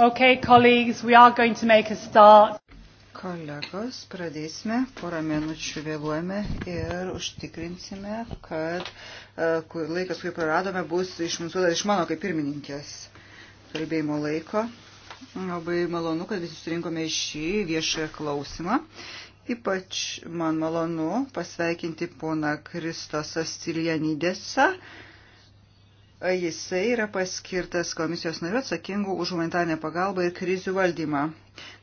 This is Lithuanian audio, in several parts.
Okay, colleagues, we are going to make a start. Kolegos, pradėsime, porą minučių vėluojame ir užtikrinsime, kad uh, e, kur, laikas, kurį praradome, bus išminsuotas iš mano kaip pirmininkės kalbėjimo laiko. Labai malonu, kad visi surinkome šį viešąją klausimą. Ypač man malonu pasveikinti poną Kristos Astilianidėsą. Uh, Jisai yra paskirtas komisijos nariu atsakingu už humanitarnę pagalbą ir krizių valdymą.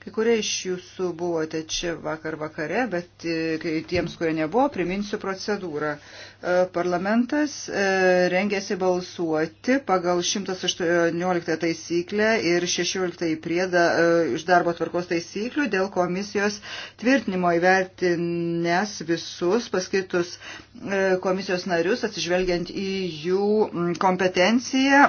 Kai kurie iš jūsų buvote čia vakar vakare, bet e, tiems, kurie nebuvo, priminsiu procedūrą. E, parlamentas e, rengėsi balsuoti pagal 118 taisyklę ir 16 priedą iš darbo tvarkos taisyklių dėl komisijos tvirtinimo įvertinęs visus paskirtus komisijos narius, atsižvelgiant į jų kompetenciją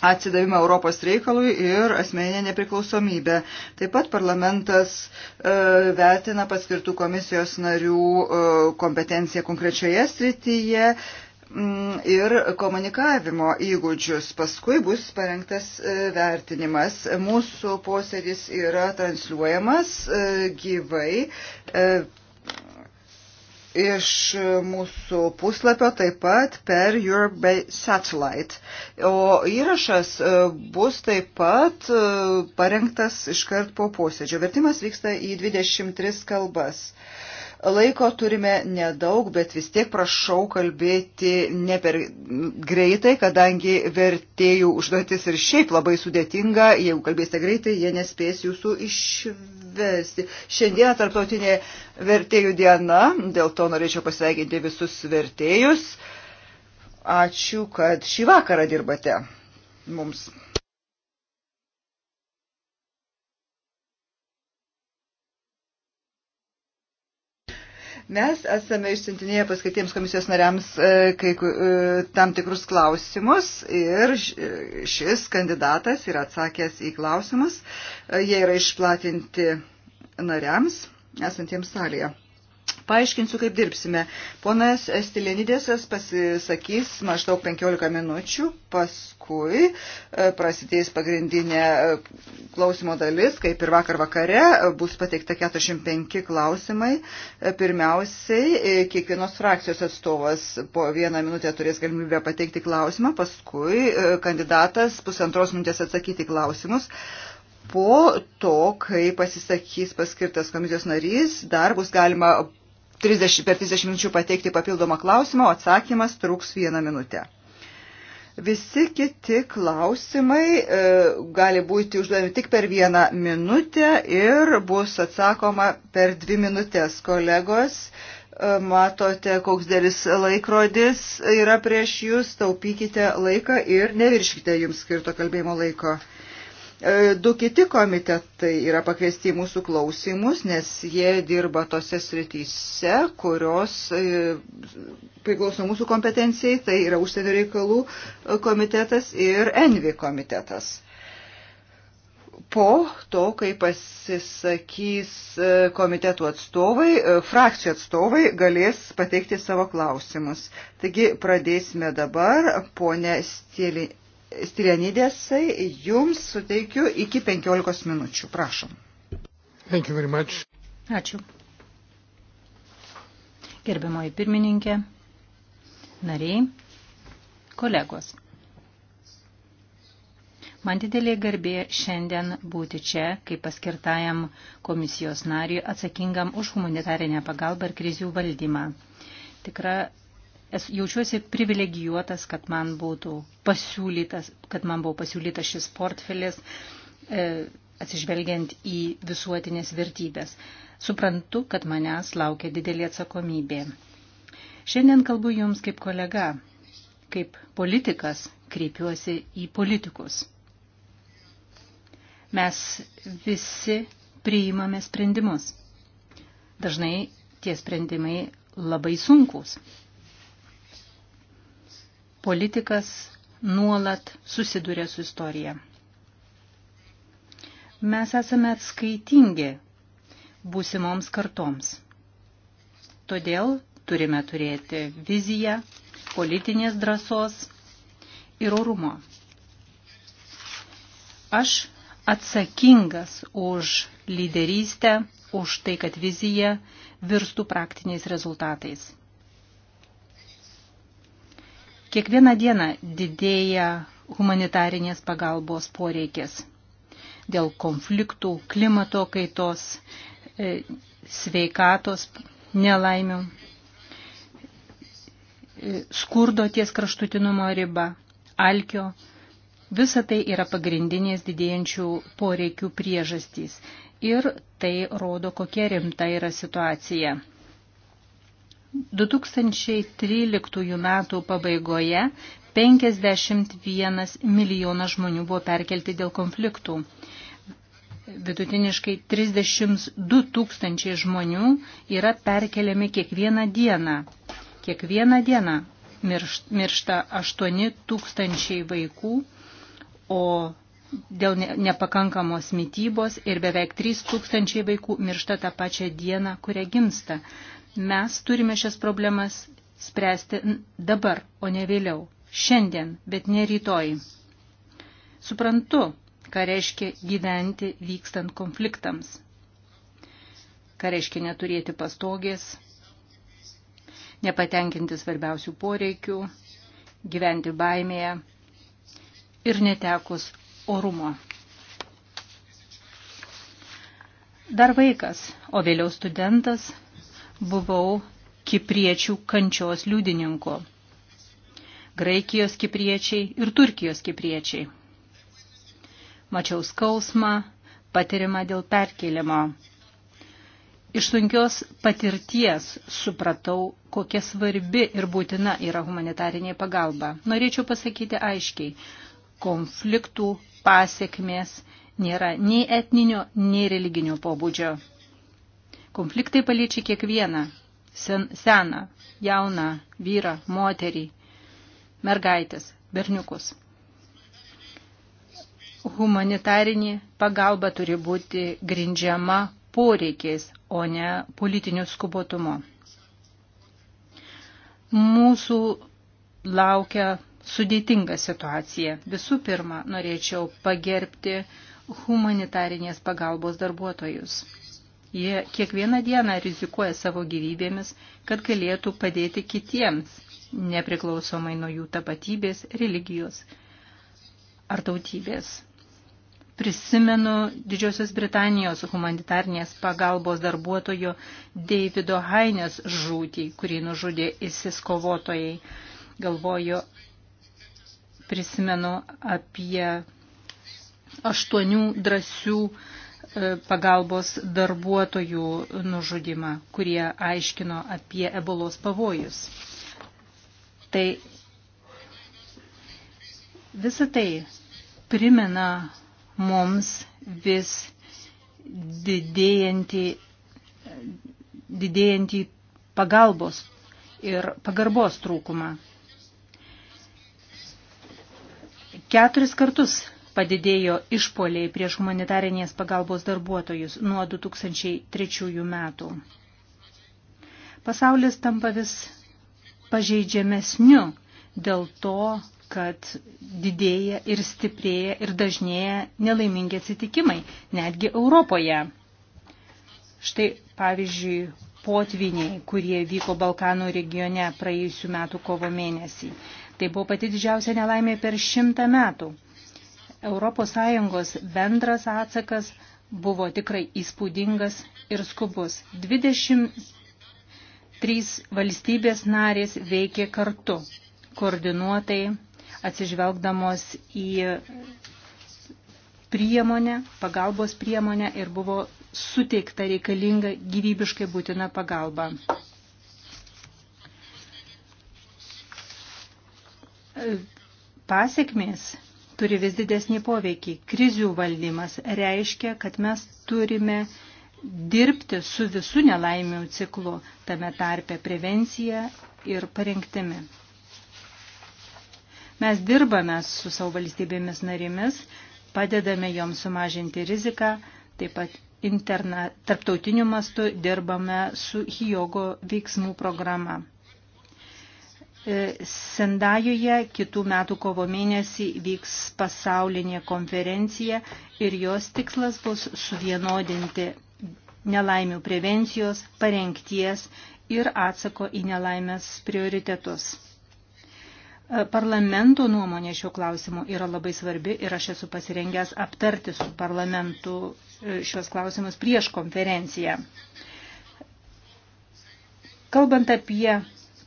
atsidavimą Europos reikalui ir asmeninę nepriklausomybę. Taip pat parlamentas e, vertina paskirtų komisijos narių e, kompetenciją konkrečioje srityje m, mm, ir komunikavimo įgūdžius. Paskui bus parengtas e, vertinimas. Mūsų posėdis yra transliuojamas e, gyvai. E, iš mūsų puslapio taip pat per Europe by Satellite. O įrašas e, bus taip pat e, parengtas iškart po posėdžio. Vertimas vyksta į 23 kalbas. Laiko turime nedaug, bet vis tiek prašau kalbėti ne per greitai, kadangi vertėjų užduotis ir šiaip labai sudėtinga, jeigu kalbėsite greitai, jie nespės jūsų išvesti. Šiandieną tarptautinė vertėjų diena, dėl to norėčiau pasveikinti visus vertėjus. Ačiū, kad šį vakarą dirbate mums. Mes esame išsintinėję paskaitiems komisijos nariams e, kai, e, tam tikrus klausimus ir e, šis kandidatas yra atsakęs į klausimus. Jie yra išplatinti nariams esantiems salėje. Paaiškinsiu, kaip dirbsime. Ponas Stilenidėsas pasisakys maždaug 15 minučių, paskui e, prasidės pagrindinė e, klausimo dalis, kaip ir vakar vakare, e, bus pateikta 45 klausimai. Pirmiausiai, kiekvienos frakcijos atstovas po vieną minutę turės galimybę pateikti klausimą, paskui kandidatas pusantros minutės atsakyti klausimus. Po to, kai pasisakys paskirtas komisijos narys, dar bus galima 30, per 30 minučių pateikti papildomą klausimą, o atsakymas truks vieną minutę. Visi kiti klausimai e, gali būti užduodami tik per vieną minutę ir bus atsakoma per dvi minutės. Kolegos, e, matote, koks dėlis laikrodis yra prieš jūs, taupykite laiką ir nevirškite jums skirto kalbėjimo laiko. E, du kiti komitetai yra pakviesti į mūsų klausimus, nes jie dirba tose srityse, kurios e, priklauso mūsų kompetencijai, tai yra užsienio reikalų e, komitetas ir Envi komitetas. Po to, kai pasisakys komitetų atstovai, frakcijų atstovai galės pateikti savo klausimus. Taigi pradėsime dabar, ponė Stėlė. Stilianidėsai, jums suteikiu iki 15 minučių. Prašom. Thank you very much. Ačiū. Gerbiamoji pirmininkė, nariai, kolegos. Man didelė garbė šiandien būti čia, kaip paskirtajam komisijos nariui atsakingam už humanitarinę pagalbą ir krizių valdymą. Tikra esu, jaučiuosi privilegijuotas, kad man, būtų pasiūlytas, kad man buvo pasiūlytas šis portfelis, e, atsižvelgiant į visuotinės vertybės. Suprantu, kad manęs laukia didelė atsakomybė. Šiandien kalbu Jums kaip kolega, kaip politikas kreipiuosi į politikus. Mes visi priimame sprendimus. Dažnai tie sprendimai labai sunkus politikas nuolat susiduria su istorija. Mes esame atskaitingi būsimoms kartoms. Todėl turime turėti viziją, politinės drąsos ir orumo. Aš atsakingas už lyderystę, už tai, kad vizija virstų praktiniais rezultatais. Kiekvieną dieną didėja humanitarinės pagalbos poreikis dėl konfliktų, klimato kaitos, e, sveikatos nelaimių, e, skurdo ties kraštutinumo riba, alkio. Visa tai yra pagrindinės didėjančių poreikių priežastys ir tai rodo, kokia rimta yra situacija. 2013 metų pabaigoje 51 milijonas žmonių buvo perkelti dėl konfliktų. Vidutiniškai 32 tūkstančiai žmonių yra perkeliami kiekvieną dieną. Kiekvieną dieną miršta 8 tūkstančiai vaikų, o dėl nepakankamos mytybos ir beveik 3 tūkstančiai vaikų miršta tą pačią dieną, kurią gimsta. Mes turime šias problemas spręsti dabar, o ne vėliau. Šiandien, bet ne rytoj. Suprantu, ką reiškia gyventi vykstant konfliktams. Ką reiškia neturėti pastogės, nepatenkinti svarbiausių poreikių, gyventi baimėje ir netekus orumo. Dar vaikas, o vėliau studentas buvau kipriečių kančios liudininku. Graikijos kipriečiai ir Turkijos kipriečiai. Mačiau skausmą, patirimą dėl perkelimo. Iš sunkios patirties supratau, kokia svarbi ir būtina yra humanitarinė pagalba. Norėčiau pasakyti aiškiai, konfliktų pasiekmės nėra nei etninio, nei religinio pobūdžio. Konfliktai paliečia kiekvieną sen, seną, jauną vyrą, moterį, mergaitės, berniukus. Humanitarinė pagalba turi būti grindžiama poreikiais, o ne politiniu skubotumu. Mūsų laukia sudėtinga situacija. Visų pirma, norėčiau pagerbti humanitarinės pagalbos darbuotojus. Jie kiekvieną dieną rizikuoja savo gyvybėmis, kad galėtų padėti kitiems, nepriklausomai nuo jų tapatybės, religijos ar tautybės. Prisimenu Didžiosios Britanijos humanitarnės pagalbos darbuotojo Davido Hainės žūtį, kurį nužudė įsiskovotojai. Galvoju, prisimenu apie aštuonių drąsių E, pagalbos darbuotojų nužudimą, kurie aiškino apie ebolos pavojus. Tai visą tai primena mums vis didėjantį, didėjantį pagalbos ir pagarbos trūkumą. Keturis kartus padidėjo išpoliai prieš humanitarinės pagalbos darbuotojus nuo 2003 metų. Pasaulis tampa vis pažeidžiamesniu dėl to, kad didėja ir stiprėja ir dažnėja nelaimingi atsitikimai, netgi Europoje. Štai pavyzdžiui, potviniai, kurie vyko Balkanų regione praėjusiu metu kovo mėnesį. Tai buvo pati didžiausia nelaimė per šimtą metų. ES bendras atsakas buvo tikrai įspūdingas ir skubus. 23 valstybės narės veikė kartu, koordinuotai, atsižvelgdamos į priemonę, pagalbos priemonę ir buvo suteikta reikalinga gyvybiškai būtina pagalba. Pasiekmės turi vis didesnį poveikį. Krizių valdymas reiškia, kad mes turime dirbti su visų nelaimių ciklu, tame tarpe prevencija ir parengtimi. Mes dirbame su savo valstybėmis narimis, padedame joms sumažinti riziką, taip pat interna, tarptautiniu mastu dirbame su Hyogo veiksmų programa. E, Sendajuje kitų metų kovo mėnesį vyks pasaulinė konferencija ir jos tikslas bus suvienodinti nelaimių prevencijos, parengties ir atsako į nelaimės prioritetus. E, Parlamento nuomonė šiuo klausimu yra labai svarbi ir aš esu pasirengęs aptarti su parlamentu e, šios klausimus prieš konferenciją. Kalbant apie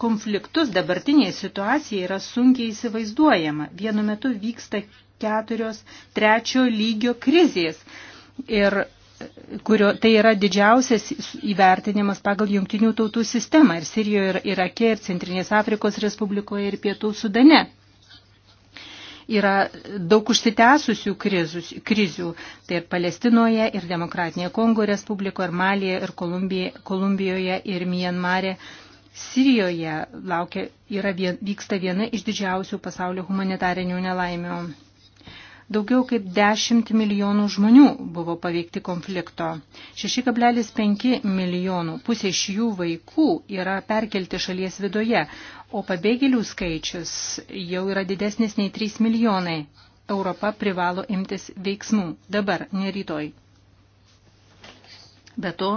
konfliktus dabartinėje situacijoje yra sunkiai įsivaizduojama. Vienu metu vyksta keturios trečio lygio krizės. Ir kurio tai yra didžiausias įvertinimas pagal jungtinių tautų sistemą ir Sirijoje, ir Irake, ir Centrinės Afrikos Respublikoje, ir Pietų Sudane. Yra daug užsitęsusių krizus, krizių, tai ir Palestinoje, ir Demokratinėje Kongo Respublikoje, ir Malėje, ir Kolumbijoje, ir Mienmarė. E Sirijoje laukia, yra, vyksta viena iš didžiausių pasaulio humanitarinių nelaimių. Daugiau kaip 10 milijonų žmonių buvo paveikti konflikto. 6,5 milijonų, pusė iš jų vaikų yra perkelti šalies viduje, o pabėgėlių skaičius jau yra didesnis nei 3 milijonai. Europa privalo imtis veiksmų dabar, ne rytoj. Be to,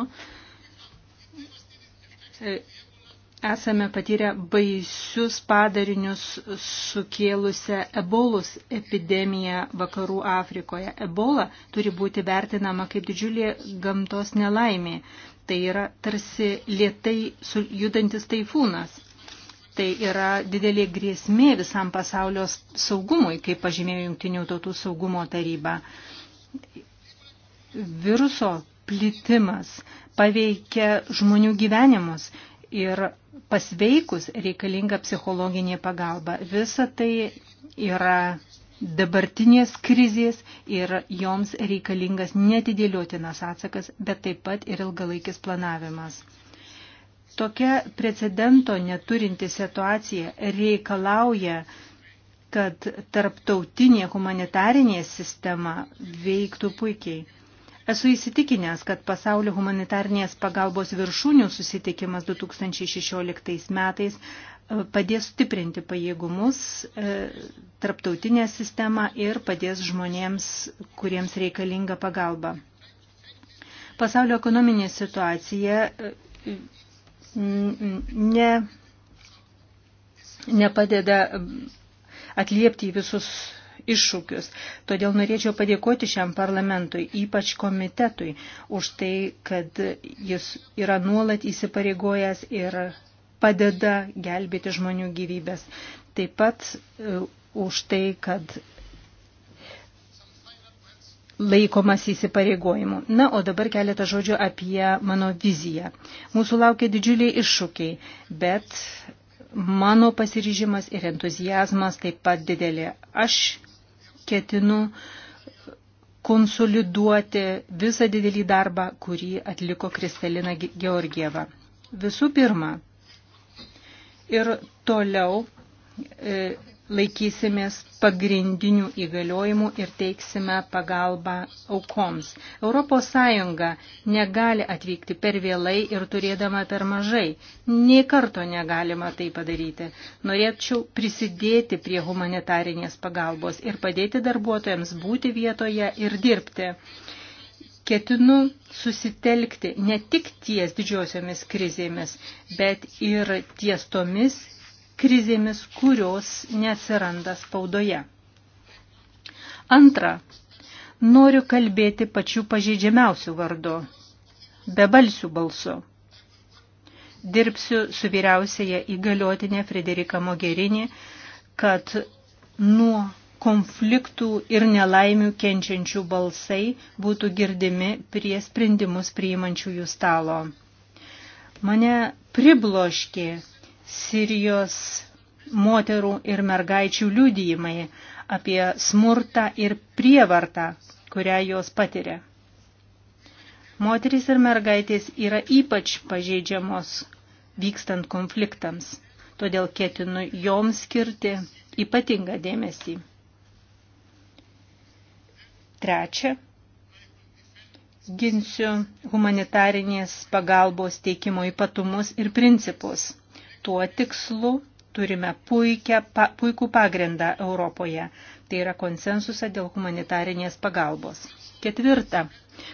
esame patyrę baisius padarinius sukėlusią ebolus epidemiją vakarų Afrikoje. Ebola turi būti vertinama kaip didžiulė gamtos nelaimė. Tai yra tarsi lietai judantis taifūnas. Tai yra didelė grėsmė visam pasaulio saugumui, kaip pažymėjo Junktinių tautų saugumo taryba. Viruso plitimas paveikia žmonių gyvenimus ir pasveikus reikalinga psichologinė pagalba. Visa tai yra dabartinės krizės ir joms reikalingas netidėliotinas atsakas, bet taip pat ir ilgalaikis planavimas. Tokia precedento neturinti situacija reikalauja, kad tarptautinė humanitarinė sistema veiktų puikiai. Esu įsitikinęs, kad pasaulio humanitarnės pagalbos viršūnių susitikimas 2016 metais e, padės stiprinti pajėgumus, e, tarptautinę sistemą ir padės žmonėms, kuriems reikalinga pagalba. Pasaulio ekonominė situacija e, ne, nepadeda atliepti į visus iššūkius. Todėl norėčiau padėkoti šiam parlamentui, ypač komitetui, už tai, kad jis yra nuolat įsipareigojęs ir padeda gelbėti žmonių gyvybės. Taip pat e, už tai, kad laikomas įsipareigojimu. Na, o dabar keletą žodžių apie mano viziją. Mūsų laukia didžiuliai iššūkiai, bet mano pasiryžimas ir entuzijazmas taip pat didelė. Aš ketinu konsoliduoti visą didelį darbą, kurį atliko Kristalina Georgieva. Visų pirma, ir toliau e, laikysimės pagrindinių įgaliojimų ir teiksime pagalbą aukoms. ES negali atvykti per vėlai ir turėdama per mažai. Nei karto negalima tai padaryti. Norėčiau prisidėti prie humanitarinės pagalbos ir padėti darbuotojams būti vietoje ir dirbti ketinu susitelkti ne tik ties didžiosiomis krizėmis, bet ir ties tomis krizėmis, kurios neatsiranda spaudoje. Antra, noriu kalbėti pačių pažeidžiamiausių vardu, be balsių balsu. Dirbsiu su vyriausiaja įgaliotinė Frederika Mogherini, kad nuo konfliktų ir nelaimių kenčiančių balsai būtų girdimi prie sprendimus priimančiųjų stalo. Mane pribloškė Sirijos moterų ir mergaičių liudijimai apie smurtą ir prievartą, kurią jos patiria. Moterys ir mergaitės yra ypač pažeidžiamos vykstant konfliktams, todėl ketinu joms skirti ypatingą dėmesį. Trečia, ginsiu humanitarinės pagalbos teikimo ypatumus ir principus tuo tikslu turime puikia, pa, puikų pagrindą Europoje. Tai yra konsensusą dėl humanitarinės pagalbos. Ketvirta.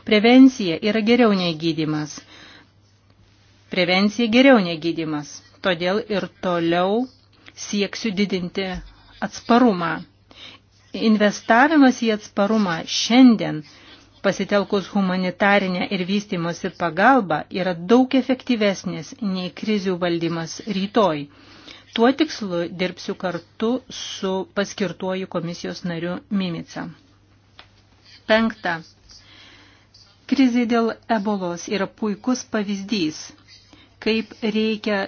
Prevencija yra geriau nei gydimas. Prevencija geriau nei gydimas. Todėl ir toliau sieksiu didinti atsparumą. Investavimas į atsparumą šiandien pasitelkus humanitarinę ir vystimosi pagalbą yra daug efektyvesnės nei krizių valdymas rytoj. Tuo tikslu dirbsiu kartu su paskirtuoju komisijos nariu Mimica. Penkta. Krizė dėl ebolos yra puikus pavyzdys, kaip reikia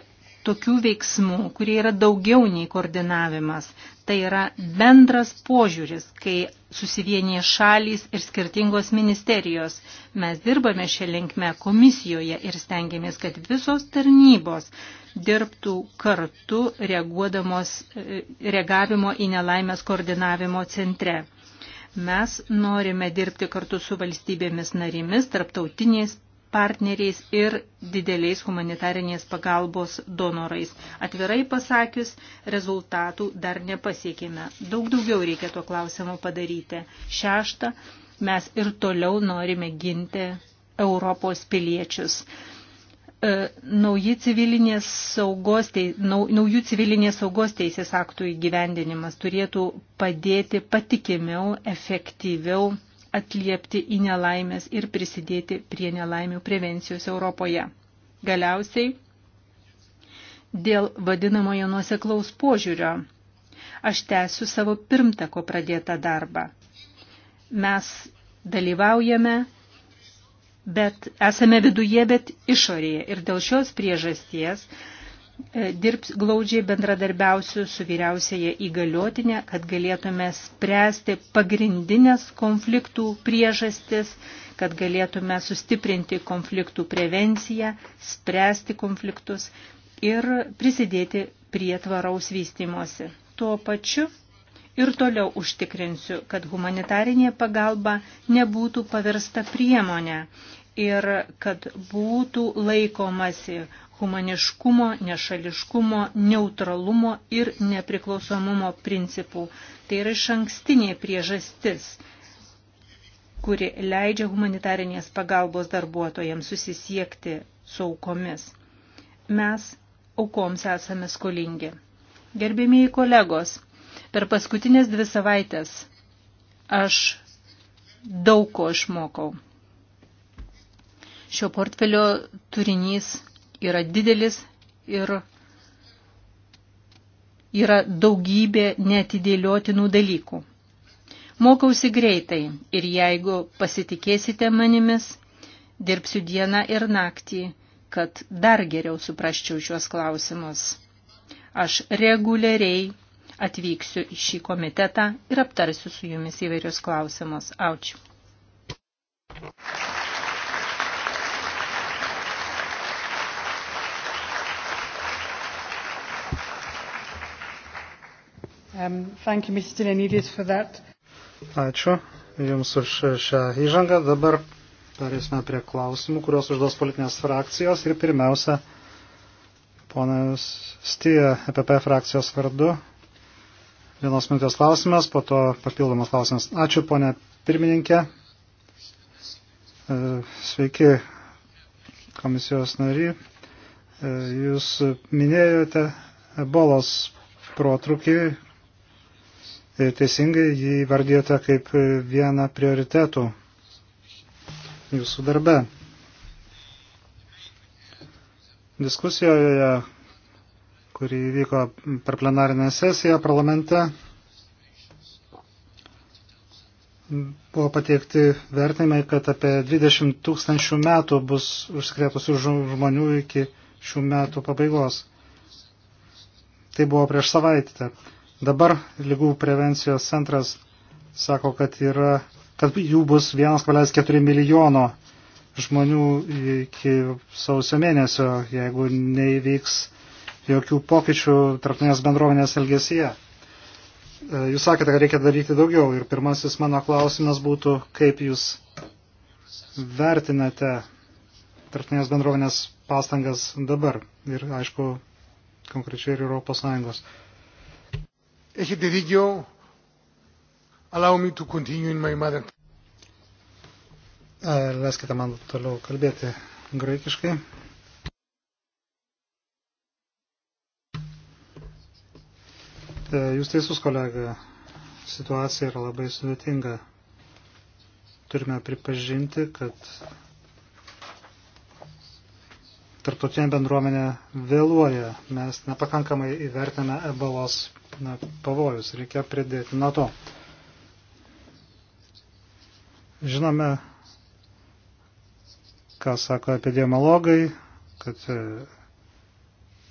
tokių veiksmų, kurie yra daugiau nei koordinavimas. Tai yra bendras požiūris, kai susivienyje šalys ir skirtingos ministerijos. Mes dirbame šią linkmę komisijoje ir stengiamės, kad visos tarnybos dirbtų kartu e, reagavimo į nelaimės koordinavimo centre. Mes norime dirbti kartu su valstybėmis narimis, tarptautinės partneriais ir dideliais humanitarinės pagalbos donorais. Atvirai pasakius, rezultatų dar nepasiekėme. Daug daugiau reikia tuo klausimu padaryti. Šešta, mes ir toliau norime ginti Europos piliečius. E, nauji civilinės saugos, naujų civilinės saugos teisės aktų įgyvendinimas turėtų padėti patikimiau, efektyviau atliepti į nelaimės ir prisidėti prie nelaimių prevencijos Europoje. Galiausiai, dėl vadinamojo nuoseklaus požiūrio, aš tęsiu savo pirmtako pradėtą darbą. Mes dalyvaujame, bet esame viduje, bet išorėje. Ir dėl šios priežasties E, dirbs glaudžiai bendradarbiausiu su vyriausiaje įgaliotinė, kad galėtume spręsti pagrindinės konfliktų priežastis, kad galėtume sustiprinti konfliktų prevenciją, spręsti konfliktus ir prisidėti prie tvaraus vystimosi. Tuo pačiu ir toliau užtikrinsiu, kad humanitarinė pagalba nebūtų paversta priemonė ir kad būtų laikomasi humaniškumo, nešališkumo, neutralumo ir nepriklausomumo principų. Tai yra iš ankstinė priežastis kuri leidžia humanitarinės pagalbos darbuotojams susisiekti su aukomis. Mes aukoms esame skolingi. Gerbėmiai kolegos, per paskutinės dvi savaitės aš daug ko išmokau. Šio portfelio turinys yra didelis ir yra daugybė netidėliotinų dalykų. Mokausi greitai ir jeigu pasitikėsite manimis, dirbsiu dieną ir naktį, kad dar geriau suprasčiau šiuos klausimus. Aš reguliariai atvyksiu į šį komitetą ir aptarsiu su jumis įvairius klausimus. Ačiū. Um, thank you, Mr. Stilenidis, for that. Ačiū Jums už šią įžangą. Dabar perėsime prie klausimų, kuriuos užduos politinės frakcijos. Ir pirmiausia, ponas Stija, EPP frakcijos vardu. Vienos minutės klausimas, po to papildomas klausimas. Ačiū, ponė pirmininkė. E, sveiki, komisijos nari. E, jūs minėjote ebolos protrukį, Tai teisingai jį vardėte kaip vieną prioritetų jūsų darbe. Diskusijoje, kuri vyko per plenarinę sesiją parlamente, buvo pateikti vertinimai, kad apie 20 tūkstančių metų bus užsikrėtusių žmonių iki šių metų pabaigos. Tai buvo prieš savaitę. Dabar lygų prevencijos centras sako, kad, yra, kad jų bus 1,4 milijono žmonių iki sausio mėnesio, jeigu neįvyks jokių pokyčių tarptautinės bendruomenės elgesyje. E, jūs sakėte, kad reikia daryti daugiau ir pirmasis mano klausimas būtų, kaip jūs vertinate tarptautinės bendruomenės pastangas dabar ir, aišku, konkrečiai ir Europos Sąjungos. Έχετε δίκιο. Allow me to continue in my mother. Leiskite man toliau kalbėti graikiškai. Jūs teisus, kolega, situacija yra labai sudėtinga. Turime pripažinti, kad tarptautinė bendruomenė vėluoja. Mes nepakankamai įvertiname ebolos neprimtina pavojus, reikia pridėti nuo to. Žinome, ką sako epidemiologai, kad e,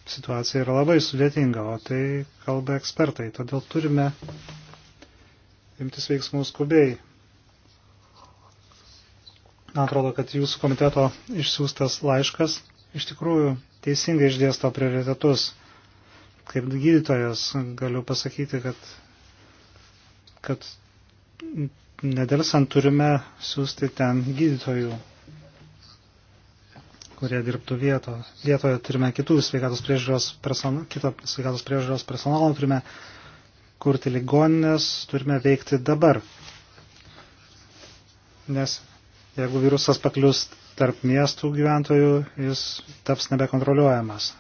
situacija yra labai sudėtinga, o tai kalba ekspertai. Todėl turime imtis veiksmų skubiai. Man atrodo, kad jūsų komiteto išsiųstas laiškas iš tikrųjų teisingai išdėsto prioritetus kaip gydytojas galiu pasakyti, kad, kad nedelsant turime siūsti ten gydytojų, kurie dirbtų vieto. vietoje. Turime kitų sveikatos priežiūros personalą, kitą sveikatos priežiūros personalą, turime kurti ligoninės, turime veikti dabar. Nes jeigu virusas paklius tarp miestų gyventojų, jis taps nebekontroliuojamas.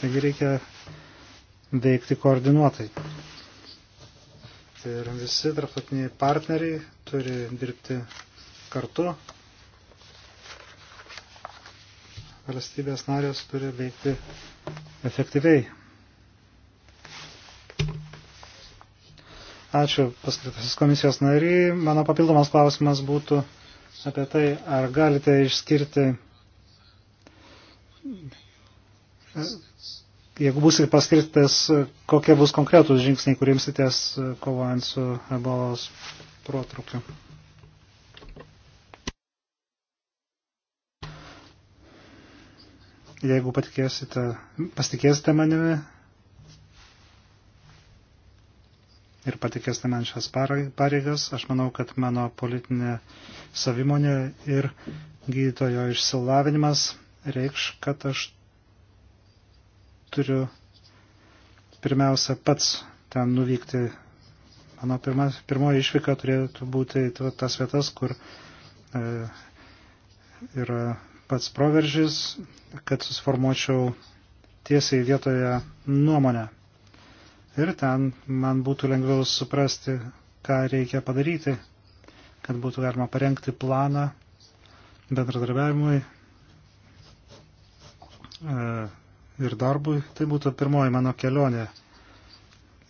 Taigi reikia veikti koordinuotai. Tai yra visi tarptautiniai partneriai turi dirbti kartu. Valstybės narės turi veikti efektyviai. Ačiū paskirtasis komisijos nariai. Mano papildomas klausimas būtų apie tai, ar galite išskirti jeigu bus paskirtas, kokie bus konkretūs žingsniai, kuriems sitės e, kovojant su ebolos protrukiu. Jeigu pasitikėsite manimi ir patikėsite man šias pareigas, aš manau, kad mano politinė savimonė ir gydytojo išsilavinimas reikš, kad aš turiu pirmiausia pats ten nuvykti. Mano pirma, pirmoji išvyka turėtų būti tas vietas, kur e, yra pats proveržys, kad susformuočiau tiesiai vietoje nuomonę. Ir ten man būtų lengviau suprasti, ką reikia padaryti, kad būtų galima parengti planą bendradarbiavimui, e, ir darbui. Tai būtų pirmoji mano kelionė.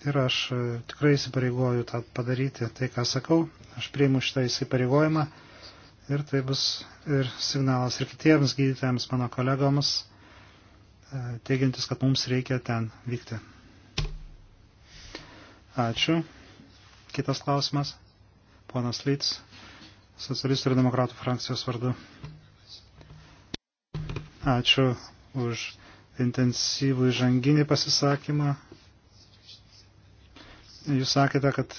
Ir aš e, tikrai įsipareigoju tą padaryti, tai ką sakau. Aš priimu šitą įsipareigojimą ir tai bus ir signalas ir kitiems gydytojams, mano kolegoms, e, teigiantis, kad mums reikia ten vykti. Ačiū. Kitas klausimas. Ponas Lyts, socialistų ir demokratų frakcijos vardu. Ačiū už intensyvų įžanginį pasisakymą. Jūs sakėte, kad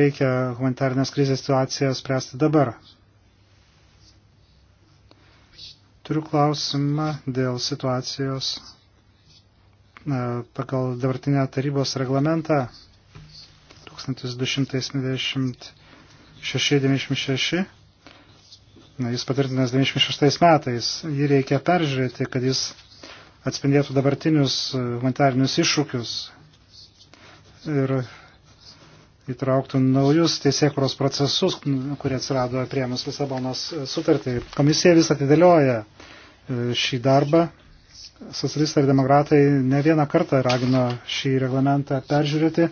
reikia humanitarnės krizės situaciją spręsti dabar. Turiu klausimą dėl situacijos e, pagal dabartinę tarybos reglamentą 1296-96. Jis patvirtintas 96 metais. Jį reikia peržiūrėti, kad jis atspindėtų dabartinius e, humanitarinius iššūkius ir įtrauktų naujus teisėkuros procesus, kurie atsirado priemus Lisabonos e, sutartį. Komisija vis atidėlioja e, šį darbą. Socialistai ir demokratai ne vieną kartą ragino šį reglamentą peržiūrėti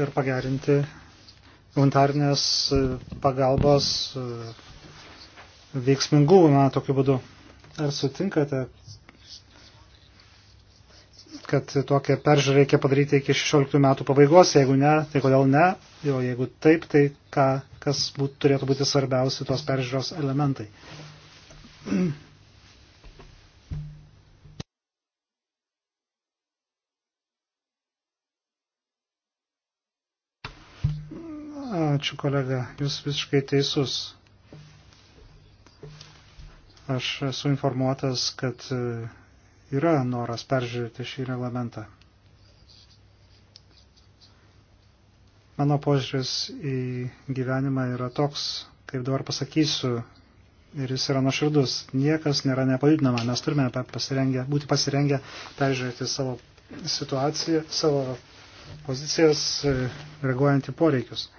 ir pagerinti humanitarnės pagalbos veiksmingumą tokiu būdu. Ar sutinkate, kad tokią peržiūrą reikia padaryti iki 16 metų pabaigos, jeigu ne, tai kodėl ne, jo jeigu taip, tai ką, kas būt, turėtų būti svarbiausi tos peržiūros elementai. Ačiū kolega, jūs visiškai teisus. Aš esu informuotas, kad e, yra noras peržiūrėti šį reglamentą. Mano požiūris į gyvenimą yra toks, kaip dabar pasakysiu, ir jis yra nuoširdus. Niekas nėra nepajudinama. Mes turime pasirengę, būti pasirengę peržiūrėti savo situaciją, savo pozicijas, e, reaguojant į poreikius.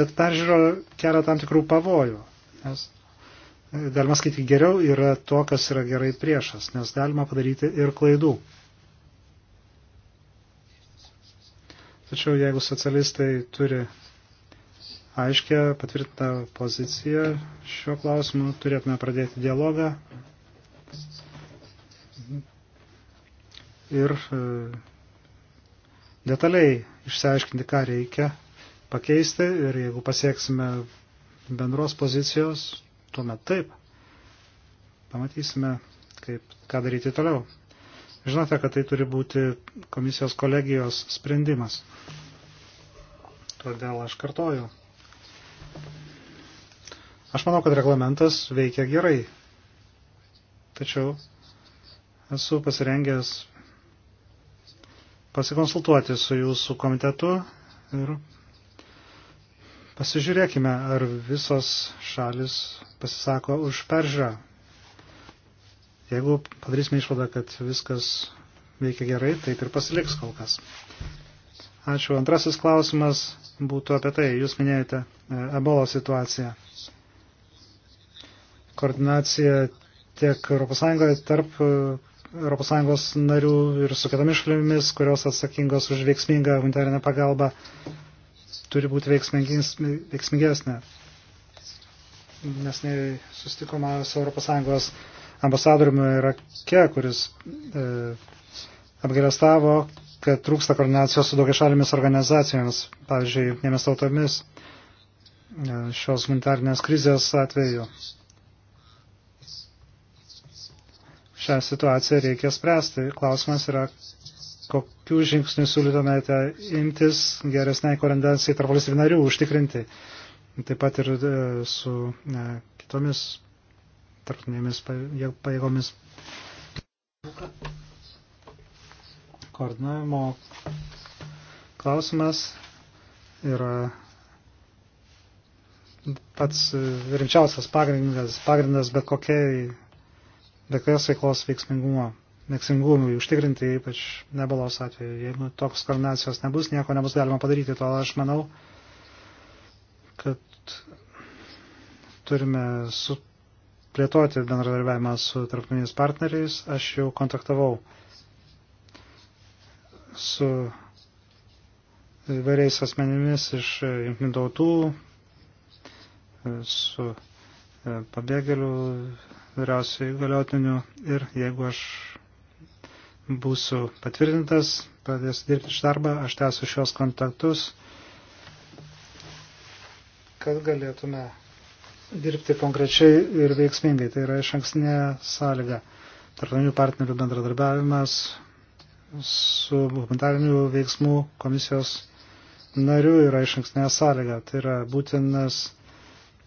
Bet peržiūro kelia tam tikrų pavojų. Nes galima skaityti geriau, yra to, kas yra gerai priešas, nes galima padaryti ir klaidų. Tačiau jeigu socialistai turi aiškę patvirtintą poziciją šiuo klausimu, turėtume pradėti dialogą ir e, detaliai išsiaiškinti, ką reikia pakeisti ir jeigu pasieksime bendros pozicijos, tuomet taip pamatysime, kaip, ką daryti toliau. Žinote, kad tai turi būti komisijos kolegijos sprendimas. Todėl aš kartoju. Aš manau, kad reglamentas veikia gerai. Tačiau esu pasirengęs pasikonsultuoti su jūsų komitetu ir Pasižiūrėkime, ar visos šalis pasisako už peržiūrą. Jeigu padarysime išvadą, kad viskas veikia gerai, taip ir pasiliks kol kas. Ačiū. Antrasis klausimas būtų apie tai. Jūs minėjote e, ebolo situaciją. Koordinacija tiek ES tarp ES narių ir su kitomis šalimis, kurios atsakingos už veiksmingą humanitarinę pagalbą turi būti veiksmingesnė. Nes sustikoma su ES ambasadoriumi Irake, kuris e, apgalėstavo, kad trūksta koordinacijos su daugiašalėmis organizacijomis, pavyzdžiui, jungtinėmis tautomis e, šios humanitarnės krizės atveju. Šią situaciją reikia spręsti. Klausimas yra, kokių žingsnių siūlytumėte imtis geresniai korendencijai tarp valstybių narių užtikrinti, taip pat ir e, su ne, kitomis tarptautinėmis pajėgomis. Koordinavimo klausimas yra pats rimčiausias pagrindas, pagrindas bet kokiai, bet kokios veiklos veiksmingumo miksingumui užtikrinti, ypač nebalos atveju. Jeigu toks koordinacijos nebus, nieko nebus galima padaryti, to aš manau, kad turime su plėtoti bendradarbiavimą su tarptautiniais partneriais. Aš jau kontaktavau su įvairiais asmenimis iš jungtinių tautų, su e, pabėgėlių vyriausiai galiotiniu ir jeigu aš būsiu patvirtintas, pradėsiu dirbti iš darbą, aš tęsiu šios kontaktus, kad galėtume dirbti konkrečiai ir veiksmingai. Tai yra iš ankstinė sąlyga. Tarptautinių partnerių bendradarbiavimas su humanitarinių veiksmų komisijos narių yra iš ankstinė sąlyga. Tai yra būtinas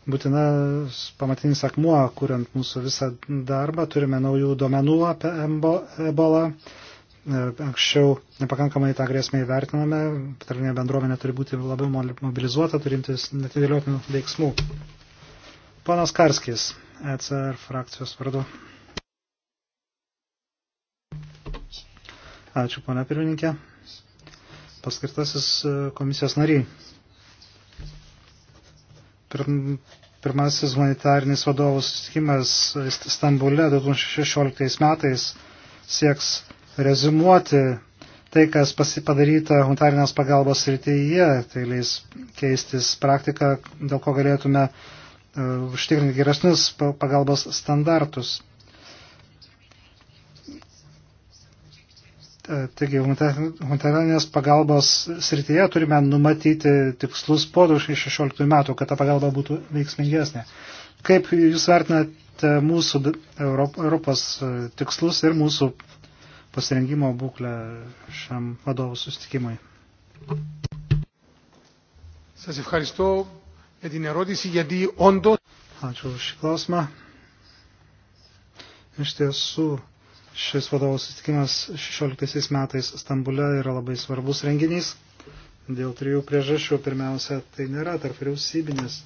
būtinas pamatinis akmuo, kuriant mūsų visą darbą. Turime naujų duomenų apie ebolą. E, anksčiau nepakankamai tą grėsmę įvertiname. Tarnė bendruomenė turi būti labiau mobilizuota, turintis netidėliotinių veiksmų. Ponas Karskis, ECR frakcijos vardu. Ačiū, ponia pirmininkė. Paskirtasis e, komisijos nariai pirmasis humanitarinis vadovų susitikimas Stambule 2016 metais sieks rezumuoti tai, kas padaryta humanitarinės pagalbos rytyje, tai leis keistis praktiką, dėl ko galėtume e, užtikrinti geresnius pagalbos standartus. E, taigi, humanitarinės pagalbos srityje turime numatyti tikslus po 2016 metų, kad ta pagalba būtų veiksmingesnė. Kaip Jūs vertinate mūsų Europos e, tikslus ir mūsų pasirengimo būklę šiam vadovų sustikimui? Ačiū už šį klausimą. Iš tiesų, Šis vadovų susitikimas 16 metais Stambule yra labai svarbus renginys. Dėl trijų priežasčių. Pirmiausia, tai nėra tarp vyriausybinės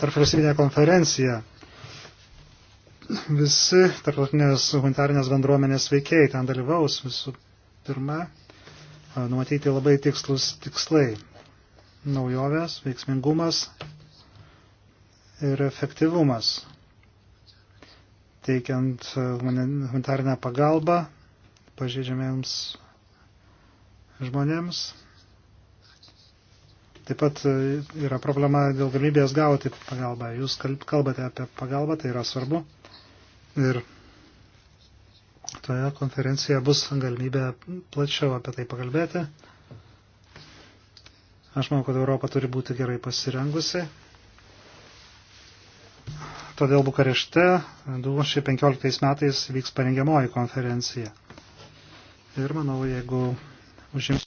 tarpvalstybinė konferencija. Visi tarptautinės humanitarinės bendruomenės veikėjai ten dalyvaus visų pirma, numatyti labai tikslus tikslai. Naujovės, veiksmingumas ir efektyvumas teikiant humanitarinę pagalbą pažeidžiamiems žmonėms. Taip pat e, yra problema dėl galimybės gauti pagalbą. Jūs kalbate apie pagalbą, tai yra svarbu. Ir toje konferencijoje bus galimybė plačiau apie tai pakalbėti. Aš manau, kad Europa turi būti gerai pasirengusi Todėl Bukarešte 2015 metais vyks parengiamoji konferencija. Ir manau, jeigu užims.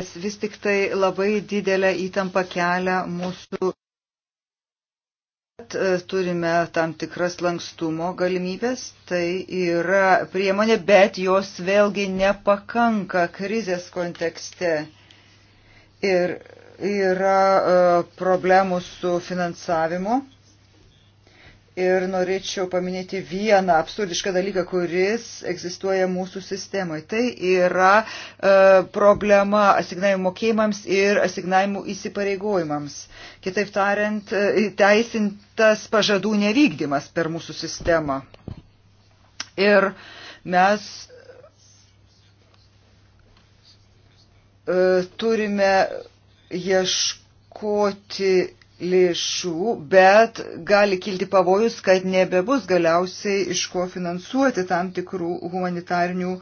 nes vis tik tai labai didelę įtampą kelia mūsų. E, turime tam tikras lankstumo galimybės, tai yra priemonė, bet jos vėlgi nepakanka krizės kontekste. Ir yra e, problemų su finansavimu. Ir norėčiau paminėti vieną absurdišką dalyką, kuris egzistuoja mūsų sistemoje. Tai yra e, problema asignavimų mokėjimams ir asignavimų įsipareigojimams. Kitaip tariant, e, teisintas pažadų nevykdymas per mūsų sistemą. Ir mes e, turime ieškoti lėšų, bet gali kilti pavojus, kad nebebus galiausiai iš ko finansuoti tam tikrų humanitarnių e,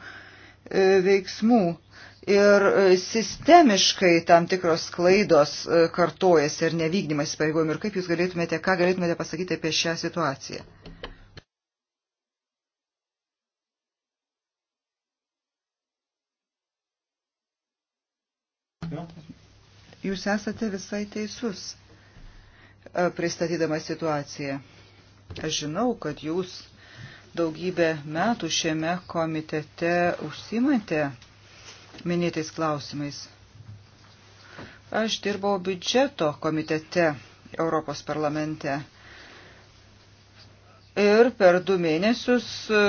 veiksmų. Ir e, sistemiškai tam tikros klaidos e, kartojasi ir nevykdymas įsipareigojimų. Ir kaip jūs galėtumėte, ką galėtumėte pasakyti apie šią situaciją? Jūs esate visai teisus. E, pristatydama situaciją. Aš žinau, kad jūs daugybę metų šiame komitete užsimate minėtais klausimais. Aš dirbau biudžeto komitete Europos parlamente ir per du mėnesius e,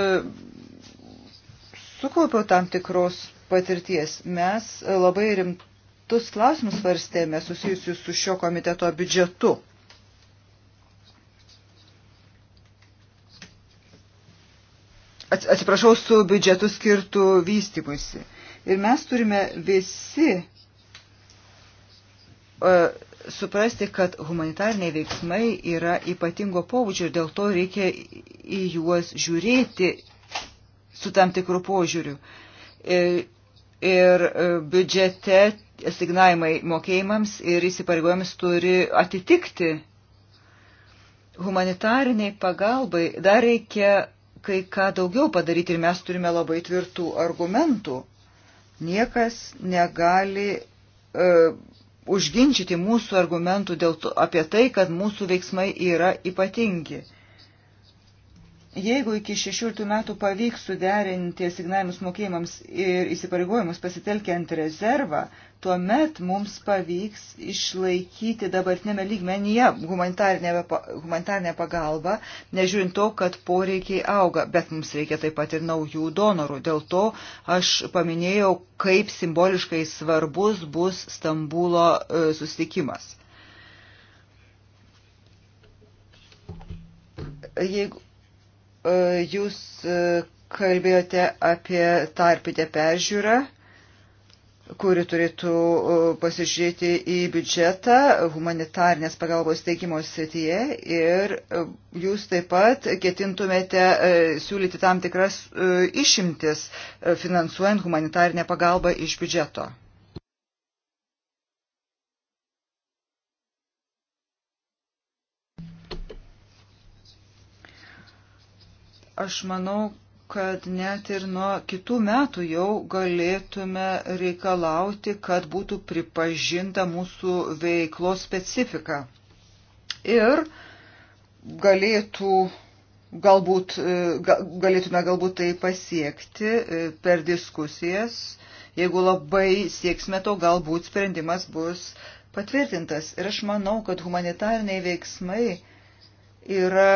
sukaupiau tam tikros patirties. Mes labai rimtus klausimus svarstėme susijusius su šio komiteto biudžetu. atsiprašau, su biudžetu skirtų vystymuisi. Ir mes turime visi uh, suprasti, kad humanitariniai veiksmai yra ypatingo pobūdžio ir dėl to reikia į juos žiūrėti su tam tikrų požiūrių. E, ir, ir e, biudžete asignavimai mokėjimams ir įsipareigojimams turi atitikti humanitariniai pagalbai. Dar reikia kai ką daugiau padaryti ir mes turime labai tvirtų argumentų. Niekas negali uh, užginčyti mūsų argumentų dėl to, apie tai, kad mūsų veiksmai yra ypatingi. Uh, Jeigu iki 16 metų pavyks suderinti asignavimus mokėjimams ir įsipareigojimus pasitelkiant rezervą, tuomet mums pavyks išlaikyti dabartinėme lygmenyje humanitarinę pagalbą, nežiūrint to, kad poreikiai auga, bet mums reikia taip pat ir naujų donorų. Dėl to aš paminėjau, kaip simboliškai svarbus bus Stambulo e, susitikimas. Jeigu E, jūs e, kalbėjote apie tarpinę peržiūrą, kuri turėtų e, pasižiūrėti į biudžetą humanitarnės pagalbos teikimo srityje ir jūs taip pat ketintumėte siūlyti tam tikras išimtis finansuojant humanitarnę pagalbą iš biudžeto. Aš manau, kad net ir nuo kitų metų jau galėtume reikalauti, kad būtų pripažinta mūsų veiklos specifika. Ir galėtų galbūt, e, galėtume galbūt tai pasiekti e, per diskusijas. Jeigu labai sieksime to, galbūt sprendimas bus patvirtintas. Ir aš manau, kad humanitariniai veiksmai yra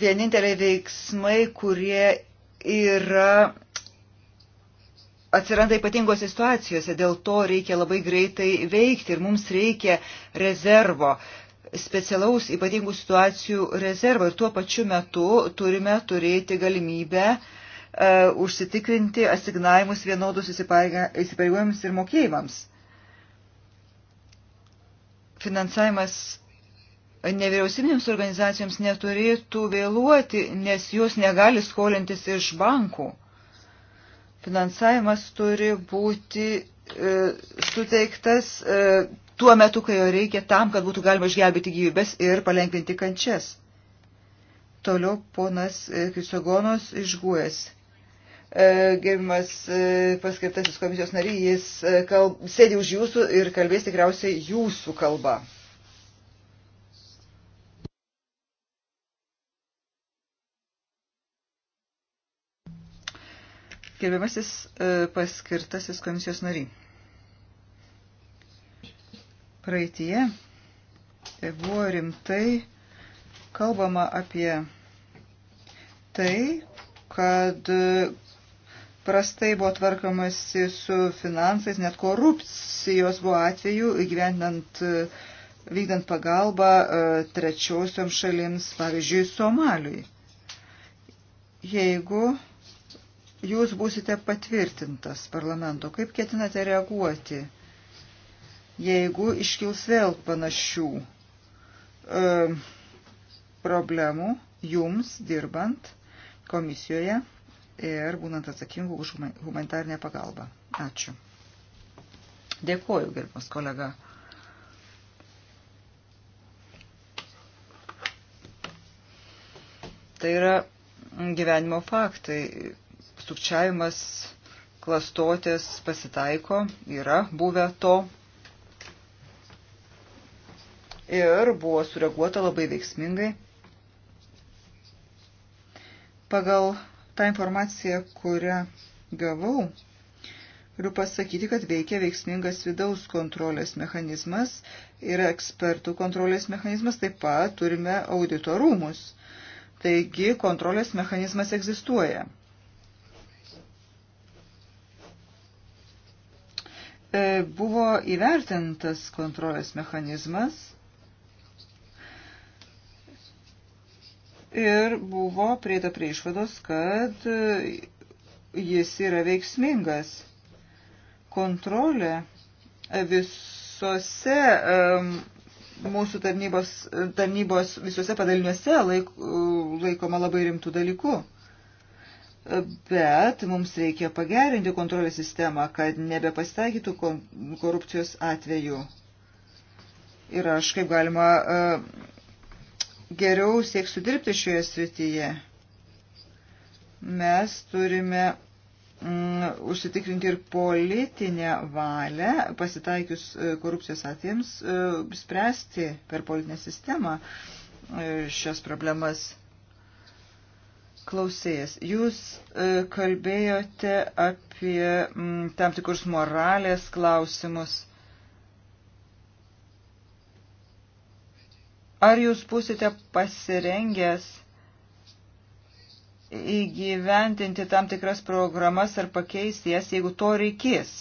vieninteliai veiksmai, kurie yra atsiranda ypatingose situacijose, dėl to reikia labai greitai veikti ir mums reikia rezervo, specialaus ypatingų situacijų rezervo ir tuo pačiu metu turime turėti galimybę uh, užsitikrinti asignavimus vienodus įsipareigojimus ir mokėjimams. Finansavimas nevyriausybinėms organizacijoms neturėtų vėluoti, nes jos negali skolintis iš bankų. Finansavimas turi būti e, suteiktas e, tuo metu, kai jo reikia, tam, kad būtų galima išgelbėti gyvybės ir palengvinti kančias. Toliau ponas e, Krisogonos išguojas e, gerbimas e, paskirtasis komisijos nariai, jis kalb, sėdi už jūsų ir kalbės tikriausiai jūsų kalba. Gerbiamasis e, paskirtasis komisijos nariai. Praeitie e, buvo rimtai kalbama apie tai, kad e, prastai buvo tvarkomasi su finansais, net korupcijos buvo atveju įgyvendinant, vykdant pagalbą trečiosiom šalims, pavyzdžiui, Somaliui. Jeigu jūs būsite patvirtintas parlamento. Kaip ketinate reaguoti, jeigu iškils vėl panašių e, problemų jums dirbant komisijoje ir būnant atsakingų už humanitarnę pagalbą? Ačiū. Dėkuoju, gerbimas kolega. Tai yra gyvenimo faktai sukčiavimas, klastotės pasitaiko, yra buvę to. Ir buvo sureaguota labai veiksmingai. Pagal tą informaciją, kurią gavau, Galiu pasakyti, kad veikia veiksmingas vidaus kontrolės mechanizmas ir ekspertų kontrolės mechanizmas, taip pat turime auditorumus. Taigi kontrolės mechanizmas egzistuoja. E, buvo įvertintas kontrolės mechanizmas ir buvo prieita prie išvados, kad jis yra veiksmingas. Kontrolė visose um, mūsų tarnybos, tarnybos visose padaliniuose laik, laikoma labai rimtų dalykų bet mums reikia pagerinti kontrolės sistemą, kad nebepasitaikytų korupcijos atveju. Ir aš kaip galima e, geriau sieksiu dirbti šioje srityje. Mes turime mm, užsitikrinti ir politinę valią, pasitaikius e, korupcijos atvejams, e, spręsti per politinę sistemą šias problemas klausėjas, jūs e, kalbėjote apie tam tikrus moralės klausimus. Ar jūs būsite pasirengęs įgyventinti tam tikras programas ar pakeisti jas, jeigu to reikės?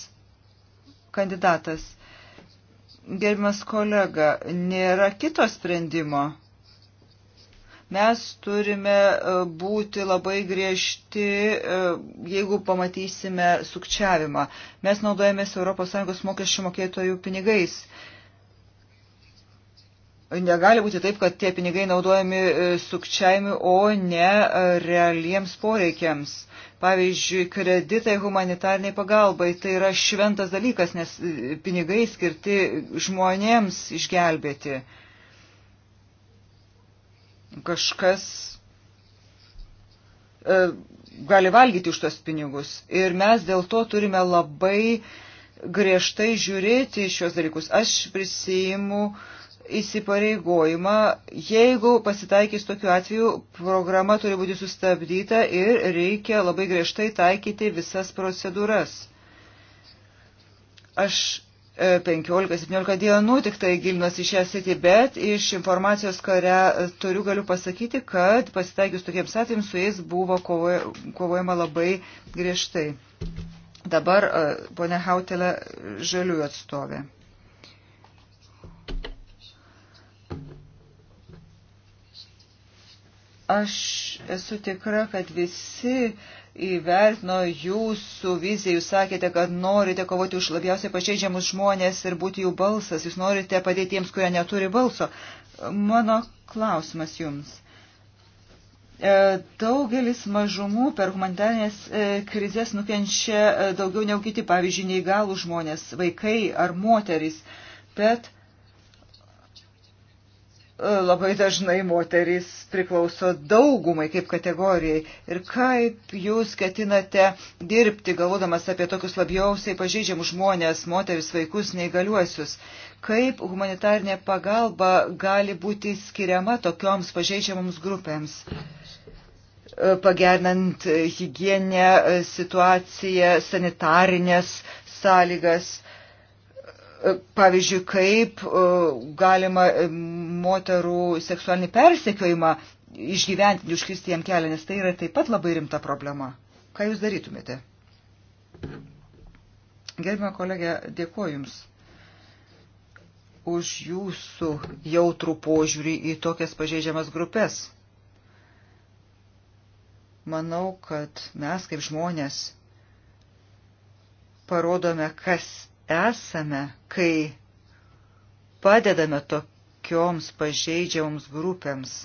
Kandidatas, gerbimas kolega, nėra kito sprendimo Mes turime e, būti labai griežti, e, jeigu pamatysime sukčiavimą. Mes naudojamės ES mokesčių mokėtojų pinigais. Negali būti taip, kad tie pinigai naudojami e, sukčiavimui, o ne realiems poreikiams. Pavyzdžiui, kreditai humanitarniai pagalbai tai yra šventas dalykas, nes pinigai skirti žmonėms išgelbėti kažkas e, gali valgyti už tos pinigus. Ir mes dėl to turime labai griežtai žiūrėti šios dalykus. Aš prisijimu įsipareigojimą, jeigu pasitaikys tokiu atveju, programa turi būti sustabdyta ir reikia labai griežtai taikyti visas procedūras. Aš 15-17 dienų tik tai gilinuosi į šią sritį, bet iš informacijos, kurią turiu, galiu pasakyti, kad pasitaikius tokiems atvejams su jais buvo kovojama labai griežtai. Dabar e, ponia Hautelė žaliųjų atstovė. Aš esu tikra, kad visi uh, įvertino jūsų viziją, jūs sakėte, kad norite kovoti už labiausiai pažeidžiamus žmonės ir būti jų balsas, jūs norite padėti tiems, kurie neturi balso. Mano klausimas jums. E, daugelis mažumų per humanitarnės e, krizės nukenčia e, daugiau negu kiti, pavyzdžiui, neįgalų žmonės, vaikai ar moteris, bet uh, labai dažnai moterys priklauso daugumai kaip kategorijai. Ir kaip jūs ketinate dirbti, galvodamas apie tokius labiausiai pažeidžiamus žmonės, moteris, vaikus, neįgaliuosius? Kaip humanitarnė pagalba gali būti skiriama tokioms pažeidžiamoms grupėms? pagernant hygieninę situaciją, sanitarinės sąlygas, pavyzdžiui, kaip e, galima e, moterų seksualinį persekiojimą išgyventi, užkristi jam kelią, nes tai yra taip pat labai rimta problema. Ką jūs darytumėte? Gerbime kolegė, dėkuoju Jums už Jūsų jautrų požiūrį į tokias pažeidžiamas grupės. Manau, kad mes kaip žmonės parodome, kas esame, kai padedame tokioms pažeidžiamoms grupėms,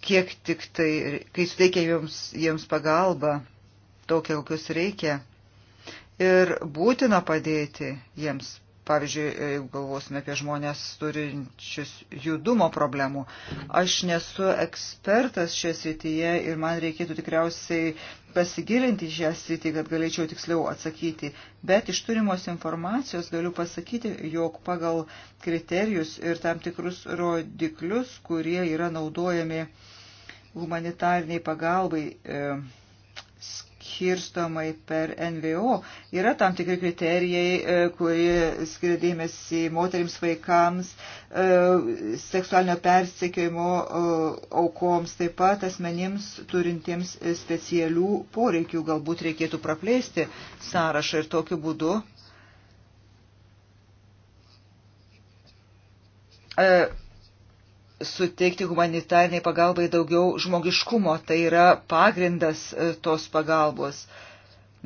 kiek tik tai, kai suteikia jiems, jiems pagalbą, tokia, kokius reikia, ir būtina padėti jiems pavyzdžiui, jeigu galvosime apie žmonės turinčius judumo problemų. Aš nesu ekspertas šioje srityje ir man reikėtų tikriausiai pasigilinti šią sritį, kad galėčiau tiksliau atsakyti. Bet iš turimos informacijos galiu pasakyti, jog pagal kriterijus ir tam tikrus rodiklius, kurie yra naudojami humanitarniai pagalbai, e, skirstomai per NVO. Yra tam tikri kriterijai, e, kurie skiria dėmesį moterims, vaikams, e, seksualinio persekiojimo e, aukoms, taip pat asmenims turintiems specialių poreikių. Galbūt reikėtų praplėsti sąrašą ir tokiu būdu suteikti humanitarniai pagalbai daugiau žmogiškumo. Tai yra pagrindas e, tos pagalbos.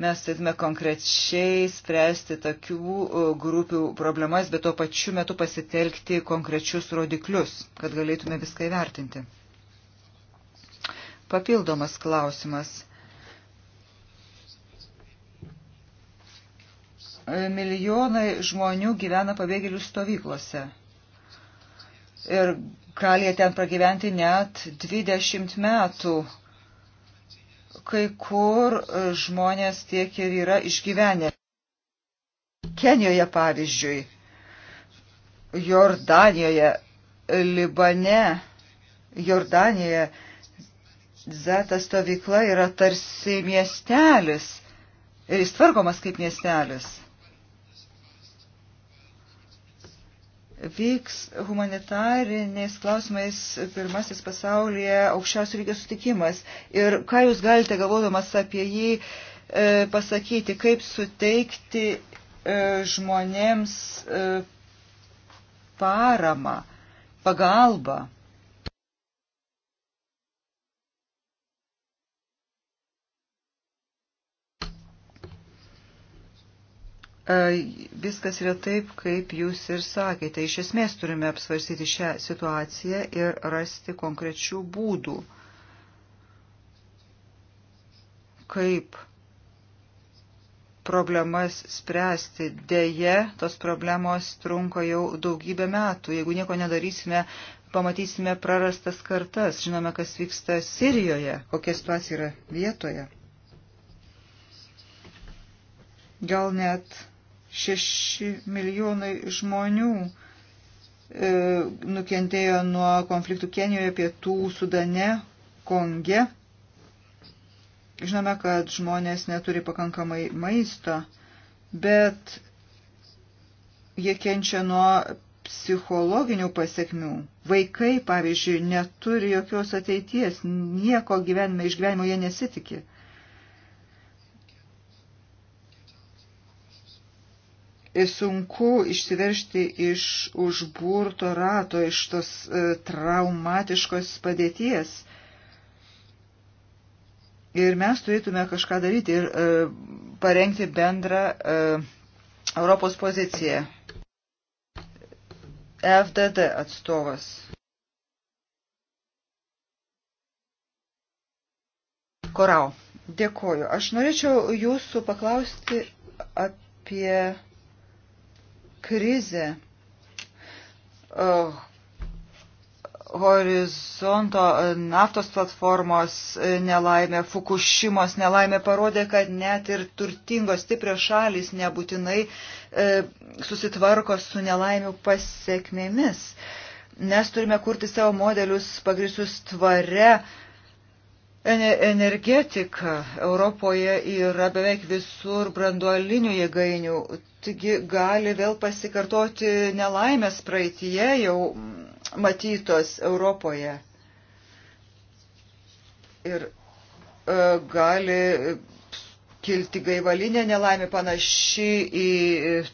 Mes turėtume konkrečiai spręsti tokių e, grupių problemas, bet tuo pačiu metu pasitelkti konkrečius rodiklius, kad galėtume viską įvertinti. Papildomas klausimas. Milijonai žmonių gyvena pabėgėlių stovyklose ir gali jie ten pragyventi net 20 metų. Kai kur žmonės tiek ir yra išgyvenę. Kenijoje pavyzdžiui, Jordanijoje, Libane, Jordanijoje Zeta stovykla yra tarsi miestelis ir jis tvarkomas kaip miestelis. vyks humanitariniais klausimais pirmasis pasaulyje aukščiausio lygio sutikimas. Ir ką jūs galite, galvodamas apie jį, e, pasakyti, kaip suteikti e, žmonėms e, paramą, pagalbą? viskas yra taip, kaip jūs ir sakėte. Iš esmės turime apsvarstyti šią situaciją ir rasti konkrečių būdų, kaip problemas spręsti. Deja, tos problemos trunka jau daugybę metų. Jeigu nieko nedarysime, pamatysime prarastas kartas. Žinome, kas vyksta Sirijoje, kokia situacija yra vietoje. Gal net 6 milijonai žmonių e, nukentėjo nuo konfliktų Kenijoje, pietų Sudane, Konge. Žinome, kad žmonės neturi pakankamai maisto, bet jie kenčia nuo psichologinių pasiekmių. Vaikai, pavyzdžiui, neturi jokios ateities, nieko gyvenime iš gyvenimo jie nesitikė. sunku išsiveršti iš užburto rato, iš tos e, traumatiškos padėties. Ir mes turėtume kažką daryti ir e, parengti bendrą e, Europos poziciją. FDD atstovas. Korau, dėkoju. Aš norėčiau jūsų paklausti apie krizė horizonto naftos platformos nelaimė, Fukushimos nelaimė parodė, kad net ir turtingos stiprios šalis nebūtinai e, susitvarko su nelaimių pasiekmėmis. Mes turime kurti savo modelius pagristus tvare Energetika Europoje yra beveik visur branduolinių jėgainių, taigi gali vėl pasikartoti nelaimės praeitie jau matytos Europoje. Ir e, gali kilti gaivalinė nelaimė panaši į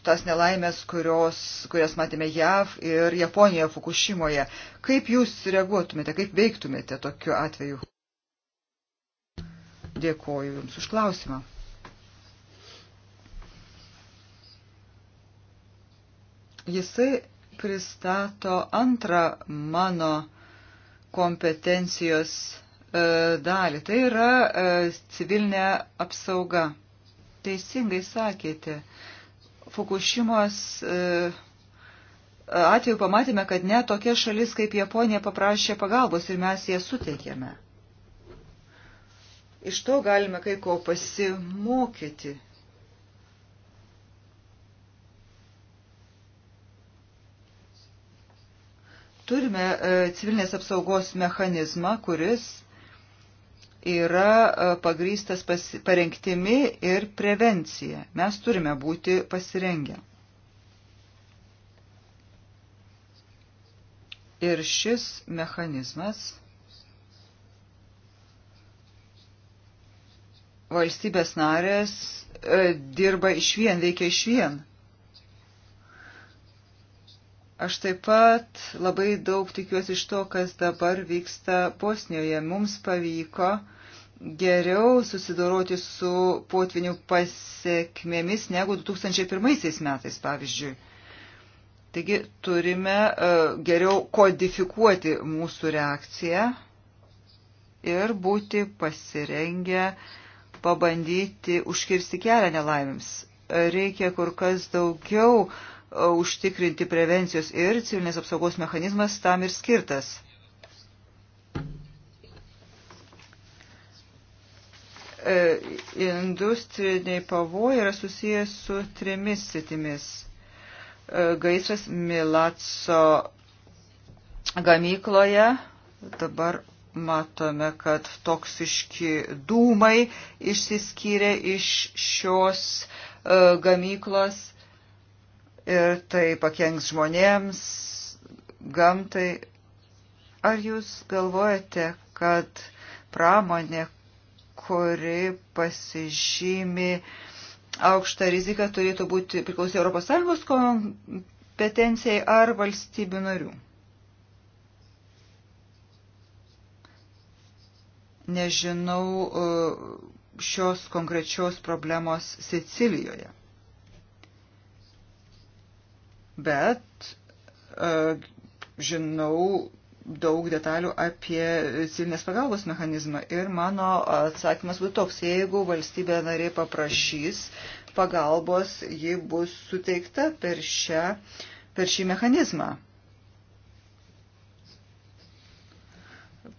tas nelaimės, kurios, kurias matėme JAV ir Japonijoje, Fukushimoje. Kaip jūs reaguotumėte, kaip veiktumėte tokiu atveju? Dėkoju Jums už klausimą. Jisai pristato antrą mano kompetencijos e, dalį. Tai yra e, civilinė apsauga. Teisingai sakėte, Fukushimos e, atveju pamatėme, kad ne tokia šalis kaip Japonija paprašė pagalbos ir mes ją suteikėme. Iš to galime kai ko pasimokyti. Turime e, civilinės apsaugos mechanizmą, kuris yra e, pagrystas parengtimi ir prevencija. Mes turime būti pasirengę. Ir šis mechanizmas valstybės narės e, dirba iš vien, veikia iš vien. Aš taip pat labai daug tikiuosi iš to, kas dabar vyksta Bosnijoje. Mums pavyko geriau susidoroti su potvinių pasiekmėmis negu 2001 metais, pavyzdžiui. Taigi turime e, geriau kodifikuoti mūsų reakciją ir būti pasirengę uh, pabandyti užkirsti kelią nelaimėms. Reikia kur kas daugiau e, užtikrinti prevencijos ir civilinės apsaugos mechanizmas tam ir skirtas. E, industriniai pavojai yra susijęs su trimis sitimis. E, gaisras Milatso gamykloje dabar matome, kad toksiški dūmai išsiskyrė iš šios e, gamyklos ir tai pakenks žmonėms, gamtai. Ar jūs galvojate, kad pramonė, kuri pasižymi aukštą riziką, turėtų būti priklausyti ES kompetencijai ar valstybių narių? nežinau e, šios konkrečios problemos Sicilijoje. Bet e, žinau daug detalių apie civilinės pagalbos mechanizmą. Ir mano atsakymas būtų toks, jeigu valstybė narė paprašys pagalbos, ji bus suteikta per, šią, per šį mechanizmą.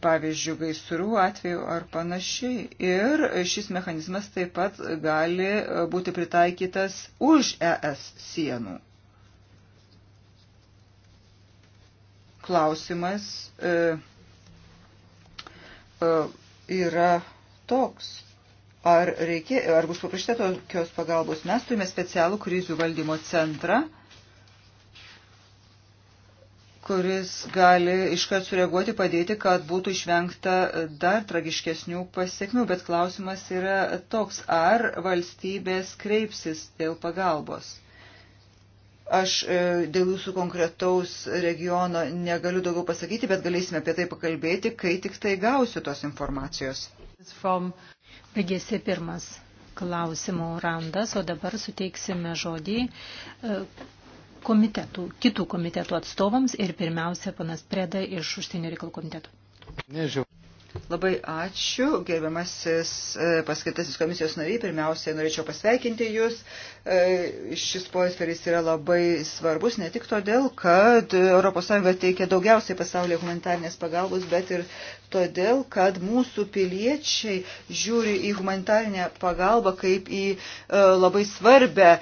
pavyzdžiui, gaisrų atveju ar panašiai. Ir šis mechanizmas taip pat gali e, būti pritaikytas už ES sienų. Klausimas e, e, yra toks. Ar, reikia, ar bus paprašyta tokios pagalbos? Mes turime specialų krizių valdymo centrą. E, kuris gali iškart sureaguoti, padėti, kad būtų išvengta dar tragiškesnių pasiekmių. Bet klausimas yra toks, ar valstybės kreipsis dėl pagalbos. Aš e, dėl jūsų konkretaus regiono negaliu daugiau pasakyti, bet galėsime apie tai pakalbėti, kai tik tai gausiu tos informacijos. From... Baigėsi pirmas klausimų randas, o dabar suteiksime žodį e, komitetų, kitų komitetų atstovams ir pirmiausia panas Preda iš užsienio reikalų komiteto. Nežinau. Labai ačiū, gerbiamasis e, paskirtasis komisijos nariai. Pirmiausiai norėčiau pasveikinti Jūs. E, šis posferis yra labai svarbus ne tik todėl, kad ES teikia daugiausiai pasaulyje humanitarnės pagalbos, bet ir todėl, kad mūsų piliečiai žiūri į humanitarnę pagalbą kaip į e, labai svarbę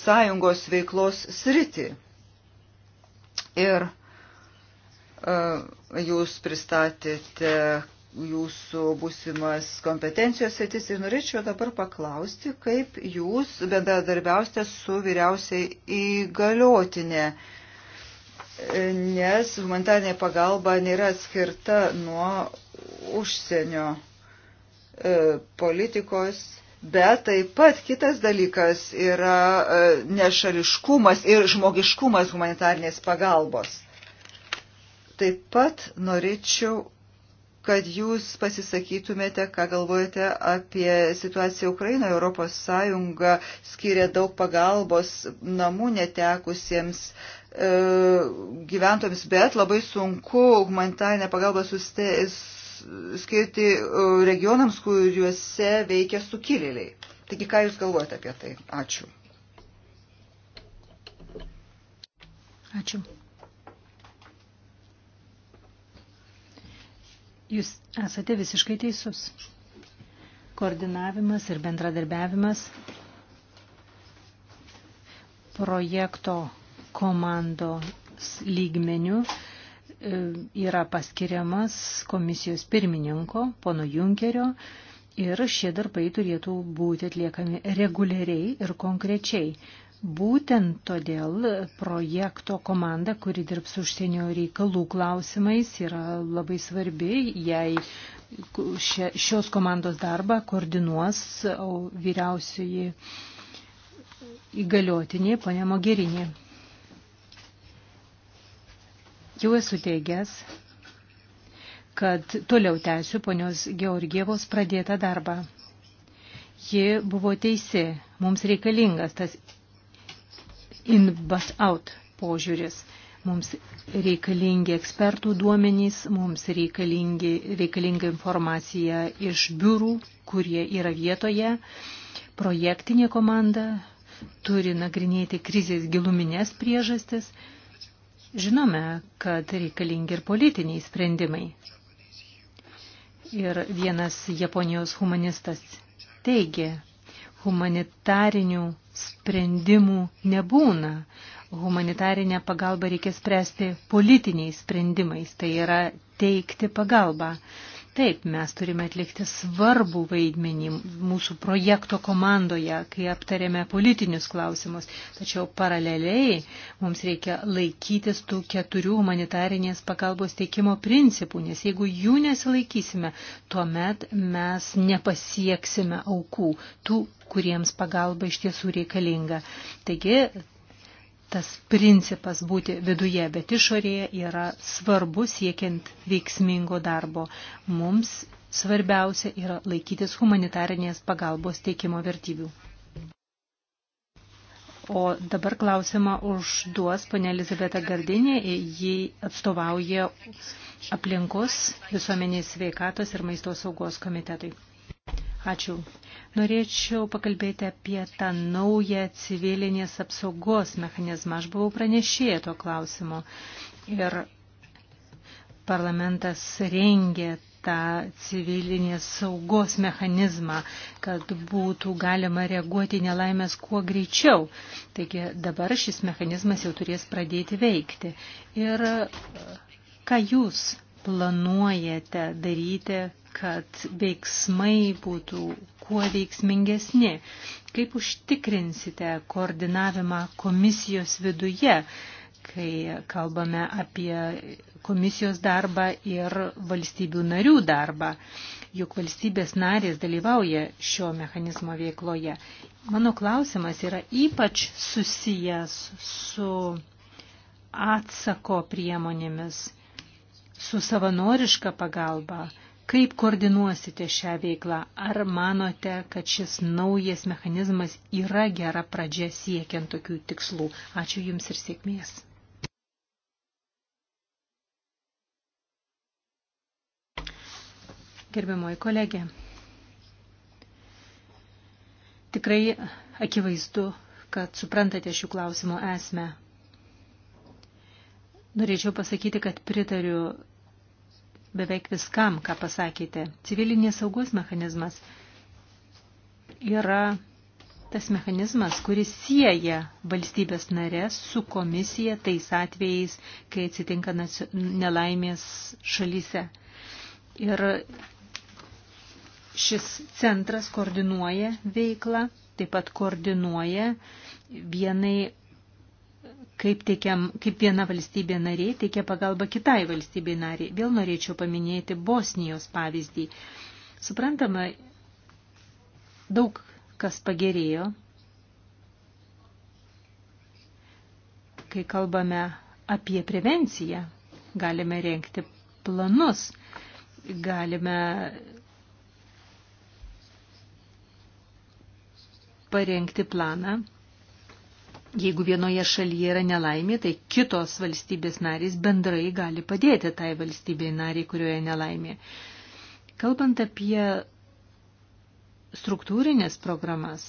sąjungos veiklos sritį. Ir Jūs pristatėte jūsų būsimas kompetencijos sėtis ir norėčiau dabar paklausti, kaip jūs bendradarbiausite su vyriausiai įgaliotinė, nes humanitarinė pagalba nėra atskirta nuo užsienio e, politikos Bet taip pat kitas dalykas yra e, nešališkumas ir žmogiškumas humanitarnės pagalbos. Taip pat norėčiau, kad jūs pasisakytumėte, ką galvojate apie situaciją Ukrainoje. Europos Sąjunga skiria daug pagalbos namų netekusiems e, gyventojams, bet labai sunku humanitarinę pagalbą suste, skirti e, regionams, kuriuose veikia sukilėliai. Taigi, ką Jūs galvojate apie tai? Ačiū. Ačiū. Jūs esate visiškai teisus. Koordinavimas ir bendradarbiavimas projekto komandos lygmenių e, yra paskiriamas komisijos pirmininko, pono Junkerio, ir šie darbai turėtų būti atliekami reguliariai ir konkrečiai. Būtent todėl projekto komanda, kuri dirbs užsienio reikalų klausimais, yra labai svarbi, jei šios komandos darbą koordinuos vyriausioji įgaliotinė ponė Mogerinė. Jau esu teigęs, kad toliau tęsiu ponios Georgievos pradėtą darbą. Ji buvo teisi, mums reikalingas tas in, bus out požiūris. Mums reikalingi ekspertų duomenys, mums reikalinga informacija iš biurų, kurie yra vietoje. Projektinė komanda turi nagrinėti krizės giluminės priežastis. Žinome, kad reikalingi ir politiniai sprendimai. Ir vienas Japonijos humanistas teigia, humanitarinių sprendimų nebūna. Humanitarinę pagalbą reikia spręsti politiniais sprendimais, tai yra teikti pagalbą. Taip, mes turime atlikti svarbų vaidmenį mūsų projekto komandoje, kai aptarėme politinius klausimus. Tačiau paraleliai mums reikia laikytis tų keturių humanitarinės pagalbos teikimo principų, nes jeigu jų nesilaikysime, tuomet mes nepasieksime aukų, tų, kuriems pagalba iš tiesų reikalinga. Taigi tas principas būti viduje, bet išorėje yra svarbu siekiant veiksmingo darbo. Mums svarbiausia yra laikytis humanitarinės pagalbos teikimo vertybių. O dabar klausimą užduos ponė Elizabeta Gardinė, ji atstovauja aplinkos visuomenės sveikatos ir maisto saugos komitetui. Ačiū. Norėčiau pakalbėti apie tą naują civilinės apsaugos mechanizmą. Aš buvau pranešėję to klausimo ir parlamentas rengė tą civilinės saugos mechanizmą, kad būtų galima reaguoti nelaimės kuo greičiau. Taigi dabar šis mechanizmas jau turės pradėti veikti. Ir ką jūs planuojate daryti, kad veiksmai būtų kuo veiksmingesni. Kaip užtikrinsite koordinavimą komisijos viduje, kai kalbame apie komisijos darbą ir valstybių narių darbą, juk valstybės narės dalyvauja šio mechanizmo veikloje. Mano klausimas yra ypač susijęs su atsako priemonėmis, su savanoriška pagalba Kaip koordinuosite šią veiklą? Ar manote, kad šis naujas mechanizmas yra gera pradžia siekiant tokių tikslų? Ačiū Jums ir sėkmės. Gerbiamoji kolegė, tikrai akivaizdu, kad suprantate šių klausimų esmę. Norėčiau pasakyti, kad pritariu beveik viskam, ką pasakėte. Civilinės saugos mechanizmas yra tas mechanizmas, kuris sieja valstybės narės su komisija tais atvejais, kai atsitinka nelaimės šalyse. Ir šis centras koordinuoja veiklą, taip pat koordinuoja vienai kaip, teikiam, kaip viena valstybė narė teikia pagalbą kitai valstybei nariai. Vėl norėčiau paminėti Bosnijos pavyzdį. Suprantama, daug kas pagerėjo, kai kalbame apie prevenciją. Galime renkti planus, galime parengti planą Jeigu vienoje šalyje yra nelaimė, tai kitos valstybės narys bendrai gali padėti tai valstybei nariai, kurioje nelaimė. Kalbant apie struktūrinės programas,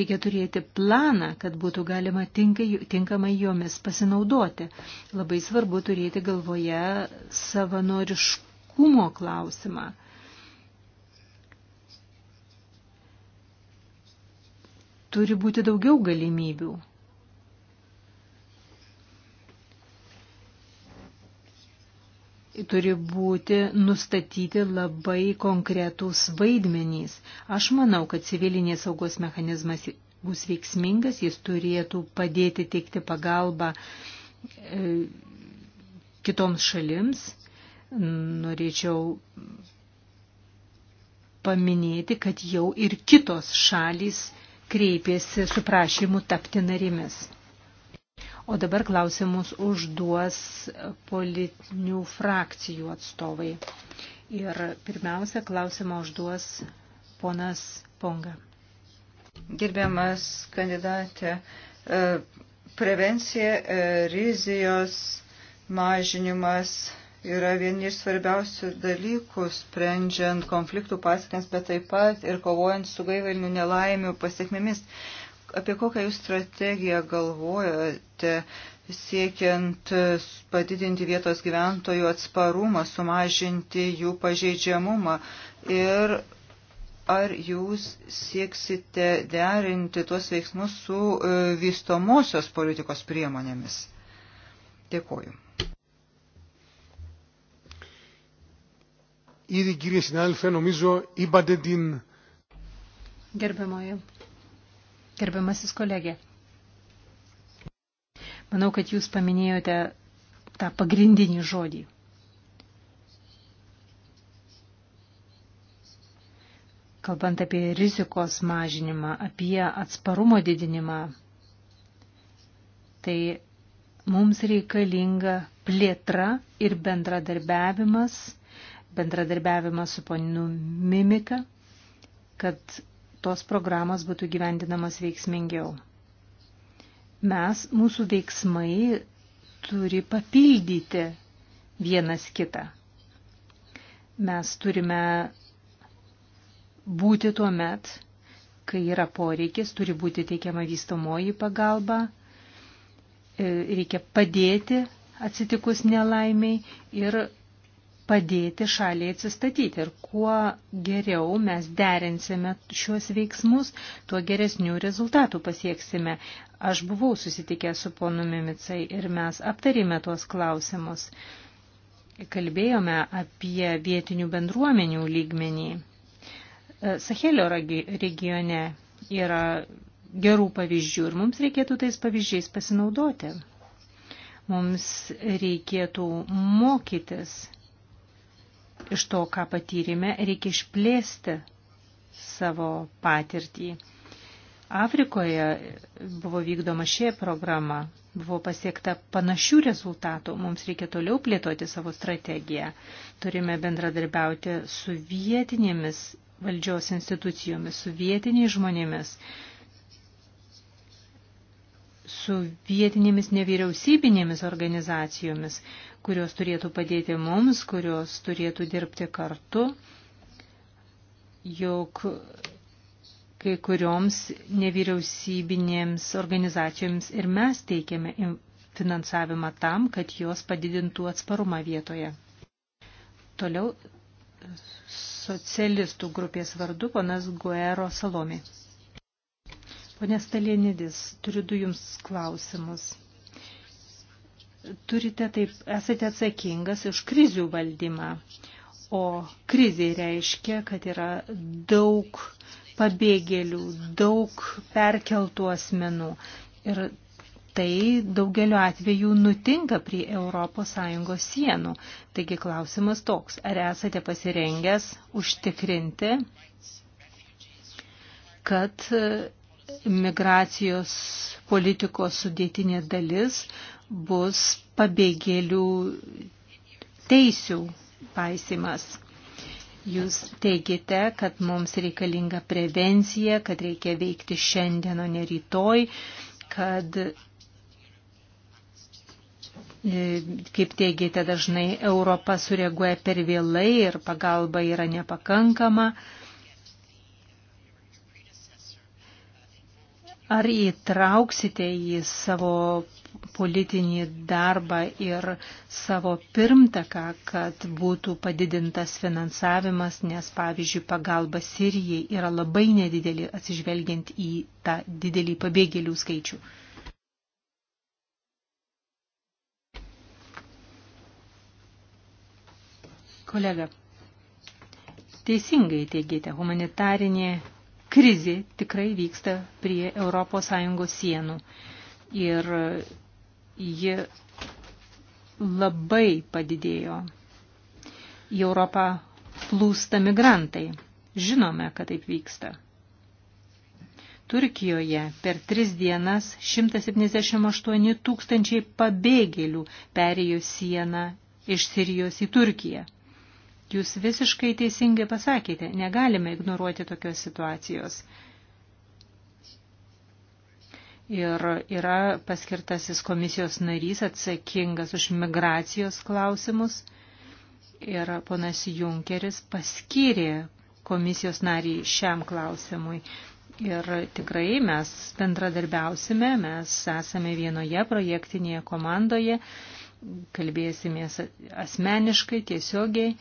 reikia turėti planą, kad būtų galima tinkamai jomis pasinaudoti. Labai svarbu turėti galvoje savanoriškumo klausimą. turi būti daugiau galimybių. Turi būti nustatyti labai konkretūs vaidmenys. Aš manau, kad civilinės saugos mechanizmas bus veiksmingas, jis turėtų padėti teikti pagalbą e, kitoms šalims. Norėčiau paminėti, kad jau ir kitos šalys kreipėsi su prašymu tapti narimis. O dabar klausimus užduos politinių frakcijų atstovai. Ir pirmiausia, klausimą užduos ponas Ponga. Gerbiamas kandidatė, e, prevencija, e, rizijos mažinimas, yra vieni iš svarbiausių dalykų sprendžiant konfliktų pasiekmes, bet taip pat ir kovojant su gaivalinių nelaimių pasiekmėmis. Apie kokią jūs strategiją galvojate siekiant padidinti vietos gyventojų atsparumą, sumažinti jų pažeidžiamumą ir ar jūs sieksite derinti tuos veiksmus su e, vystomosios politikos priemonėmis? Dėkuoju. Ήδη κύριε συνάδελφε νομίζω είπατε την. Gerbiamoji, gerbiamasis kolegė, manau, kad jūs paminėjote tą pagrindinį žodį. Kalbant apie rizikos mažinimą, apie atsparumo didinimą, tai mums reikalinga plėtra ir bendradarbiavimas bendradarbiavimą su poninu Mimika, kad tos programos būtų gyvendinamas veiksmingiau. Mes, mūsų veiksmai turi papildyti vienas kitą. Mes turime būti tuo met, kai yra poreikis, turi būti teikiama vystomoji pagalba, e, reikia padėti atsitikus nelaimiai ir padėti šaliai atsistatyti. Ir kuo geriau mes derinsime šiuos veiksmus, tuo geresnių rezultatų pasieksime. Aš buvau susitikęs su ponu Mimicai ir mes aptarėme tuos klausimus. Kalbėjome apie vietinių bendruomenių lygmenį. E, Sahelio regione yra gerų pavyzdžių ir mums reikėtų tais pavyzdžiais pasinaudoti. Mums reikėtų mokytis iš to, ką patyrėme, reikia išplėsti savo patirtį. Afrikoje buvo vykdoma šie programa, buvo pasiekta panašių rezultatų, mums reikia toliau plėtoti savo strategiją. Turime bendradarbiauti su vietinėmis valdžios institucijomis, su vietiniais žmonėmis, su vietinėmis nevyriausybinėmis organizacijomis, kurios turėtų padėti mums, kurios turėtų dirbti kartu, jog kai kurioms nevyriausybinėms organizacijoms ir mes teikiame finansavimą tam, kad jos padidintų atsparumą vietoje. Toliau socialistų grupės vardu ponas Guero Salomi. Pone Stalinidis, turiu du jums klausimus turite taip, esate atsakingas už krizių valdymą. O krizė reiškia, kad yra daug pabėgėlių, daug perkeltų asmenų. Ir tai daugeliu atveju nutinka prie ES sienų. Taigi klausimas toks, ar esate pasirengęs užtikrinti, kad migracijos politikos sudėtinė dalis bus pabėgėlių teisių paisimas. Jūs teigite, kad mums reikalinga prevencija, kad reikia veikti šiandien, o ne rytoj, kad, e, kaip teigite, dažnai Europa sureaguoja per vėlai ir pagalba yra nepakankama. Ar įtrauksite į savo politinį darbą ir savo pirmtaką, kad būtų padidintas finansavimas, nes, pavyzdžiui, pagalba Sirijai yra labai nedidelė atsižvelgiant į tą didelį pabėgėlių skaičių. Kolega, teisingai teigite, humanitarinė krizė tikrai vyksta prie ES sienų. Ir ji labai padidėjo. Į Europą plūsta migrantai. Žinome, kad taip vyksta. Turkijoje per tris dienas 178 tūkstančiai pabėgėlių perėjo sieną iš Sirijos į Turkiją. Jūs visiškai teisingai pasakėte, negalime ignoruoti tokios situacijos ir yra paskirtasis komisijos narys atsakingas už migracijos klausimus. Ir ponas Junkeris paskyrė komisijos narį šiam klausimui. Ir tikrai mes bendradarbiausime, mes esame vienoje projektinėje komandoje, kalbėsimės asmeniškai, tiesiogiai,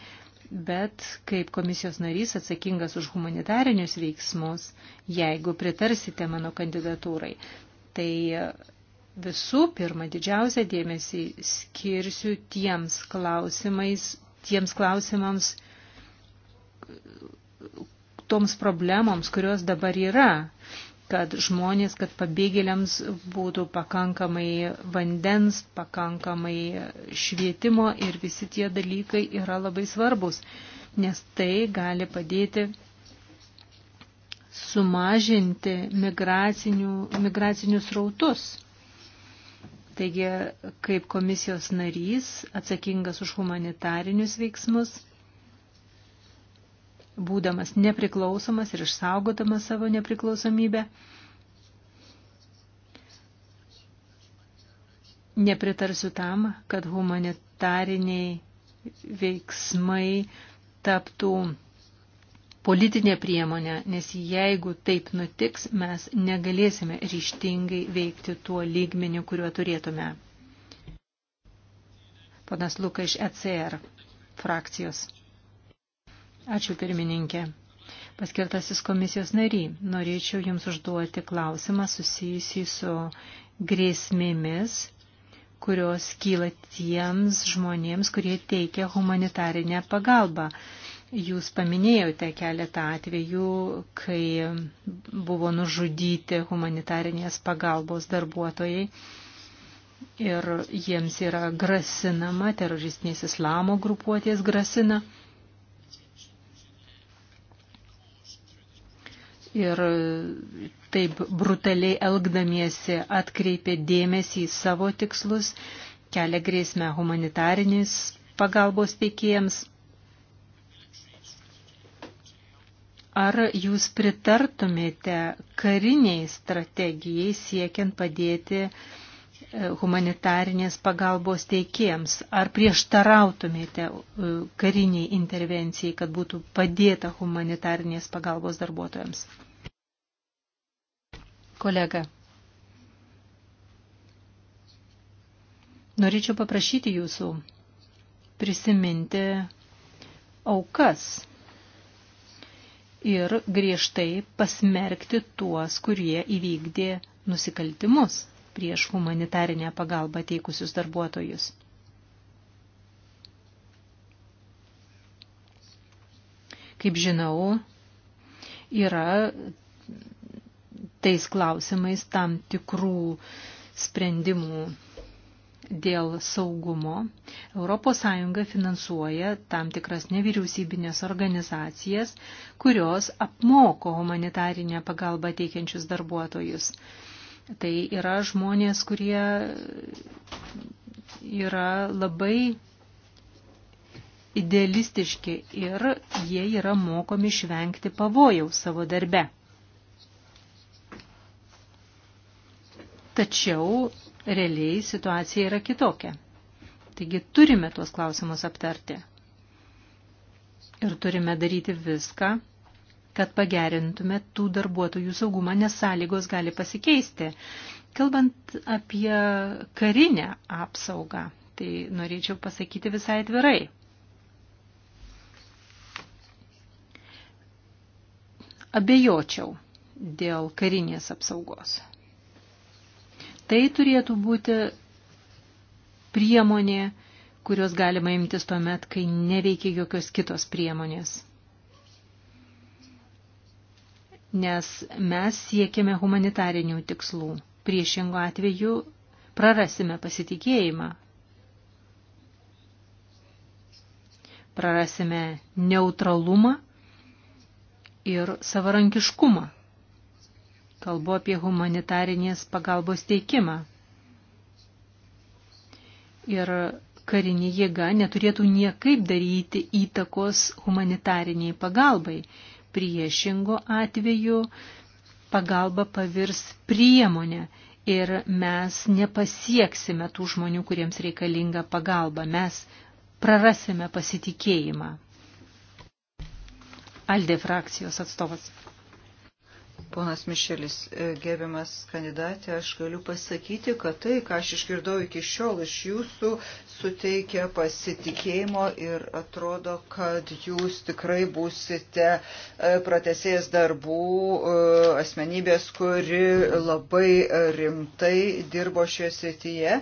bet kaip komisijos narys atsakingas už humanitarinius veiksmus, jeigu pritarsite mano kandidatūrai, tai visų pirma didžiausią dėmesį skirsiu tiems klausimais, tiems klausimams, toms problemoms, kurios dabar yra, kad žmonės, kad pabėgėliams būtų pakankamai vandens, pakankamai švietimo ir visi tie dalykai yra labai svarbus, nes tai gali padėti sumažinti migracinius rautus. Taigi, kaip komisijos narys atsakingas už humanitarinius veiksmus, būdamas nepriklausomas ir išsaugodamas savo nepriklausomybę, nepritarsiu tam, kad humanitariniai veiksmai taptų politinė priemonė, nes jeigu taip nutiks, mes negalėsime ryštingai veikti tuo lygmeniu, kuriuo turėtume. Panas Luka iš ECR frakcijos. Ačiū pirmininkė. Paskirtasis komisijos nary, norėčiau Jums užduoti klausimą susijusį su grėsmėmis, kurios kyla tiems žmonėms, kurie teikia humanitarinę pagalbą. Jūs paminėjote keletą atvejų, kai buvo nužudyti humanitarinės pagalbos darbuotojai ir jiems yra grasinama, teroristinės islamo grupuotės grasina. Ir taip brutaliai elgdamiesi atkreipė dėmesį į savo tikslus, kelia grėsmę humanitarinės pagalbos teikėjams Ar jūs pritartumėte kariniai strategijai siekiant padėti e, humanitarinės pagalbos teikėjams? Ar prieštarautumėte e, kariniai intervencijai, kad būtų padėta humanitarinės pagalbos darbuotojams? Kolega. Norėčiau paprašyti jūsų prisiminti aukas ir griežtai pasmerkti tuos, kurie įvykdė nusikaltimus prieš humanitarinę pagalbą teikusius darbuotojus. Kaip žinau, yra tais klausimais tam tikrų sprendimų dėl saugumo ES finansuoja tam tikras nevyriausybinės organizacijas, kurios apmoko humanitarinę pagalbą teikiančius darbuotojus. Tai yra žmonės, kurie yra labai idealistiški ir jie yra mokomi išvengti pavojaus savo darbe. Tačiau realiai situacija yra kitokia. Taigi turime tuos klausimus aptarti. Ir turime daryti viską, kad pagerintume tų darbuotojų saugumą, nes sąlygos gali pasikeisti. Kalbant apie karinę apsaugą, tai norėčiau pasakyti visai atvirai. Abejočiau dėl karinės apsaugos. Tai turėtų būti priemonė, kurios galima imtis tuomet, kai neveikia jokios kitos priemonės. Nes mes siekiame humanitarinių tikslų. Priešingo atveju prarasime pasitikėjimą. Prarasime neutralumą ir savarankiškumą. Kalbu apie humanitarinės pagalbos teikimą. Ir karinė jėga neturėtų niekaip daryti įtakos humanitariniai pagalbai. Priešingo atveju pagalba pavirs priemonę ir mes nepasieksime tų žmonių, kuriems reikalinga pagalba. Mes prarasime pasitikėjimą. Alde frakcijos atstovas. Ponas Mišelis, e, gerbiamas kandidatė, aš galiu pasakyti, kad tai, ką aš išgirdau iki šiol iš jūsų, suteikia pasitikėjimo ir atrodo, kad jūs tikrai būsite e, pratesėjęs darbų e, asmenybės, kuri labai rimtai dirbo šioje srityje.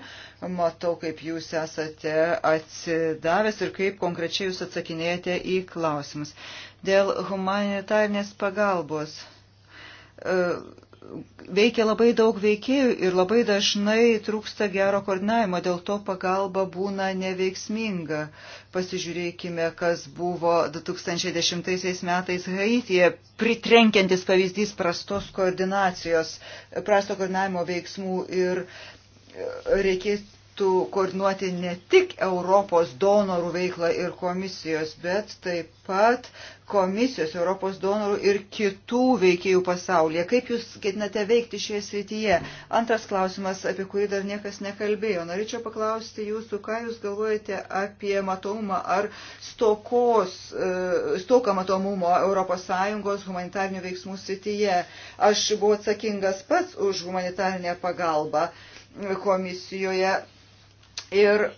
Matau, kaip jūs esate atsidavęs ir kaip konkrečiai jūs atsakinėjate į klausimus. Dėl humanitarnės pagalbos E, veikia labai daug veikėjų ir labai dažnai trūksta gero koordinavimo, dėl to pagalba būna neveiksminga. Pasižiūrėkime, kas buvo 2010 metais Haityje, pritrenkiantis pavyzdys prastos koordinacijos, prasto koordinavimo veiksmų ir e, reikės reiktų koordinuoti ne tik Europos donorų veiklą ir komisijos, bet taip pat komisijos, Europos donorų ir kitų veikėjų pasaulyje. Kaip jūs ketinate veikti šioje srityje? Antras klausimas, apie kurį dar niekas nekalbėjo. Norėčiau paklausti jūsų, ką jūs galvojate apie matomumą ar stokos, e, stoką matomumo ES humanitarnių veiksmų srityje. Aš buvau atsakingas pats už humanitarinę pagalbą komisijoje Ir e,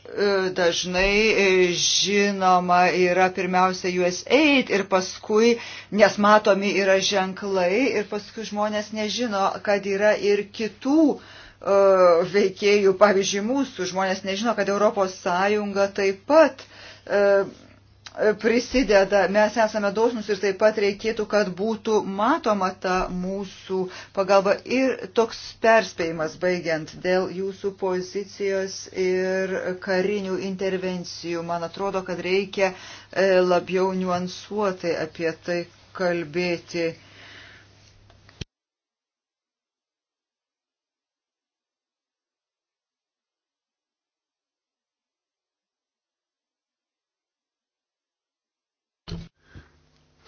dažnai e, žinoma yra pirmiausia USAID ir paskui, nes matomi yra ženklai ir paskui žmonės nežino, kad yra ir kitų e, veikėjų, pavyzdžiui, mūsų žmonės nežino, kad Europos Sąjunga taip pat prisideda, mes esame dosnus ir taip pat reikėtų, kad būtų matoma ta mūsų pagalba. Ir toks perspėjimas baigiant dėl jūsų pozicijos ir karinių intervencijų. Man atrodo, kad reikia e, labiau niuansuotai apie tai kalbėti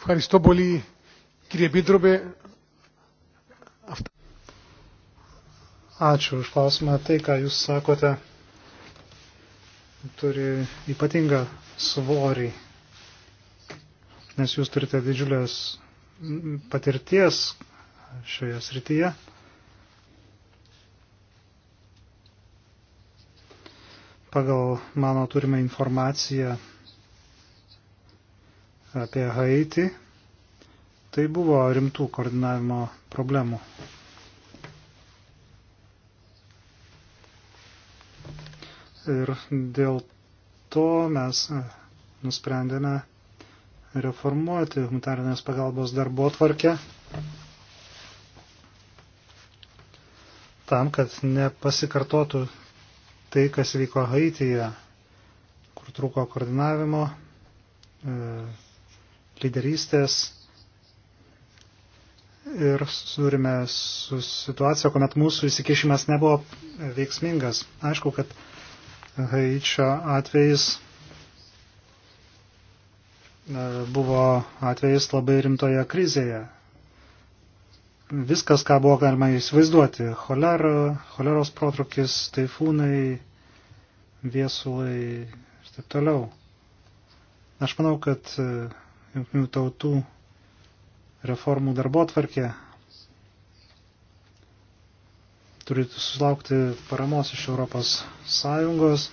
Ευχαριστώ πολύ, κύριε Επίτροπε. Ačiū už klausimą. Tai, ką Jūs sakote, turi ypatingą svorį, nes Jūs turite didžiulės patirties šioje srityje. Pagal mano turime informaciją apie Haiti, tai buvo rimtų koordinavimo problemų. Ir dėl to mes e, nusprendėme reformuoti humanitarinės pagalbos darbo tvarkę tam, kad nepasikartotų tai, kas vyko Haityje, kur trūko koordinavimo, e, lyderystės ir susidūrime su situacija, kuomet mūsų įsikišimas nebuvo veiksmingas. Aišku, kad Haičio atvejais e, buvo atvejais labai rimtoje krizėje. Viskas, ką buvo galima įsivaizduoti - cholera, choleros protrukis, taifūnai, viesulai ir taip toliau. Aš manau, kad e, jungtinių tautų reformų darbo tvarkė turi susilaukti paramos iš Europos Sąjungos,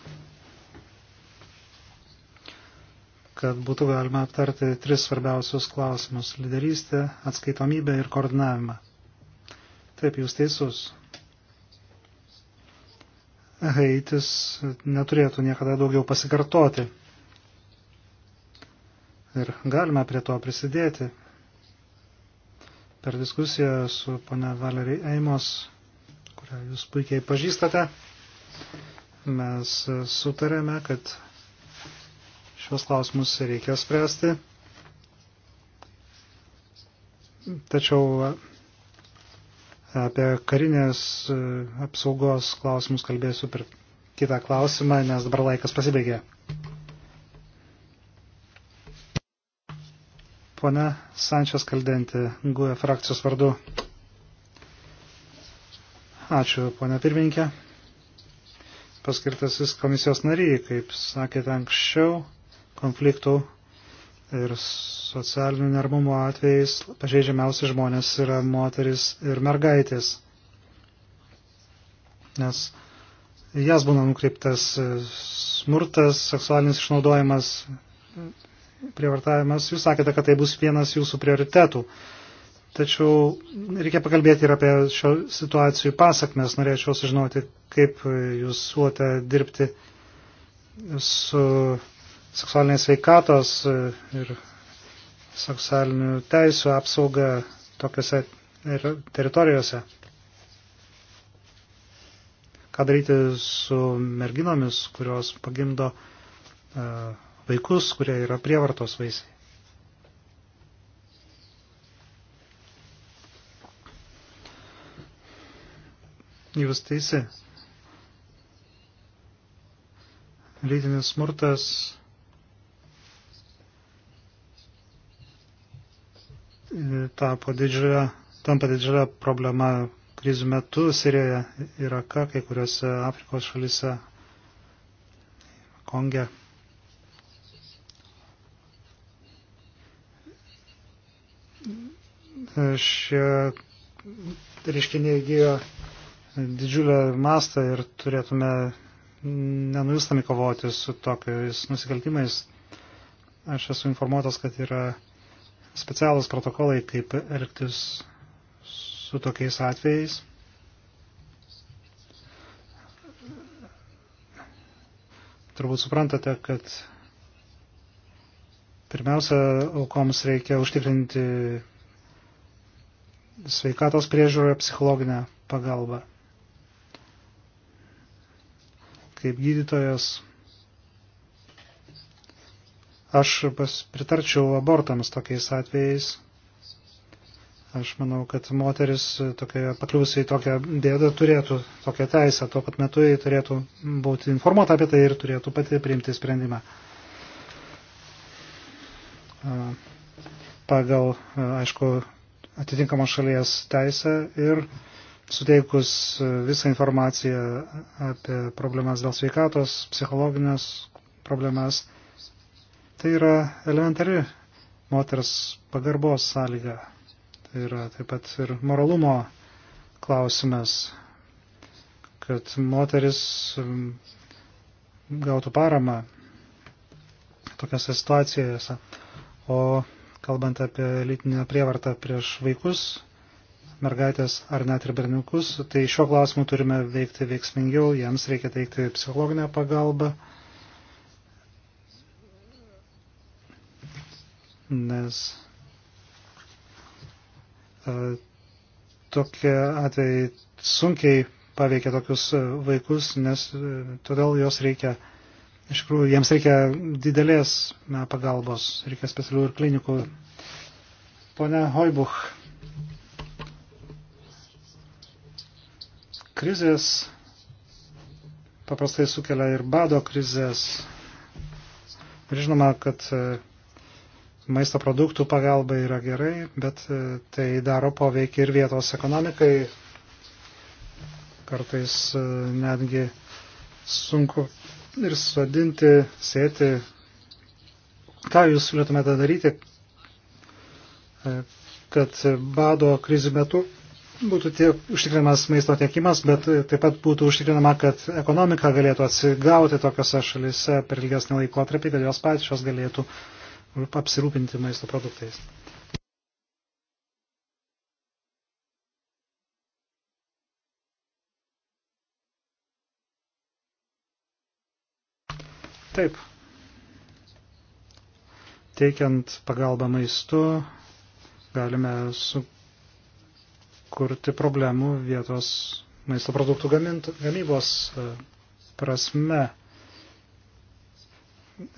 kad būtų galima aptarti tris svarbiausius klausimus – lyderystę, atskaitomybę ir koordinavimą. Taip, jūs teisus. Haitis neturėtų niekada daugiau pasikartoti ir galime prie to prisidėti. Per diskusiją su pana Valerijai Eimos, kurią jūs puikiai pažįstate, mes sutarėme, kad šios klausimus reikia spręsti. Tačiau apie karinės apsaugos klausimus kalbėsiu per kitą klausimą, nes dabar laikas pasibaigė. Pone Sančias Kaldenti, GUE frakcijos vardu. Ačiū, pone pirmininkė. Paskirtasis komisijos nariai, kaip sakėte anksčiau, konfliktų ir socialinių nermumo atvejais pažeidžiamiausi žmonės yra moteris ir mergaitės. Nes jas būna nukreiptas smurtas, seksualinis išnaudojimas prievartavimas. Jūs sakėte, kad tai bus vienas jūsų prioritetų. Tačiau reikia pakalbėti ir apie šio situacijų pasakmes. Norėčiau sužinoti, kaip jūs suote dirbti su seksualinės veikatos ir seksualinių teisų apsauga tokiuose teritorijose. Ką daryti su merginomis, kurios pagimdo uh, vaikus, kurie yra prievartos vaisiai. Jūs teisi. Lytinis smurtas tapo didžiulę, tampa didžiulę problemą krizių metu Sirijoje, Irake, kai kuriuose Afrikos šalise, Konge. Šie reiškiniai įgyjo didžiulę mastą ir turėtume nenujustami kovoti su tokiais nusikaltimais. Aš esu informuotas, kad yra specialus protokolai, kaip elgtis su tokiais atvejais. Turbūt suprantate, kad pirmiausia, aukoms reikia užtikrinti sveikatos priežiūroje psichologinę pagalbą. Kaip gydytojas aš pritarčiau abortams tokiais atvejais. Aš manau, kad moteris pakliusiai tokią bėdą turėtų tokią teisę, tuo pat metu jį turėtų būti informuota apie tai ir turėtų pati priimti sprendimą. Pagal, aišku, atitinkamos šalies teisę ir suteikus e, visą informaciją apie problemas dėl sveikatos, psichologinės problemas. Tai yra elementari moters pagarbos sąlyga. Tai yra taip pat ir moralumo klausimas, kad moteris e, gautų paramą tokiose situacijose. O kalbant apie lytinę prievartą prieš vaikus, mergaitės ar net ir berniukus, tai šiuo klausimu turime veikti veiksmingiau, jiems reikia teikti psichologinę pagalbą, nes e, tokie atvejai sunkiai paveikia tokius e, vaikus, nes e, todėl jos reikia Iš tikrųjų, jiems reikia didelės na, pagalbos, reikia specialių ir klinikų. Pone Hoibuch, krizės paprastai sukelia ir bado krizės. Ir žinoma, kad e, maisto produktų pagalba yra gerai, bet e, tai daro poveikį ir vietos ekonomikai. Kartais e, netgi sunku ir sodinti, sėti. Ką jūs siūlytumėte daryti, e, kad bado krizių metu būtų tiek užtikrinamas maisto tiekimas, bet taip pat būtų užtikrinama, kad ekonomika galėtų atsigauti tokiose šalise per ilgesnį laikotarpį, kad jos pačios galėtų apsirūpinti maisto produktais. Taip. Teikiant pagalbą maistu galime sukurti problemų vietos maisto produktų gamint, gamybos e, prasme. E,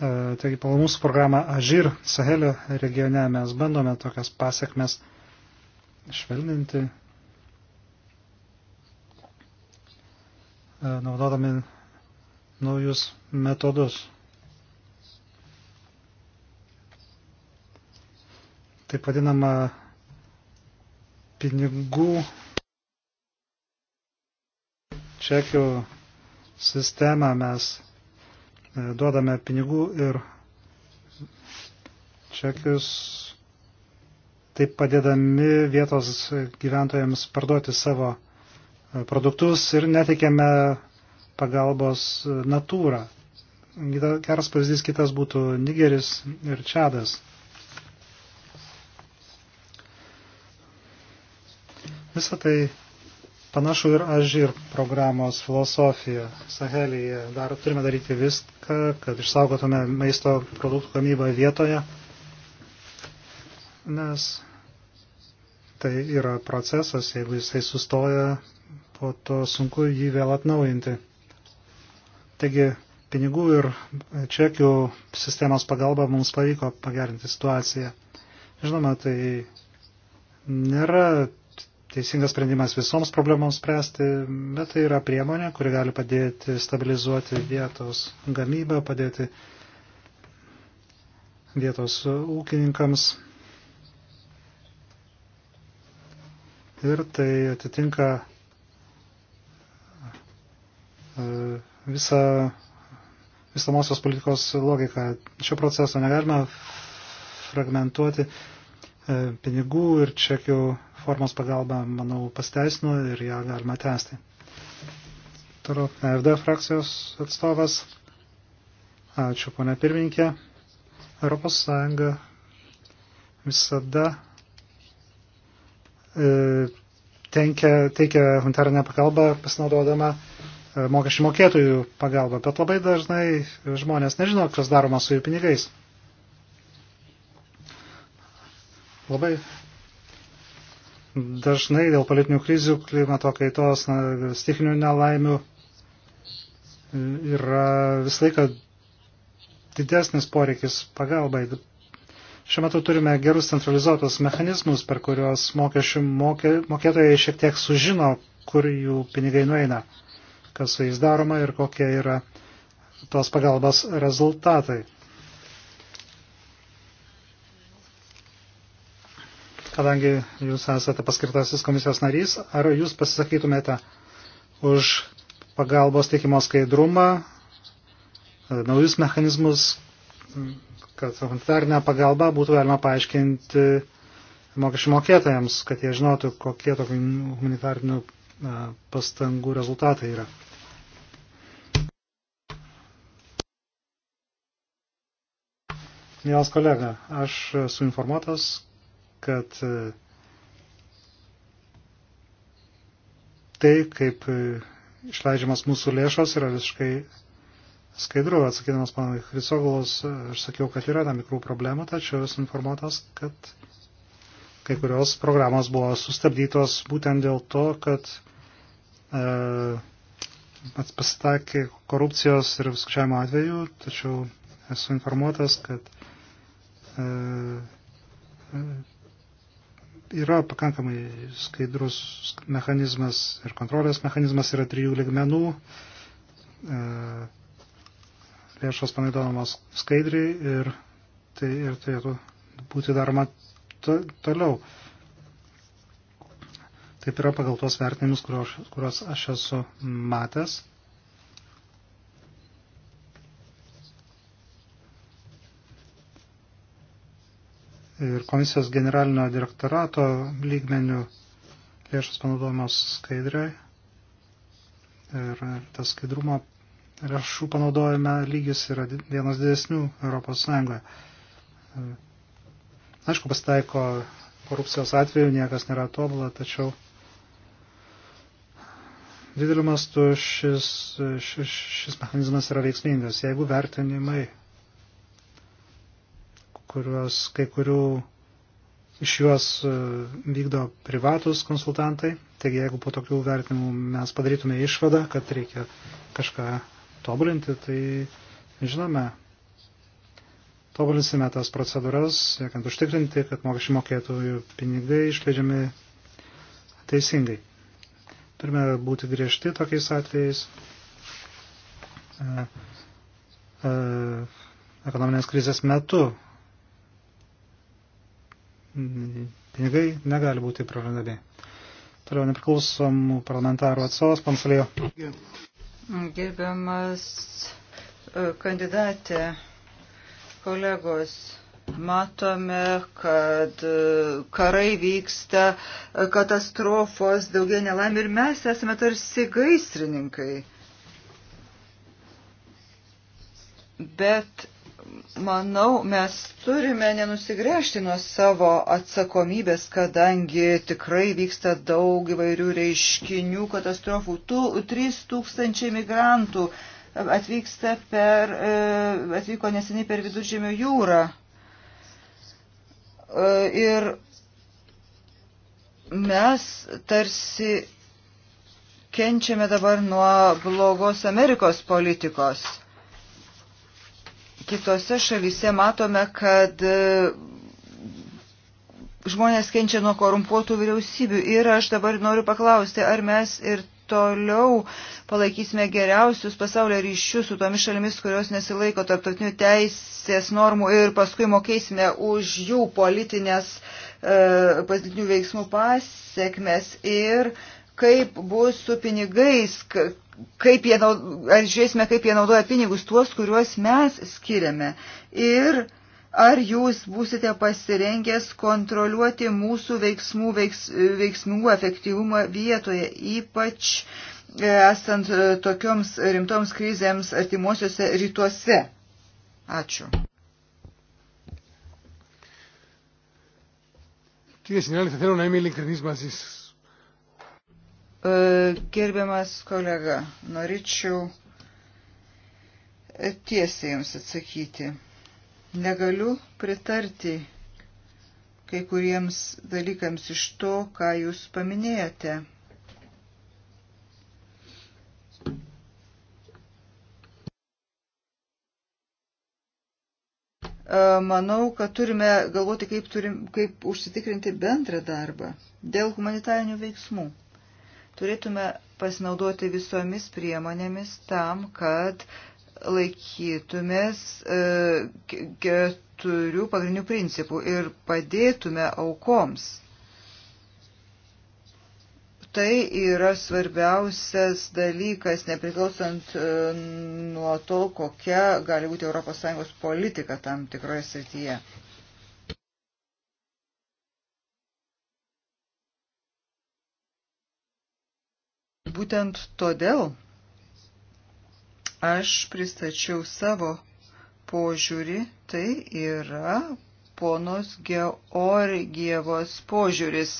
taigi, pagal mūsų programą Ažir Sahelio regione mes bandome tokias pasiekmes švelninti, e, naudodami naujus metodus. Taip vadinama pinigų čekių sistemą mes e, duodame pinigų ir čekius taip padėdami vietos gyventojams parduoti savo e, produktus ir netikėme pagalbos natūrą. Geras pavyzdys kitas būtų Nigeris ir Čadas. Visą tai panašu ir aš ir programos filosofija. Sahelyje dar turime daryti viską, kad išsaugotume maisto produktų gamybą vietoje, nes tai yra procesas, jeigu jisai sustoja, po to sunku jį vėl atnaujinti. Taigi pinigų ir čekių sistemos pagalba mums pavyko pagerinti situaciją. Žinoma, tai nėra teisingas sprendimas visoms problemams spręsti, bet tai yra priemonė, kuri gali padėti stabilizuoti vietos gamybą, padėti vietos ūkininkams. Ir tai atitinka e, visą visomosios politikos logiką. Šio proceso negalima fragmentuoti e, pinigų ir čekių formos pagalba, manau, pasteisino ir ją galima tęsti. Toliau FD frakcijos atstovas. Ačiū, ponė pirminkė. Europos Sąjunga visada e, tenkia, teikia humanitarinę pagalbą pasinaudodama e, E, mokesčių mokėtojų pagalba, bet labai dažnai žmonės nežino, kas daroma su jų pinigais. Labai dažnai dėl politinių krizių, klimato kaitos, stikinių nelaimių e, yra visą laiką didesnis poreikis pagalbai. Šiuo metu turime gerus centralizuotus mechanizmus, per kuriuos mokesčių mokė, mokėtojai šiek tiek sužino, kur jų pinigai nueina kas su jais daroma ir kokie yra tos pagalbos rezultatai. Kadangi jūs esate paskirtasis komisijos narys, ar jūs pasisakytumėte už pagalbos teikimo skaidrumą, naujus mechanizmus, kad humanitarinę pagalbą būtų galima paaiškinti mokesčių mokėtojams, kad jie žinotų, kokie tokių humanitarinių pastangų rezultatai yra. Mielas kolega, aš esu informuotas, kad tai, kaip e, išleidžiamas mūsų lėšos, yra visiškai skaidru. Atsakydamas panui Hrisogulos, e, aš sakiau, kad yra tam tikrų problemų, tačiau esu informuotas, kad kai kurios programos buvo sustabdytos būtent dėl to, kad e, pasitakė korupcijos ir skučiavimo atveju, tačiau esu informuotas, kad E, e, yra pakankamai skaidrus mechanizmas ir kontrolės mechanizmas yra trijų ligmenų. E, lėšos panaudojamos skaidriai ir tai ir turėtų būti daroma to, toliau. Taip yra pagal tuos vertinimus, kuriuos aš esu matęs. ir komisijos generalinio direktorato lygmenių lėšas panaudojamos skaidriai ir tas skaidrumo lėšų panaudojame lygis yra vienas didesnių Europos Sąjungoje. Aišku, pasitaiko korupcijos atveju, niekas nėra tobulą, tačiau dideliu mastu šis, šis, šis mechanizmas yra veiksmingas. Jeigu vertinimai kuriuos kai kurių iš juos e, vykdo privatus konsultantai. Taigi jeigu po tokių vertinimų mes padarytume išvadą, kad reikia kažką tobulinti, tai žinome, tobulinsime tas procedūras, siekiant užtikrinti, kad mokesčių mokėtojų pinigai išleidžiami teisingai. Turime būti griežti tokiais atvejais. E, e, ekonominės krizės metu Mhm. pinigai negali būti prarandami. Toliau nepriklausomų parlamentarų atsovas Pansalėjo. Gerbiamas e, kandidatė, kolegos, matome, kad e, karai vyksta, e, katastrofos, daugiau nelaimė ir mes esame tarsi gaisrininkai. Bet manau, mes turime nenusigręžti nuo savo atsakomybės, kadangi tikrai vyksta daug įvairių reiškinių, katastrofų. Tu, 3000 migrantų atvyksta per, e, atvyko neseniai per viduržėmio jūrą. E, ir mes tarsi kenčiame dabar nuo blogos Amerikos politikos kitose šalyse matome, kad e, žmonės kenčia nuo korumpuotų vyriausybių. Ir aš dabar noriu paklausti, ar mes ir toliau palaikysime geriausius pasaulio ryšius su tomis šalimis, kurios nesilaiko tarptautinių teisės normų ir paskui mokėsime už jų politinės e, politinių veiksmų pasiekmes ir e, kaip bus su pinigais, kaip jie, ar žiūrėsime, kaip jie naudoja pinigus tuos, kuriuos mes skiriame. Ir ar jūs būsite pasirengęs kontroliuoti mūsų veiksmų, veiks, veiksmų efektyvumą vietoje, ypač e, esant e, tokioms rimtoms krizėms artimuosiuose rytuose. Ačiū. Κύριε Συνάδελφε, θέλω να είμαι ειλικρινής μαζί σας. E, gerbiamas kolega, norėčiau tiesiai Jums atsakyti. Negaliu pritarti kai kuriems dalykams iš to, ką Jūs paminėjote. E, manau, kad turime galvoti, kaip, turim, kaip užsitikrinti bendrą darbą dėl humanitarinių veiksmų. Turėtume pasinaudoti visomis priemonėmis tam, kad laikytumės e, keturių pagrindinių principų ir padėtume aukoms. Tai yra svarbiausias dalykas, nepriklausant e, nuo to, kokia gali būti ES politika tam tikroje srityje. Būtent todėl aš pristačiau savo požiūrį, tai yra ponos Georgievos požiūris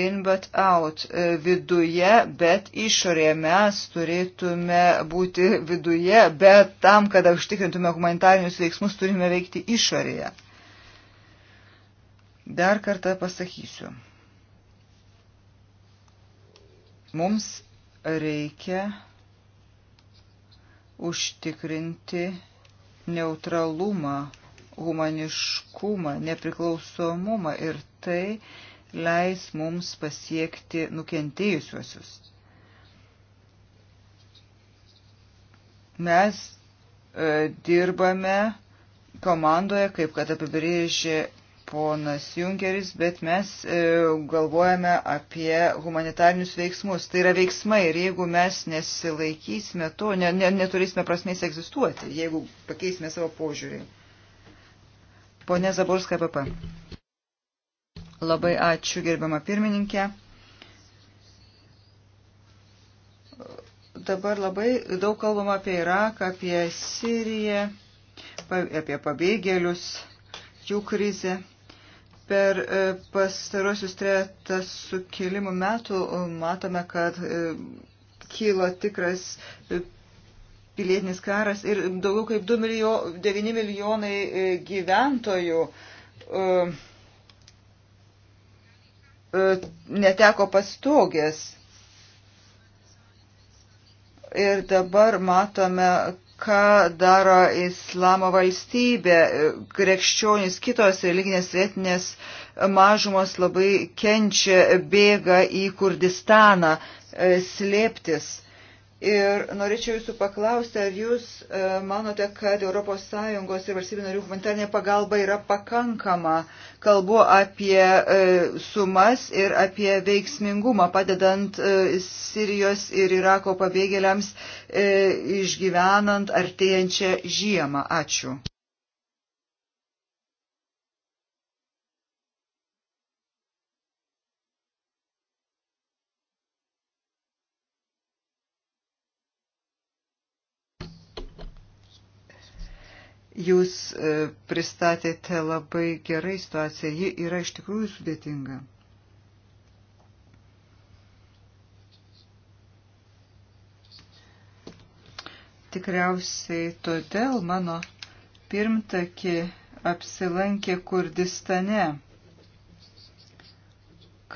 in but out e, viduje, bet išorėje mes turėtume būti viduje, bet tam, kad užtikrintume humanitarinius veiksmus, turime veikti išorėje. Dar kartą pasakysiu. Mums reikia užtikrinti neutralumą, humaniškumą, nepriklausomumą ir tai leis mums pasiekti nukentėjusiuosius. Mes e, dirbame komandoje, kaip kad apibrėžė ponas Junkeris, bet mes e, galvojame apie humanitarinius veiksmus. Tai yra veiksmai ir jeigu mes nesilaikysime to, ne, ne, neturėsime prasmės egzistuoti, jeigu pakeisime savo požiūrį. Pone Zaborska, PP. Labai ačiū, gerbiama pirmininkė. Dabar labai daug kalbama apie Iraką, apie Siriją, apie pabėgėlius, jų krizę. Per e, pastarosius tretas sukilimų metų e, matome, kad e, kyla tikras pilietinis karas ir daugiau kaip 2 milijo, 9 milijonai gyventojų neteko pastogės. Ir dabar matome, ką daro islamo valstybė, krikščionys, kitos religinės vietinės mažumos labai kenčia, bėga į Kurdistaną e, slėptis. Ir norėčiau jūsų paklausti, ar jūs e, manote, kad ES ir valstybių narių humanitarinė pagalba yra pakankama? Kalbu apie e, sumas ir apie veiksmingumą, padedant e, Sirijos ir Irako pabėgėliams išgyvenant artėjančią žiemą. Ačiū. Jūs e, pristatėte labai gerai situaciją, ji yra iš tikrųjų sudėtinga. Tikriausiai todėl mano pirmtaki apsilankė Kurdistane,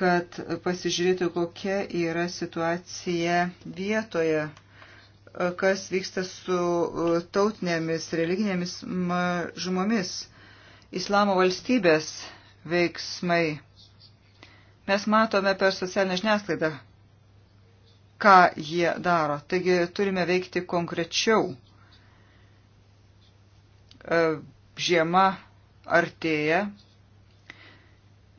kad pasižiūrėtų, kokia yra situacija vietoje kas vyksta su e, tautinėmis, religinėmis mažumomis, islamo valstybės veiksmai. Mes matome per socialinę žiniasklaidą, ką jie daro. Taigi turime veikti konkrečiau. E, žiema artėja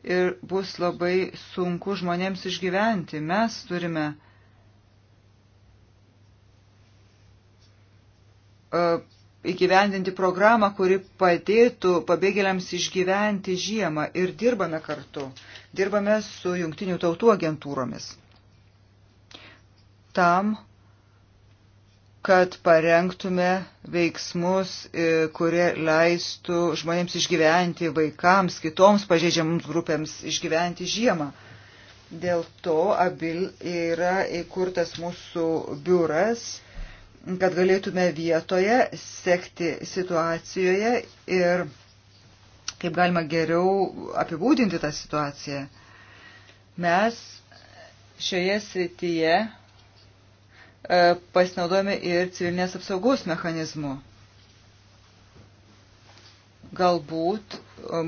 ir bus labai sunku žmonėms išgyventi. Mes turime uh, E, įgyvendinti programą, kuri padėtų pabėgėliams išgyventi žiemą ir dirbame kartu. Dirbame su jungtinių tautų agentūromis. Tam, kad parengtume veiksmus, e, kurie leistų žmonėms išgyventi, vaikams, kitoms pažeidžiamams grupėms išgyventi žiemą. Dėl to abil yra įkurtas mūsų biuras kad galėtume vietoje sekti situacijoje ir kaip galima geriau apibūdinti tą situaciją. Mes šioje srityje e, pasinaudojame ir civilinės apsaugos mechanizmu. Galbūt e,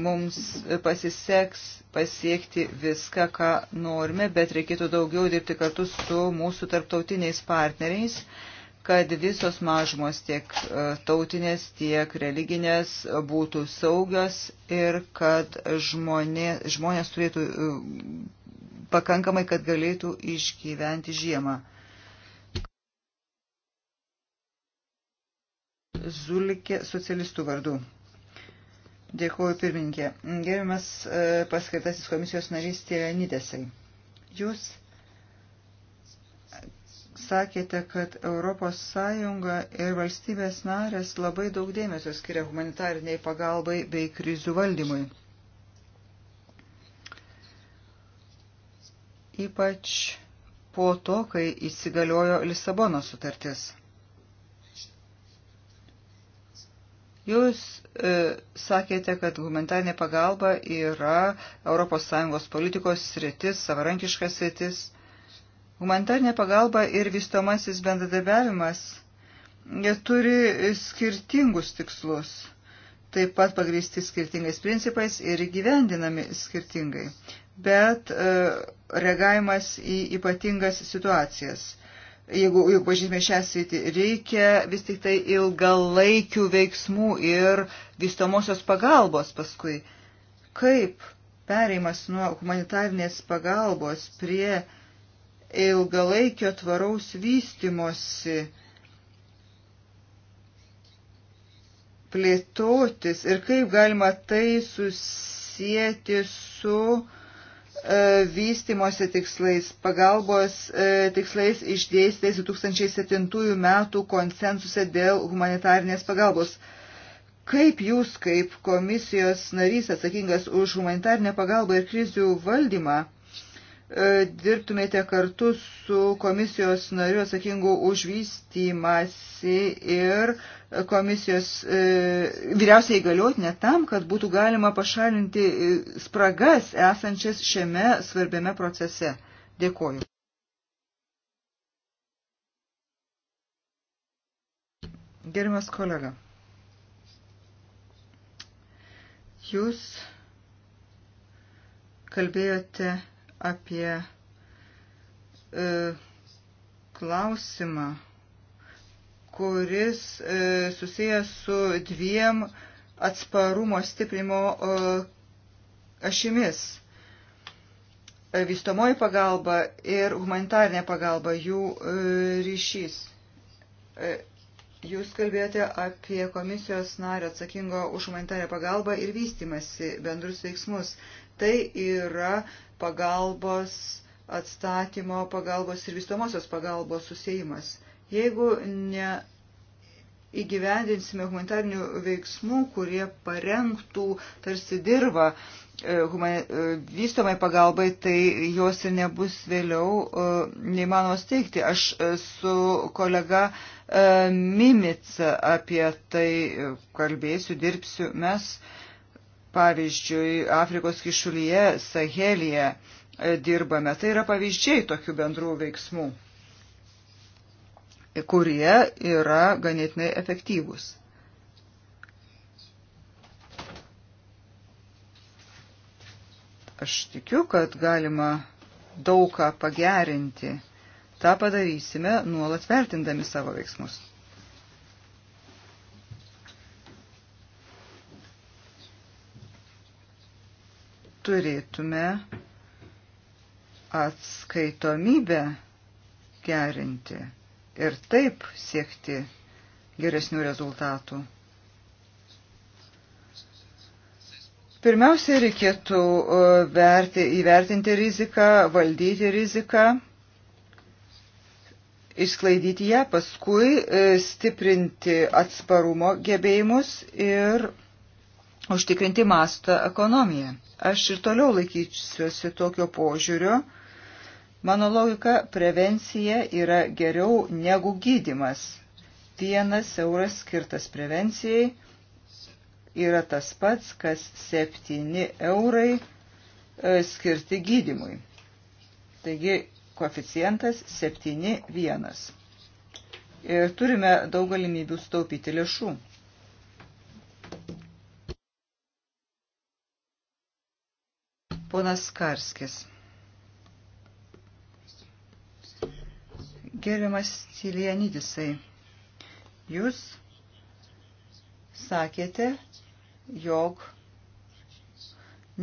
mums pasiseks pasiekti viską, ką norime, bet reikėtų daugiau dirbti kartu su mūsų tarptautiniais partneriais. Uh, kad visos mažumos tiek e, tautinės, tiek religinės būtų saugios ir kad žmonė, žmonės turėtų e, pakankamai, kad galėtų išgyventi žiemą. Zulikė socialistų vardu. Dėkuoju pirmininkė. Gerimas e, paskirtasis komisijos narys Tyranidėsai. Jūs sakėte, kad ES ir valstybės narės labai daug dėmesio skiria humanitariniai pagalbai bei krizių valdymui. Ypač po to, kai įsigaliojo Lisabono sutartis. Jūs e, sakėte, kad humanitarinė pagalba yra ES politikos sritis, savarankiškas sritis. Humanitarinė pagalba ir vystomasis bendradarbiavimas turi skirtingus tikslus, taip pat pagrįsti skirtingais principais ir įgyvendinami skirtingai, bet e, reagavimas į ypatingas situacijas. Jeigu, jeigu pažymė šią sritį, reikia vis tik tai ilgalaikių veiksmų ir vystomosios pagalbos paskui. Kaip pereimas nuo humanitarnės pagalbos prie uh, ilgalaikio tvaraus vystimosi plėtotis ir kaip galima tai susijęti su e, vystimosi tikslais, pagalbos e, tikslais išdėstais 2007 metų konsensuse dėl humanitarnės pagalbos. Kaip jūs, kaip komisijos narys atsakingas už humanitarnę pagalbą ir krizių valdymą, E, dirbtumėte kartu su komisijos nariu atsakingu už vystymasi ir komisijos e, vyriausiai galiotinę tam, kad būtų galima pašalinti e, spragas esančias šiame svarbiame procese. Dėkoju. Gerimas kolega, jūs kalbėjote apie e, klausimą, kuris e, susijęs su dviem atsparumo stiprimo e, ašimis e, vystomoji pagalba ir humanitarinė pagalba, jų e, ryšys. E, jūs kalbėjote apie komisijos narį atsakingo už humanitarinę pagalbą ir vystimasi bendrus veiksmus. Tai yra pagalbos atstatymo pagalbos ir vystomosios pagalbos susijimas. Jeigu ne įgyvendinsime humanitarnių veiksmų, kurie parengtų tarsi dirbą e, e, vystomai pagalbai, tai jos ir nebus vėliau e, neįmanomos teikti. Aš su kolega Mimica apie tai kalbėsiu, dirbsiu. Mes Pavyzdžiui, Afrikos kišulyje, Sahelėje e, dirbame. Tai yra pavyzdžiai tokių bendrų veiksmų, kurie yra ganėtinai efektyvūs. Aš tikiu, kad galima daugą pagerinti. Ta padarysime nuolat vertindami savo veiksmus. turėtume atskaitomybę gerinti ir taip siekti geresnių rezultatų. Pirmiausia, reikėtų e, verti, įvertinti riziką, valdyti riziką, išsklaidyti ją, paskui e, stiprinti atsparumo gebėjimus ir užtikrinti mastą ekonomiją. Aš ir toliau laikysiuosi tokio požiūrio. Mano logika - prevencija yra geriau negu gydimas. Vienas euras skirtas prevencijai yra tas pats, kas septyni eurai e, skirti gydimui. Taigi koeficientas 7,1. Ir turime daug galimybių staupyti lėšų. Ponas Karskis. Gerbiamas Cilianidisai, jūs sakėte, jog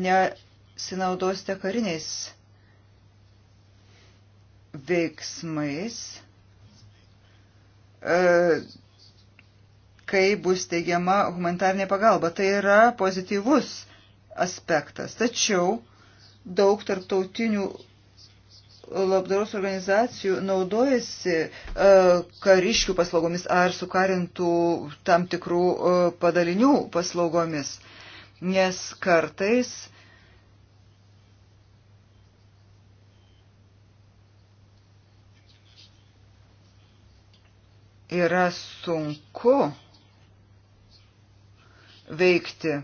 nesinaudosite kariniais veiksmais, e, kai bus teigiama humanitarnė pagalba. Tai yra pozityvus aspektas. Tačiau daug tarptautinių labdaros organizacijų naudojasi e, kariškių paslaugomis ar sukarintų tam tikrų e, padalinių paslaugomis, nes kartais yra sunku veikti.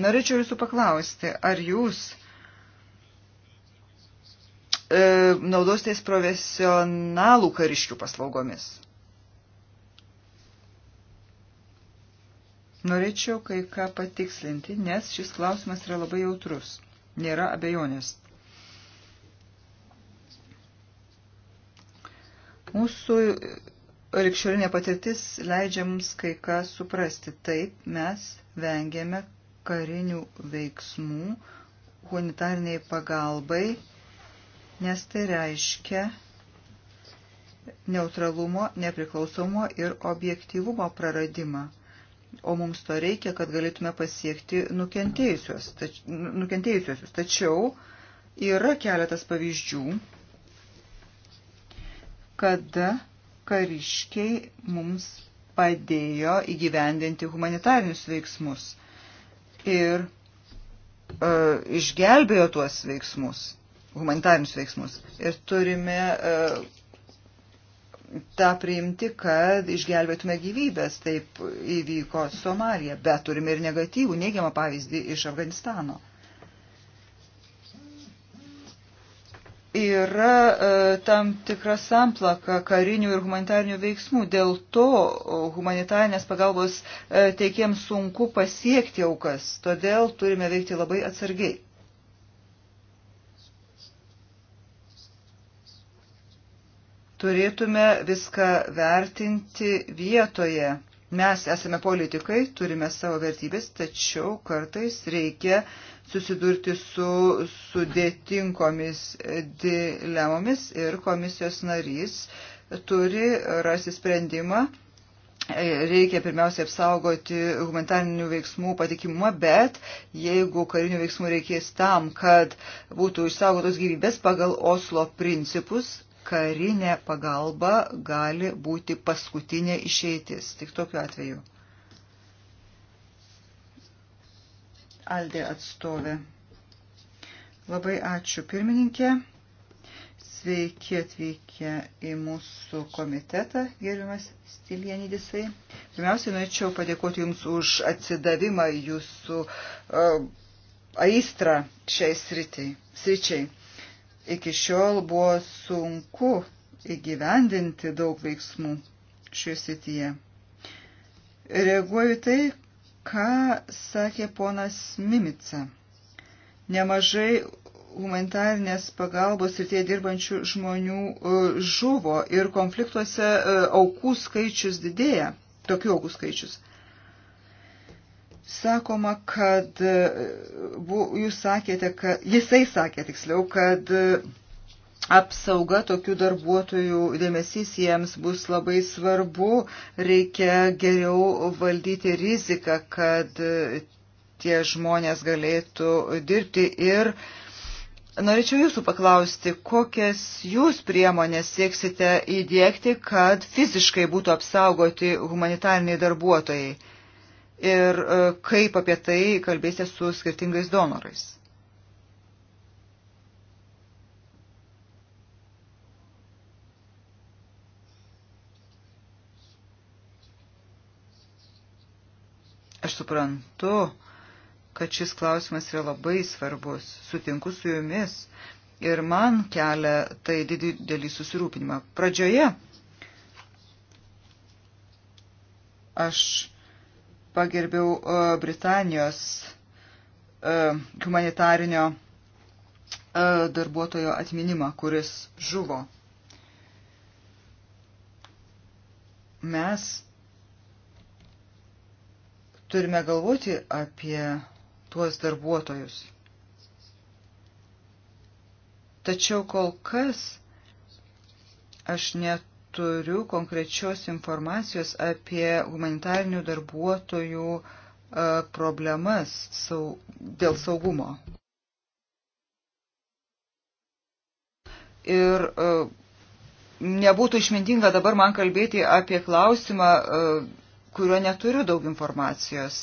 Norėčiau jūsų paklausti, ar jūs E, naudositės profesionalų kariškių paslaugomis? Norėčiau kai ką patikslinti, nes šis klausimas yra labai jautrus. Nėra abejonės. Mūsų likščiolinė patirtis leidžia mums kai ką suprasti. Taip mes vengiame karinių veiksmų humanitariniai pagalbai nes tai reiškia neutralumo, nepriklausomo ir objektyvumo praradimą. O mums to reikia, kad galėtume pasiekti nukentėjusius. Tač, nu, nukentėjusius. Tačiau yra keletas pavyzdžių, kada kariškiai mums padėjo įgyvendinti humanitarinius veiksmus ir e, išgelbėjo tuos veiksmus humanitarinius veiksmus. Ir turime e, tą priimti, kad išgelbėtume gyvybės. Taip įvyko Somalija, bet turime ir negatyvų, neigiamą pavyzdį iš Afganistano. yra e, tam tikra samplaka karinių ir humanitarinių veiksmų. Dėl to humanitarinės pagalbos e, teikiems sunku pasiekti aukas. Todėl turime veikti labai atsargiai. turėtume viską vertinti vietoje. Mes esame politikai, turime savo vertybės, tačiau kartais reikia susidurti su sudėtingomis dilemomis ir komisijos narys turi rasti sprendimą. Reikia pirmiausia apsaugoti humanitarinių veiksmų patikimumą, bet jeigu karinių veiksmų reikės tam, kad būtų išsaugotos gyvybės pagal Oslo principus, karinė pagalba gali būti paskutinė išeitis. Tik tokiu atveju. Aldė atstovė. Labai ačiū pirmininkė. Sveiki atvykę į mūsų komitetą, gerbiamas Stilienidisai. Pirmiausiai norėčiau padėkoti Jums už atsidavimą Jūsų uh, aistrą šiai sritai, sričiai iki šiol buvo sunku įgyvendinti daug veiksmų šioje srityje. Reaguoju tai, ką sakė ponas Mimica. Nemažai humanitarnės pagalbos ir tie dirbančių žmonių e, žuvo ir konfliktuose e, aukų skaičius didėja, tokių aukų skaičius sakoma, kad e, bu, jūs sakėte, kad jisai sakė tiksliau, kad e, apsauga tokių darbuotojų dėmesys jiems bus labai svarbu, reikia geriau valdyti riziką, kad e, tie žmonės galėtų dirbti ir Norėčiau jūsų paklausti, kokias jūs priemonės sieksite įdėkti, kad fiziškai būtų apsaugoti humanitariniai darbuotojai? ir e, kaip apie tai kalbėsite su skirtingais donorais. Aš suprantu, kad šis klausimas yra labai svarbus. Sutinku su jumis ir man kelia tai didelį susirūpinimą. Pradžioje aš pagerbiau e, Britanijos e, humanitarinio e, darbuotojo atminimą, kuris žuvo. Mes turime galvoti apie tuos darbuotojus. Tačiau kol kas aš net turiu konkrečios informacijos apie humanitarinių darbuotojų e, problemas sau, dėl saugumo. Ir e, nebūtų išmintinga dabar man kalbėti apie klausimą, e, kurio neturiu daug informacijos.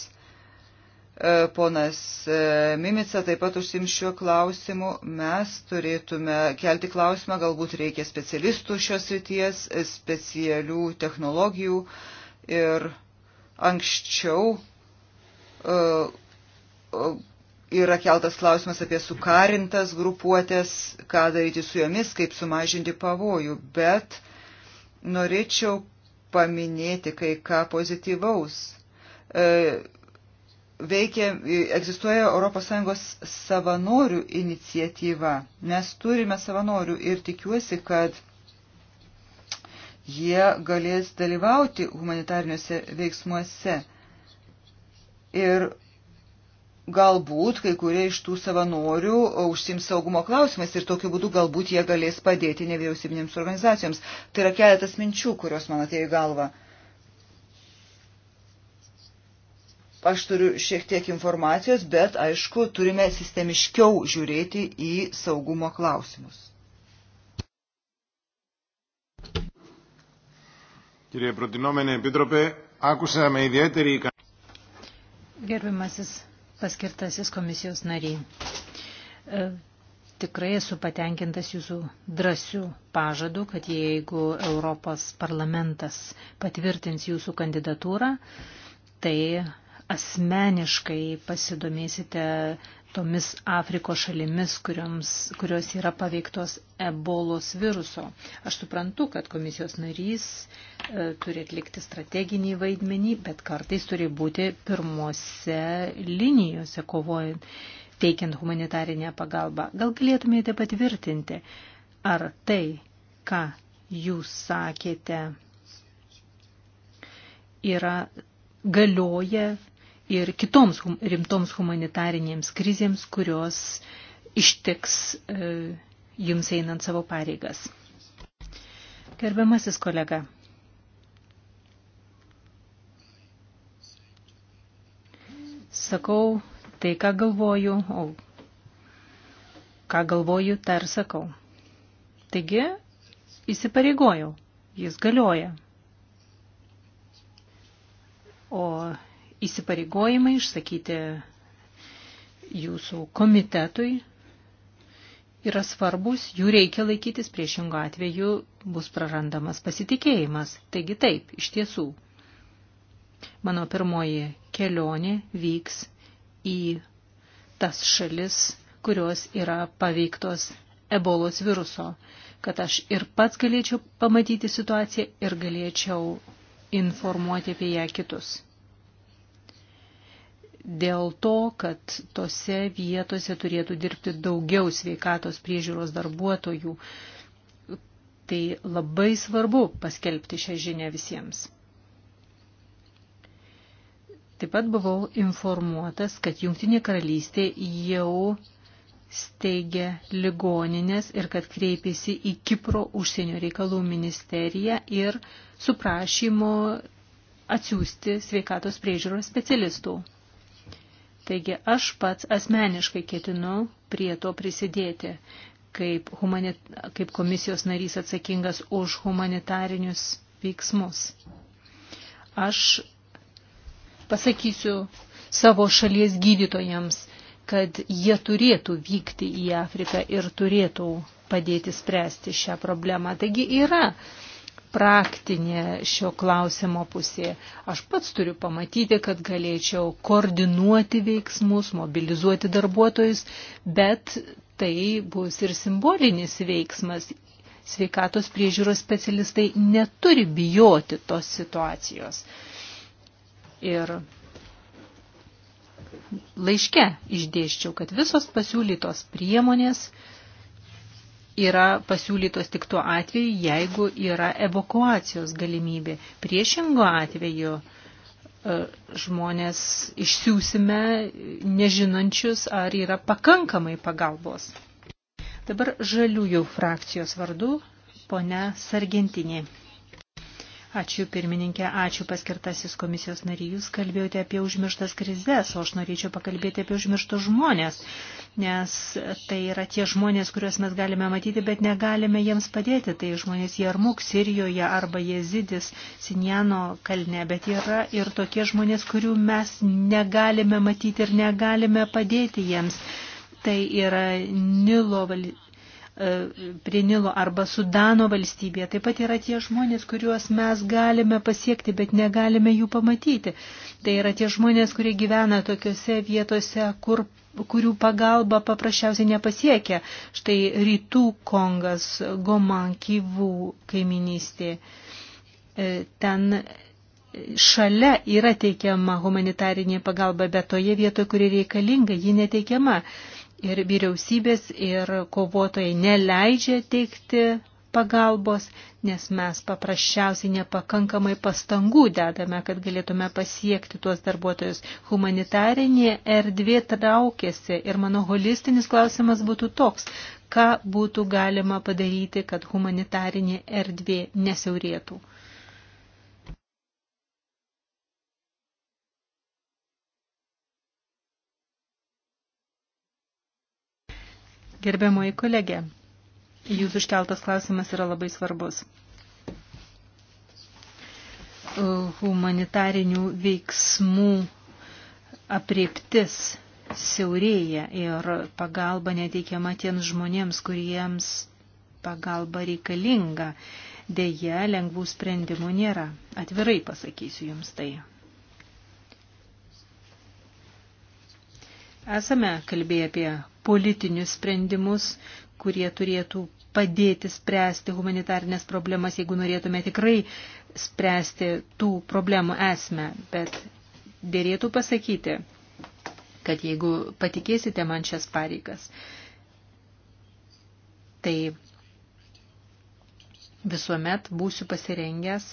E, ponas e, Mimica taip pat užsim šiuo klausimu. Mes turėtume kelti klausimą, galbūt reikia specialistų šios ryties, e, specialių technologijų ir anksčiau yra keltas klausimas apie sukarintas grupuotės, ką daryti su jomis, kaip sumažinti pavojų, bet norėčiau paminėti kai ką pozityvaus veikia, egzistuoja ES savanorių iniciatyva. Mes turime savanorių ir tikiuosi, kad jie galės dalyvauti humanitarniuose veiksmuose. Ir galbūt kai kurie iš tų savanorių užsims saugumo klausimais ir tokiu būdu galbūt jie galės padėti nevyriausybinėms organizacijoms. Tai yra keletas minčių, kurios man atėjo į galvą. Aš turiu šiek tiek informacijos, bet aišku, turime sistemiškiau žiūrėti į saugumo klausimus. Κύριε Προτινόμενε Επίτροπε, άκουσα με ιδιαίτερη ικανότητα. Gerbiamasis paskirtasis komisijos nariai, e, tikrai esu patenkintas jūsų drąsių pažadų, kad jeigu Europos parlamentas patvirtins jūsų kandidatūrą, tai asmeniškai pasidomėsite tomis Afrikos šalimis, kurioms, kurios yra paveiktos ebolos viruso. Aš suprantu, kad komisijos narys e, turi atlikti strateginį vaidmenį, bet kartais turi būti pirmose linijose kovojant, teikiant humanitarinę pagalbą. Gal galėtumėte patvirtinti, ar tai, ką jūs sakėte, yra galioja ir kitoms hum, rimtoms humanitarinėms krizėms, kurios ištiks e, jums einant savo pareigas. Gerbiamasis kolega. Sakau tai, ką galvoju, o ką galvoju, tą ir sakau. Taigi, įsipareigojau, jis galioja. O įsipareigojimai išsakyti jūsų komitetui yra svarbus, jų reikia laikytis, priešingų atveju bus prarandamas pasitikėjimas. Taigi taip, iš tiesų, mano pirmoji kelionė vyks į tas šalis, kurios yra paveiktos ebolos viruso, kad aš ir pats galėčiau pamatyti situaciją ir galėčiau informuoti apie ją kitus dėl to, kad tose vietose turėtų dirbti daugiau sveikatos priežiūros darbuotojų. Tai labai svarbu paskelbti šią žinę visiems. Taip pat buvau informuotas, kad Junktinė karalystė jau steigia ligoninės ir kad kreipėsi į Kipro užsienio reikalų ministeriją ir su prašymu atsiųsti sveikatos priežiūros specialistų. Taigi aš pats asmeniškai ketinu prie to prisidėti kaip, humanit, kaip komisijos narys atsakingas už humanitarinius veiksmus. Aš pasakysiu savo šalies gydytojams, kad jie turėtų vykti į Afriką ir turėtų padėti spręsti šią problemą. Taigi yra uh, praktinė šio klausimo pusė. Aš pats turiu pamatyti, kad galėčiau koordinuoti veiksmus, mobilizuoti darbuotojus, bet tai bus ir simbolinis veiksmas. Sveikatos priežiūros specialistai neturi bijoti tos situacijos. Ir laiške išdėščiau, kad visos pasiūlytos priemonės yra pasiūlytos tik tuo atveju, jeigu yra evakuacijos galimybė. Priešingo atveju e, žmonės išsiūsime nežinančius, ar yra pakankamai pagalbos. Dabar žaliųjų frakcijos vardu ponia Sargentinė. Ačiū pirmininkė, ačiū paskirtasis komisijos nariai. Jūs kalbėjote apie užmirštas krizės, o aš norėčiau pakalbėti apie užmirštus žmonės, nes tai yra tie žmonės, kuriuos mes galime matyti, bet negalime jiems padėti. Tai žmonės Jarmuk, Sirijoje arba Jezidis, Sinjano kalne, bet yra ir tokie žmonės, kurių mes negalime matyti ir negalime padėti jiems. Tai yra Nilo E, prie Nilo arba Sudano valstybėje. Taip pat yra tie žmonės, kuriuos mes galime pasiekti, bet negalime jų pamatyti. Tai yra tie žmonės, kurie gyvena tokiuose vietose, kur, kurių pagalba paprasčiausiai nepasiekia. Štai rytų Kongas, Goman, Kivų kaiminystė. E, ten šalia yra teikiama humanitarinė pagalba, bet toje vietoje, kuri reikalinga, ji neteikiama ir vyriausybės ir kovotojai neleidžia teikti pagalbos, nes mes paprasčiausiai nepakankamai pastangų dedame, kad galėtume pasiekti tuos darbuotojus. Humanitarinė erdvė traukėsi ir mano holistinis klausimas būtų toks, ką būtų galima padaryti, kad humanitarinė erdvė nesiaurėtų. Gerbiamoji kolegė, jūsų iškeltas klausimas yra labai svarbus. Humanitarinių veiksmų apriektis siaurėja ir pagalba neteikiama tiems žmonėms, kuriems pagalba reikalinga. Deja, lengvų sprendimų nėra. Atvirai pasakysiu jums tai. Esame kalbėję apie politinius sprendimus, kurie turėtų padėti spręsti humanitarnės problemas, jeigu norėtume tikrai spręsti tų problemų esmę. Bet dėrėtų pasakyti, kad jeigu patikėsite man šias pareigas, tai visuomet būsiu pasirengęs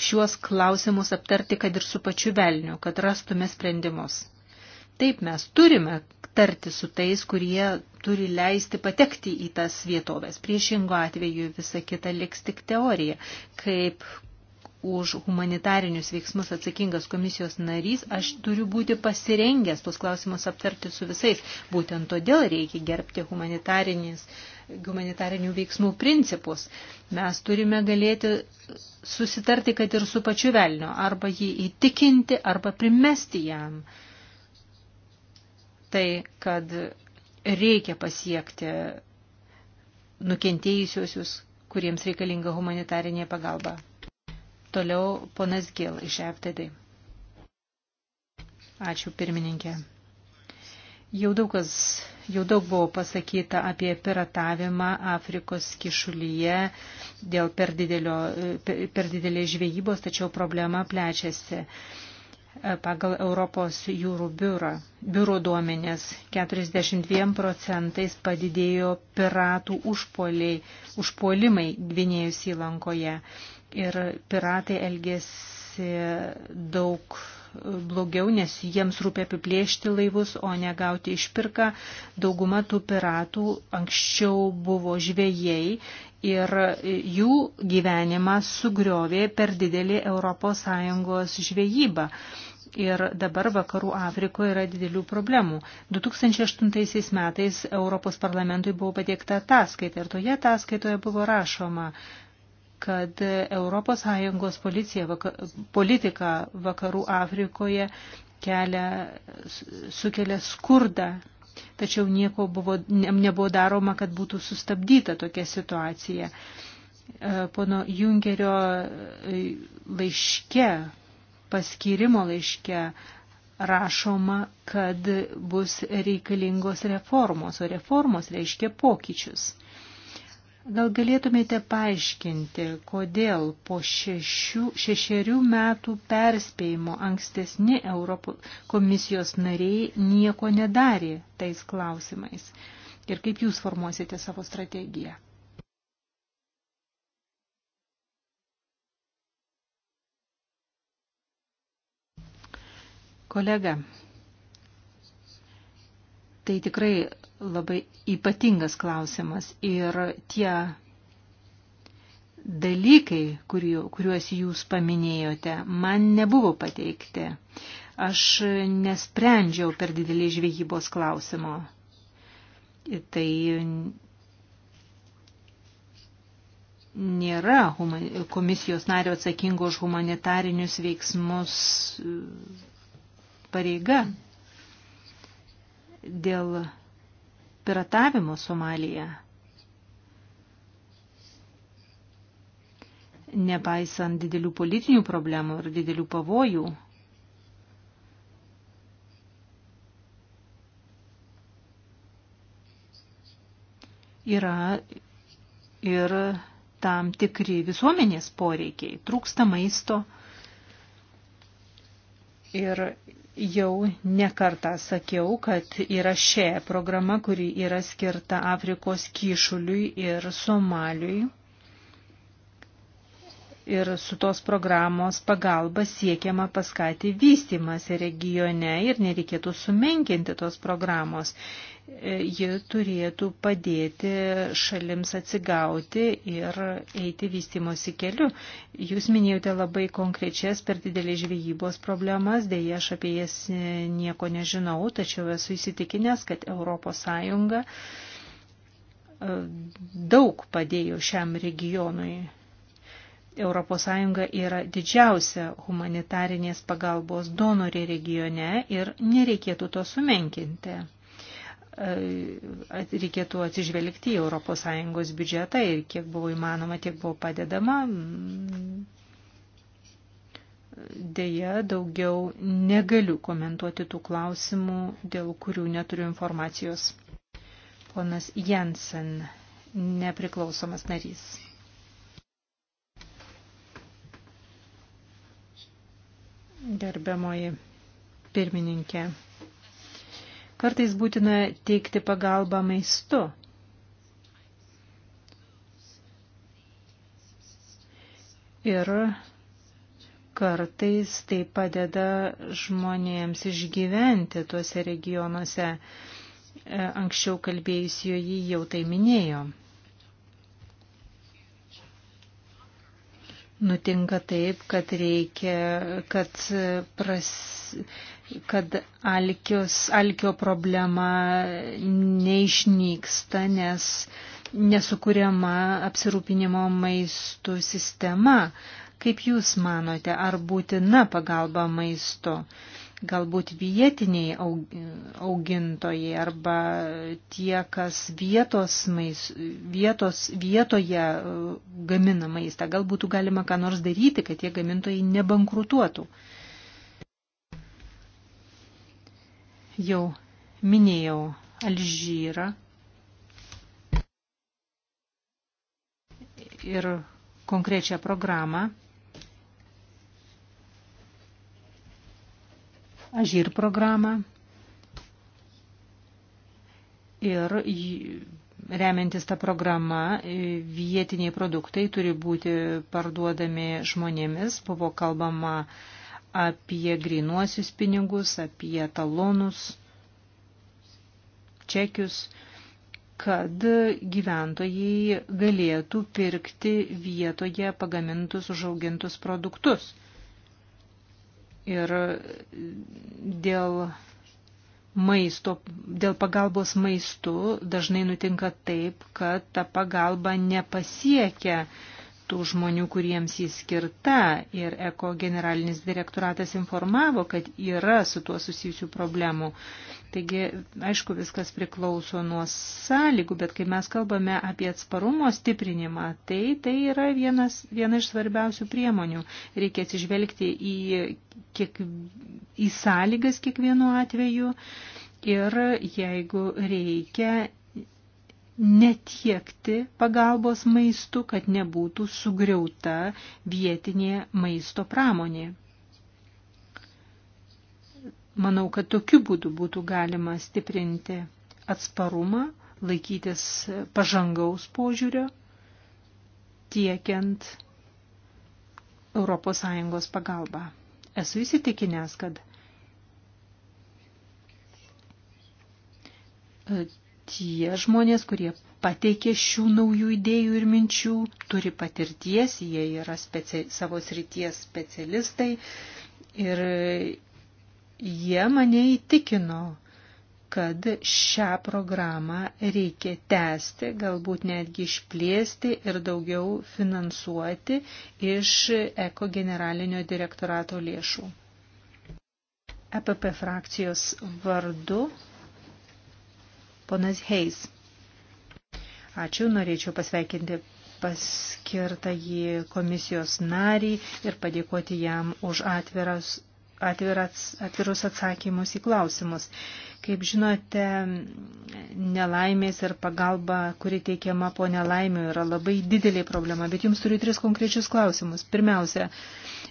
šiuos klausimus aptarti, kad ir su pačiu velniu, kad rastume sprendimus. Taip mes turime tarti su tais, kurie turi leisti patekti į tas vietovės. Priešingo atveju visa kita liks tik teorija. Kaip už humanitarinius veiksmus atsakingas komisijos narys, aš turiu būti pasirengęs tuos klausimus aptarti su visais. Būtent todėl reikia gerbti humanitarinių veiksmų principus. Mes turime galėti susitarti, kad ir su pačiu velnio, arba jį įtikinti, arba primesti jam. Uh, tai, kad reikia pasiekti nukentėjusiosius, kuriems reikalinga humanitarinė pagalba. Toliau ponas Gil iš FTD. Ačiū pirmininkė. Jau daug, kas, jau daug buvo pasakyta apie piratavimą Afrikos kišulyje dėl per, didelio, per didelės žvejybos, tačiau problema plečiasi. E, pagal Europos jūrų biurą. Biuro duomenės 42 procentais padidėjo piratų užpoliai, užpolimai Gvinėjus įlankoje ir piratai elgėsi daug blogiau, nes jiems rūpė apiplėšti laivus, o negauti išpirką. Dauguma tų piratų anksčiau buvo žvėjai ir jų gyvenimą sugriovė per didelį ES žvejybą. Ir dabar vakarų Afrikoje yra didelių problemų. 2008 metais Europos parlamentui buvo patiekta ataskaita ir toje ataskaitoje buvo rašoma, kad ES policija, vaka, politika vakarų Afrikoje kelia, sukelia skurdą tačiau nieko buvo, ne, nebuvo daroma, kad būtų sustabdyta tokia situacija. E, pono Jungerio e, laiške, paskirimo laiške rašoma, kad bus reikalingos reformos, o reformos reiškia pokyčius. Gal galėtumėte paaiškinti, kodėl po šešių, šešerių metų perspėjimo ankstesni Europos komisijos nariai nieko nedarė tais klausimais ir kaip jūs formuosite savo strategiją? Kolega, Tai tikrai labai ypatingas klausimas ir tie dalykai, kuriuos jūs paminėjote, man nebuvo pateikti. Aš nesprendžiau per didelį žvejybos klausimo. Tai nėra komisijos nario atsakingo už humanitarinius veiksmus pareiga dėl piratavimo Somalija. Nepaisant didelių politinių problemų ir didelių pavojų, yra ir tam tikri visuomenės poreikiai, trūksta maisto ir Jau nekartą sakiau, kad yra šia programa, kuri yra skirta Afrikos kyšuliui ir Somaliui ir su tos programos pagalba siekiama paskati vystimasi regione ir nereikėtų sumenkinti tos programos. E, ji turėtų padėti šalims atsigauti ir eiti vystimosi keliu. Jūs minėjote labai konkrečias per didelį žvejybos problemas, dėja aš apie jas nieko nežinau, tačiau esu įsitikinęs, kad ES e, daug padėjo šiam regionui ES yra didžiausia humanitarinės pagalbos donorė regione ir nereikėtų to sumenkinti. E, reikėtų atsižvelgti į ES biudžetą ir kiek buvo įmanoma, tiek buvo padedama. Deja, daugiau negaliu komentuoti tų klausimų, dėl kurių neturiu informacijos. Ponas Jensen, nepriklausomas narys. Gerbiamoji pirmininkė, kartais būtina teikti pagalbą maistu. Ir kartais tai padeda žmonėms išgyventi tuose regionuose. E, anksčiau kalbėjusioji jau tai minėjo. nutinka taip, kad reikia, kad, pras, kad alkios, alkio problema neišnyksta, nes nesukūriama apsirūpinimo maistų sistema. Kaip Jūs manote, ar būtina pagalba maisto? galbūt vietiniai augintojai arba tie, kas vietos, mais, vietos vietoje e, gamina maistą. Gal būtų galima ką nors daryti, kad tie gamintojai nebankrutuotų. Jau minėjau Alžyrą ir konkrečią programą Ažyr programą ir remiantis tą programą e, vietiniai produktai turi būti parduodami žmonėmis. Buvo kalbama apie grinuosius pinigus, apie talonus, čekius kad gyventojai galėtų pirkti vietoje pagamintus užaugintus produktus ir dėl maisto, dėl pagalbos maistu dažnai nutinka taip, kad ta pagalba nepasiekia uh, tų žmonių, kuriems jis skirta ir eko generalinis direktoratas informavo, kad yra su tuo susijusių problemų. Taigi, aišku, viskas priklauso nuo sąlygų, bet kai mes kalbame apie atsparumo stiprinimą, tai tai yra vienas, viena iš svarbiausių priemonių. Reikia atsižvelgti į, kiek, į sąlygas kiekvienu atveju ir jeigu reikia netiekti pagalbos maistu, kad nebūtų sugriauta vietinė maisto pramonė. Manau, kad tokiu būdu būtų galima stiprinti atsparumą, laikytis pažangaus požiūrio, tiekiant ES pagalbą. Esu įsitikinęs, kad tie žmonės, kurie pateikė šių naujų idėjų ir minčių, turi patirties, jie yra speci... savo srities specialistai ir jie mane įtikino, kad šią programą reikia tęsti, galbūt netgi išplėsti ir daugiau finansuoti iš Eko generalinio direktorato lėšų. EPP frakcijos vardu Ponas Heis. Ačiū, norėčiau pasveikinti paskirtą jį komisijos narį ir padėkoti jam už atviras, atviras, atvirus atsakymus į klausimus. Kaip žinote, nelaimės ir pagalba, kuri teikiama po nelaimė, yra labai didelė problema, bet jums turiu tris konkrečius klausimus. Pirmiausia,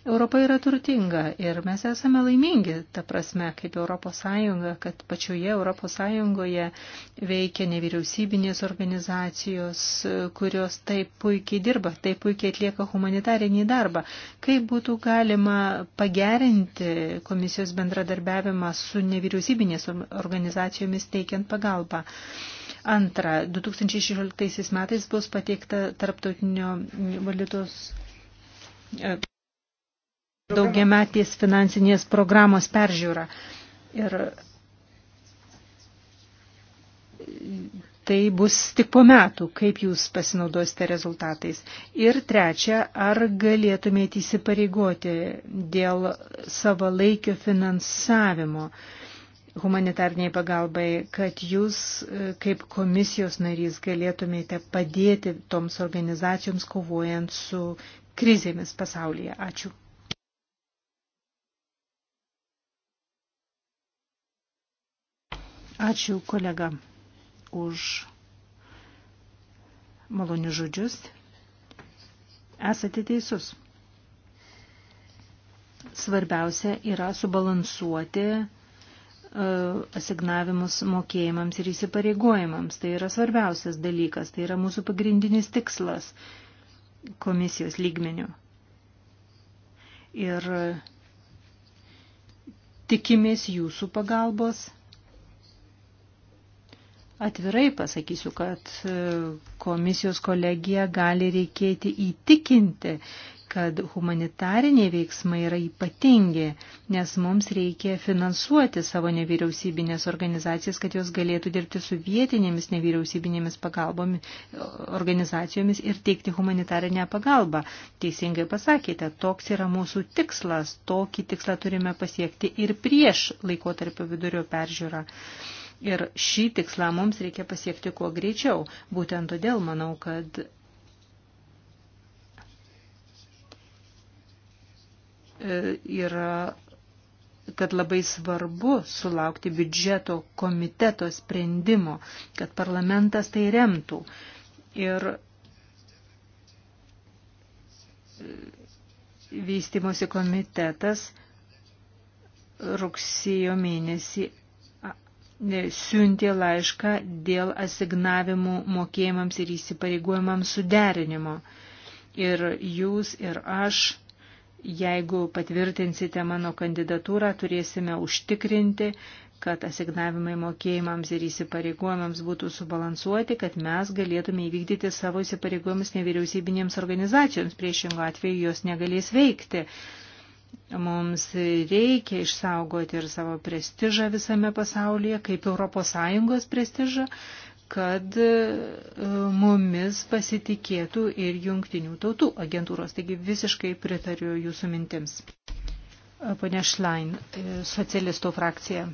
Europa yra turtinga ir mes esame laimingi, ta prasme, kaip Europos Sąjunga, kad pačioje Europos Sąjungoje veikia nevyriausybinės organizacijos, kurios taip puikiai dirba, taip puikiai atlieka humanitarinį darbą. Kaip būtų galima pagerinti komisijos bendradarbiavimą su nevyriausybinės organizacijomis teikiant pagalbą? Antra, 2016 metais bus pateikta tarptautinio valiutos daugiametės finansinės programos peržiūrą. Ir tai bus tik po metų, kaip jūs pasinaudosite rezultatais. Ir trečia, ar galėtumėte įsipareigoti dėl savalaikio finansavimo humanitarniai pagalbai, kad jūs e, kaip komisijos narys galėtumėte padėti toms organizacijoms kovojant su krizėmis pasaulyje. Ačiū. Ačiū kolega už malonius žodžius. Esate teisus. Svarbiausia yra subalansuoti e, asignavimus mokėjimams ir įsipareigojimams. Tai yra svarbiausias dalykas, tai yra mūsų pagrindinis tikslas komisijos lygmenių. Ir tikimės jūsų pagalbos Atvirai pasakysiu, kad e, komisijos kolegija gali reikėti įtikinti, kad humanitariniai veiksmai yra ypatingi, nes mums reikia finansuoti savo nevyriausybinės organizacijas, kad jos galėtų dirbti su vietinėmis nevyriausybinėmis pagalbomis, organizacijomis ir teikti humanitarinę pagalbą. Teisingai pasakėte, toks yra mūsų tikslas, tokį tikslą turime pasiekti ir prieš laikotarpio vidurio peržiūrą. Ir šį tikslą mums reikia pasiekti kuo greičiau. Būtent todėl manau, kad e, yra kad labai svarbu sulaukti biudžeto komiteto sprendimo, kad parlamentas tai remtų. Ir e, vystimosi komitetas rugsėjo mėnesį siuntė laišką dėl asignavimų mokėjimams ir įsipareigojimams suderinimo. Ir jūs ir aš, jeigu patvirtinsite mano kandidatūrą, turėsime užtikrinti, kad asignavimai mokėjimams ir įsipareigojimams būtų subalansuoti, kad mes galėtume įvykdyti savo įsipareigojimus nevyriausybinėms organizacijoms, priešingų atveju jos negalės veikti. Mums reikia išsaugoti ir savo prestižą visame pasaulyje, kaip ES prestižą, kad e, mumis pasitikėtų ir jungtinių tautų agentūros. Taigi visiškai pritariu jūsų mintims. E, Pane Šlain, e, socialistų frakcija.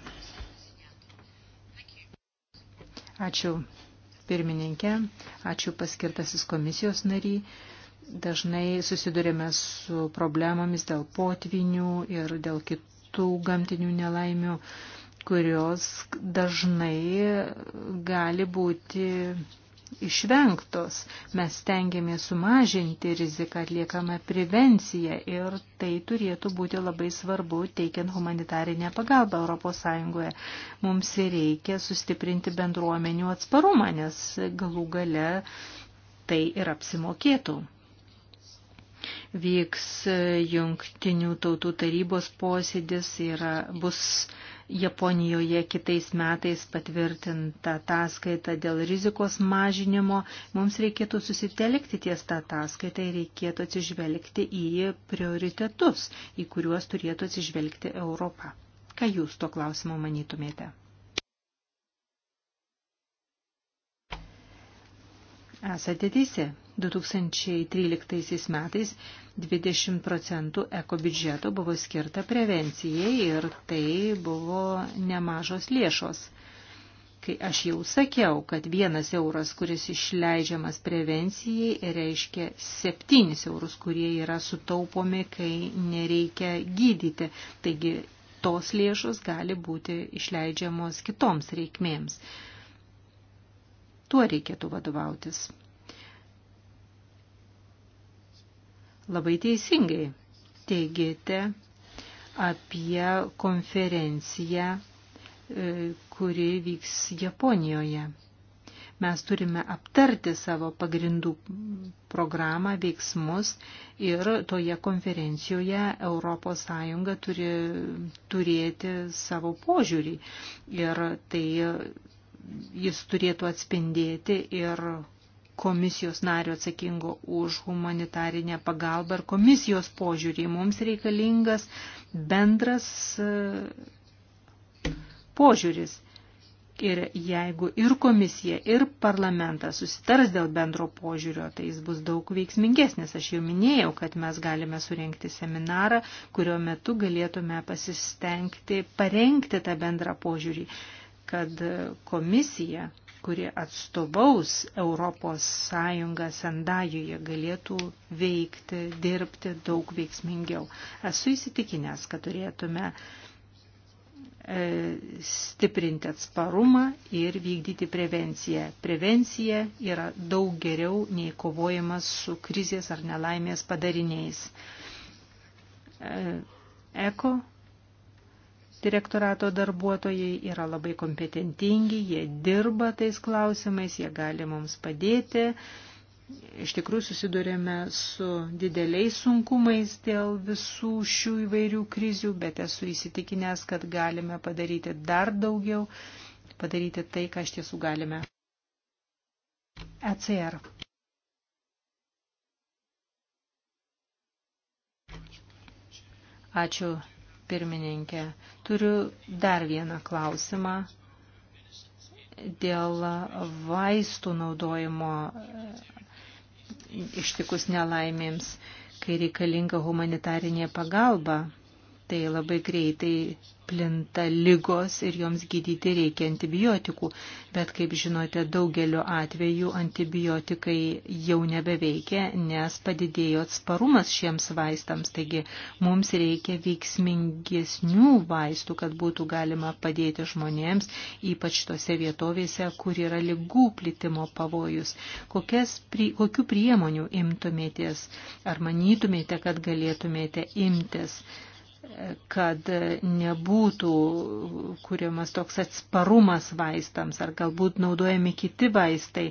Ačiū pirmininkė, ačiū paskirtasis komisijos nariai. Dažnai susidurėme su problemomis dėl potvinių ir dėl kitų gamtinių nelaimių, kurios dažnai gali būti išvengtos. Mes tengiamės sumažinti riziką atliekamą prevenciją ir tai turėtų būti labai svarbu teikiant humanitarinę pagalbą ES. Mums reikia sustiprinti bendruomenių atsparumą, nes galų gale tai ir apsimokėtų vyks jungtinių tautų tarybos posėdis, yra, bus Japonijoje kitais metais patvirtinta ataskaita dėl rizikos mažinimo. Mums reikėtų susitelkti ties tą ataskaitą ir reikėtų atsižvelgti į prioritetus, į kuriuos turėtų atsižvelgti Europą. Ką jūs tuo klausimu manytumėte? Esate teisi. 2013 metais 20 procentų eko biudžeto buvo skirta prevencijai ir tai buvo nemažos lėšos. Kai aš jau sakiau, kad vienas euras, kuris išleidžiamas prevencijai, reiškia septynis eurus, kurie yra sutaupomi, kai nereikia gydyti. Taigi tos lėšos gali būti išleidžiamos kitoms reikmėms. Tuo reikėtų vadovautis. Labai teisingai teigėte apie konferenciją, e, kuri vyks Japonijoje mes turime aptarti savo pagrindų programą, veiksmus ir toje konferencijoje ES turi turėti savo požiūrį. Ir tai jis turėtų atspindėti ir komisijos nario atsakingo už humanitarinę pagalbą ir komisijos požiūrį. Mums reikalingas bendras e, požiūris. Ir jeigu ir komisija, ir parlamentas susitars dėl bendro požiūrio, tai jis bus daug veiksmingesnis. Aš jau minėjau, kad mes galime surenkti seminarą, kurio metu galėtume pasistengti parengti tą bendrą požiūrį kad komisija, kuri atstovaus Europos Sąjungą Sendajoje, galėtų veikti, dirbti daug veiksmingiau. Esu įsitikinęs, kad turėtume e, stiprinti atsparumą ir vykdyti prevenciją. Prevencija yra daug geriau nei kovojimas su krizės ar nelaimės padariniais. E, Eko direktorato darbuotojai yra labai kompetentingi, jie dirba tais klausimais, jie gali mums padėti. Iš tikrųjų susidurėme su dideliais sunkumais dėl visų šių įvairių krizių, bet esu įsitikinęs, kad galime padaryti dar daugiau, padaryti tai, ką iš tiesų galime. ECR. Ačiū pirmininkė. Turiu dar vieną klausimą dėl vaistų naudojimo e, ištikus nelaimėms, kai reikalinga humanitarinė pagalba. Tai labai greitai plinta lygos ir joms gydyti reikia antibiotikų. Bet, kaip žinote, daugeliu atveju antibiotikai jau nebeveikia, nes padidėjo atsparumas šiems vaistams. Taigi, mums reikia veiksmingesnių vaistų, kad būtų galima padėti žmonėms, ypač tose vietovėse, kur yra lygų plitimo pavojus. Kokias, kokių priemonių imtumėtės ar manytumėte, kad galėtumėte imtis? kad nebūtų kuriamas toks atsparumas vaistams ar galbūt naudojami kiti vaistai.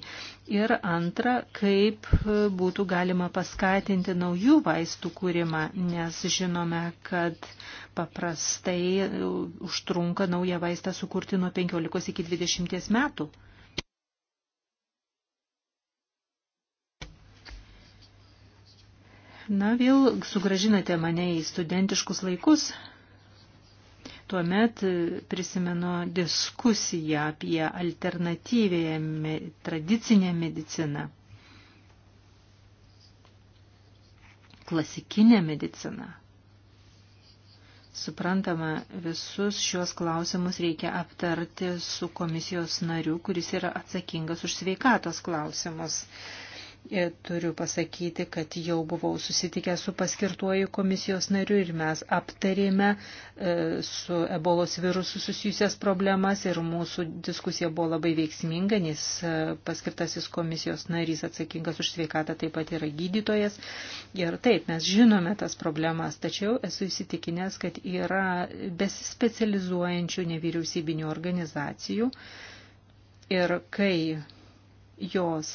Ir antra, kaip būtų galima paskatinti naujų vaistų kūrimą, nes žinome, kad paprastai užtrunka naują vaistą sukurti nuo 15 iki 20 metų. Na, vėl sugražinate mane į studentiškus laikus. Tuomet e, prisimenu diskusiją apie alternatyvėje tradicinę mediciną, klasikinę mediciną. Suprantama, visus šios klausimus reikia aptarti su komisijos nariu, kuris yra atsakingas už sveikatos klausimus. E, turiu pasakyti, kad jau buvau susitikę su paskirtuoju komisijos nariu ir mes aptarėme e, su ebolos virusu susijusias problemas ir mūsų diskusija buvo labai veiksminga, nes e, paskirtasis komisijos narys atsakingas už sveikatą taip pat yra gydytojas. Ir taip, mes žinome tas problemas, tačiau esu įsitikinęs, kad yra besispecializuojančių nevyriausybinių organizacijų ir kai jos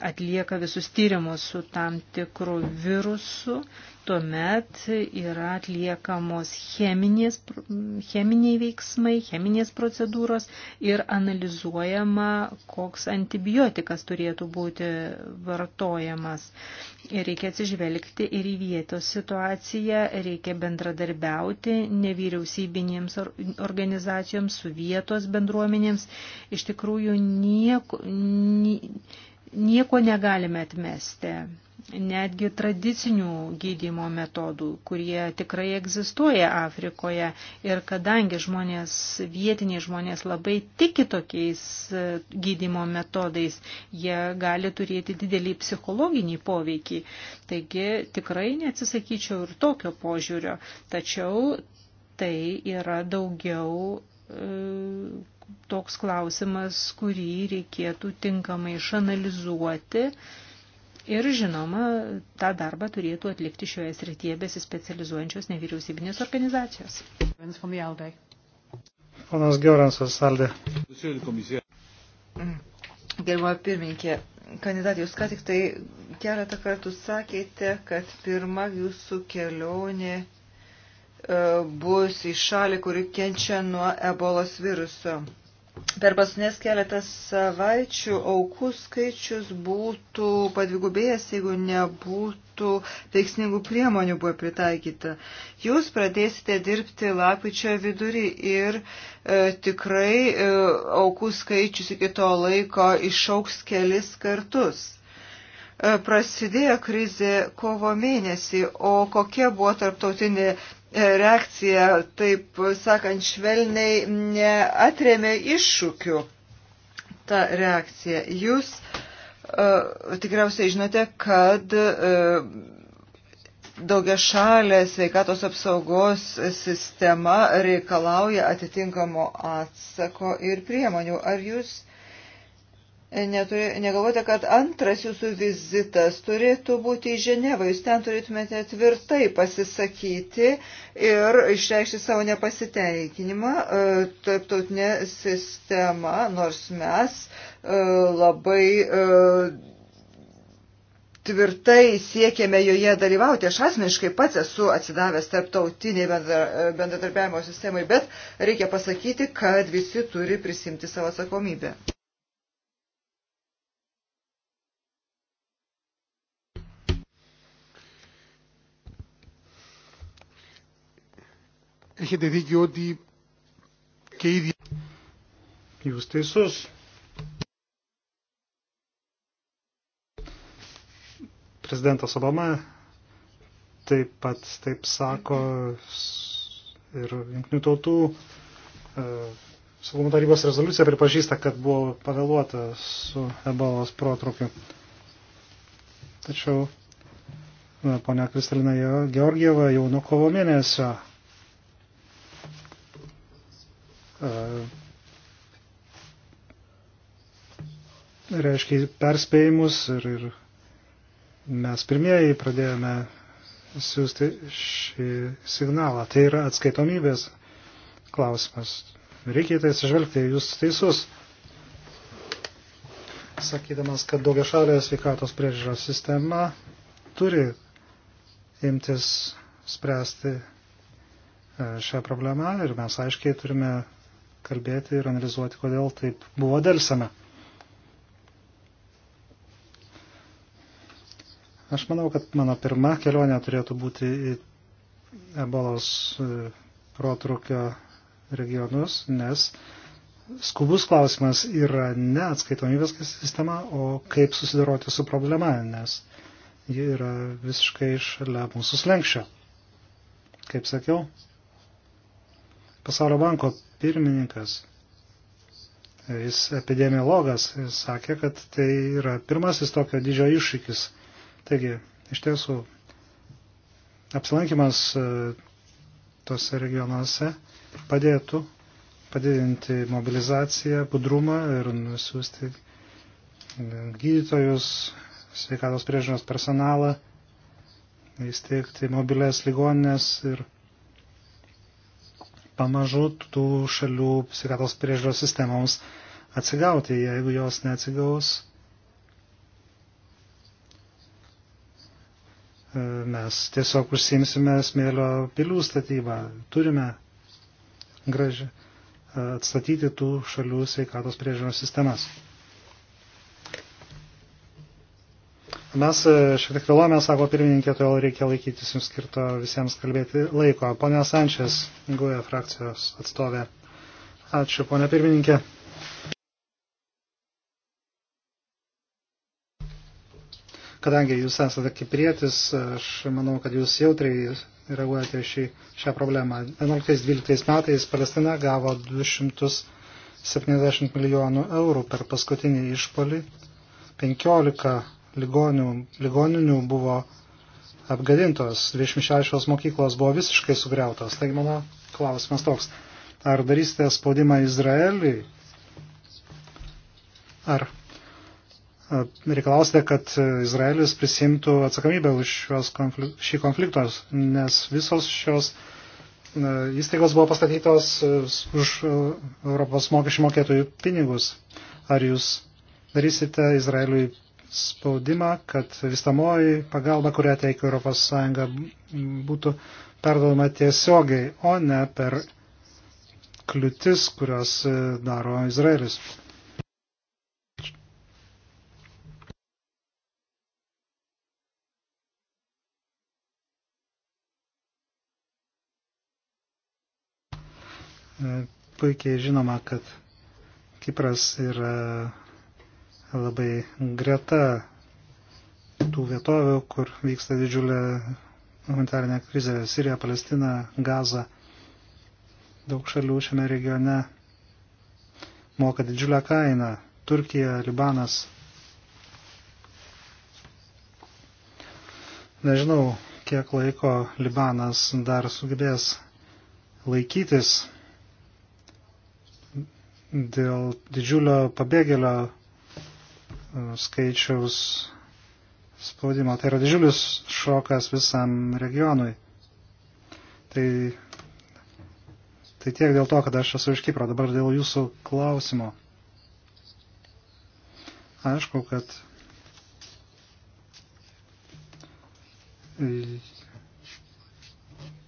atlieka visus tyrimus su tam tikru virusu, tuomet yra atliekamos cheminės, cheminiai veiksmai, cheminės procedūros ir analizuojama, koks antibiotikas turėtų būti vartojamas. Ir reikia atsižvelgti ir į vietos situaciją, reikia bendradarbiauti nevyriausybinėms organizacijoms su vietos bendruomenėms. Iš tikrųjų, nieko. Nie, nieko negalime atmesti. Netgi tradicinių gydymo metodų, kurie tikrai egzistuoja Afrikoje ir kadangi žmonės, vietiniai žmonės labai tiki tokiais e, gydymo metodais, jie gali turėti didelį psichologinį poveikį. Taigi tikrai neatsisakyčiau ir tokio požiūrio, tačiau tai yra daugiau e, toks klausimas, kurį reikėtų tinkamai išanalizuoti. Ir žinoma, tą darbą turėtų atlikti šioje srityje besispecializuojančios nevyriausybinės organizacijos. Ponas Geuransas Saldė. Gerbama pirmininkė, kandidatė, jūs ką tik tai keletą kartų sakėte, kad pirma jūsų kelionė E, bus į šalį, kuri kenčia nuo ebolos viruso. Per pasnės keletą savaičių aukų skaičius būtų padvigubėjęs, jeigu nebūtų veiksmingų priemonių buvo pritaikyta. Jūs pradėsite dirbti lapkričio vidurį ir e, tikrai e, aukų skaičius iki to laiko išauks kelis kartus. E, prasidėjo krizė kovo mėnesį, o kokia buvo tarptautinė reakcija, taip sakant, švelniai neatrėmė iššūkių ta reakcija. Jūs uh, tikriausiai žinote, kad uh, e, daugia šalė sveikatos apsaugos sistema reikalauja atitinkamo atsako ir priemonių. Ar jūs uh, neturi, negalvojate, kad antras jūsų vizitas turėtų būti į Ženevą. Jūs ten turėtumėte tvirtai pasisakyti ir išreikšti savo nepasiteikinimą e, tarptautinė sistema, nors mes e, labai e, tvirtai siekėme joje dalyvauti. Aš asmeniškai pats esu atsidavęs tarptautiniai bendradarbiavimo sistemai, bet reikia pasakyti, kad visi turi prisimti savo atsakomybę. Έχετε δίκιο ότι και ίδια... Jūs teisus. Prezidentas Obama taip pat taip sako ir jungtinių tautų e, saugumo tarybos rezoliucija pripažįsta, kad buvo pavėluota su ebolos protrukiu. Tačiau e, ponia Kristalina Georgieva jau nuo kovo mėnesio reiškia perspėjimus ir, ir mes pirmieji pradėjome siūsti šį signalą. Tai yra atskaitomybės klausimas. Reikia tai atsižvelgti, jūs teisus, sakydamas, kad daugia šalė sveikatos priežiūros sistema turi imtis spręsti e, šią problemą ir mes aiškiai turime kalbėti ir analizuoti, kodėl taip buvo dėlsame. Aš manau, kad mano pirma kelionė turėtų būti į ebolos e, protrukio regionus, nes skubus klausimas yra ne atskaitomybės sistema, o kaip susidoroti su problema, nes ji yra visiškai šalia mūsų slengščio. Kaip sakiau, Pasaulio banko pirmininkas, jis epidemiologas, jis sakė, kad tai yra pirmasis tokio didžio iššūkis. Taigi, iš tiesų, apsilankimas e, tose regionuose padėtų padidinti mobilizaciją, budrumą ir nusiųsti e, gydytojus, sveikatos priežiūros personalą, įsteigti mobilės ligoninės ir pamažu tų šalių sveikatos priežiūros sistemoms atsigauti. Jeigu jos neatsigaus, e, mes tiesiog užsimsime smėlio pilių statybą. Turime graži, e, atstatyti tų šalių sveikatos priežiūros sistemas. Mes e, šiek tiek vėluojame, sako pirmininkė, todėl reikia laikytis jums skirto visiems kalbėti laiko. Pone Sančias, Guja frakcijos atstovė. Ačiū, pone pirmininkė. Kadangi jūs esate kiprietis, aš manau, kad jūs jautriai reaguojate šį, šią problemą. 11-12 metais Palestina gavo 270 milijonų eurų per paskutinį išpolį, 15 ligoninių buvo apgadintos, 26 mokyklos buvo visiškai sugriautos. Taigi mano klausimas toks, ar darysite spaudimą Izraeliui, ar reikalausite, kad Izraelis prisimtų atsakomybę už šios konflik šį konfliktą, nes visos šios įstaigos buvo pastatytos už Europos mokesčių mokėtojų pinigus. Ar jūs darysite Izraeliui spaudimą, kad visamoji pagalba, kurią teikia ES, būtų perdodama tiesiogiai, o ne per kliūtis, kurios e, daro Izraelis. E, puikiai žinoma, kad Kipras yra labai greta tų vietovių, kur vyksta didžiulė humanitarinė krizė - Sirija, Palestina, Gaza. Daug šalių šiame regione moka didžiulę kainą - Turkija, Libanas. Nežinau, kiek laiko Libanas dar sugebės laikytis dėl didžiulio pabėgėlio skaičiaus spaudimo. Tai yra didžiulis šokas visam regionui. Tai, tai tiek dėl to, kad aš esu iš Kipro. Dabar dėl jūsų klausimo. Aišku, kad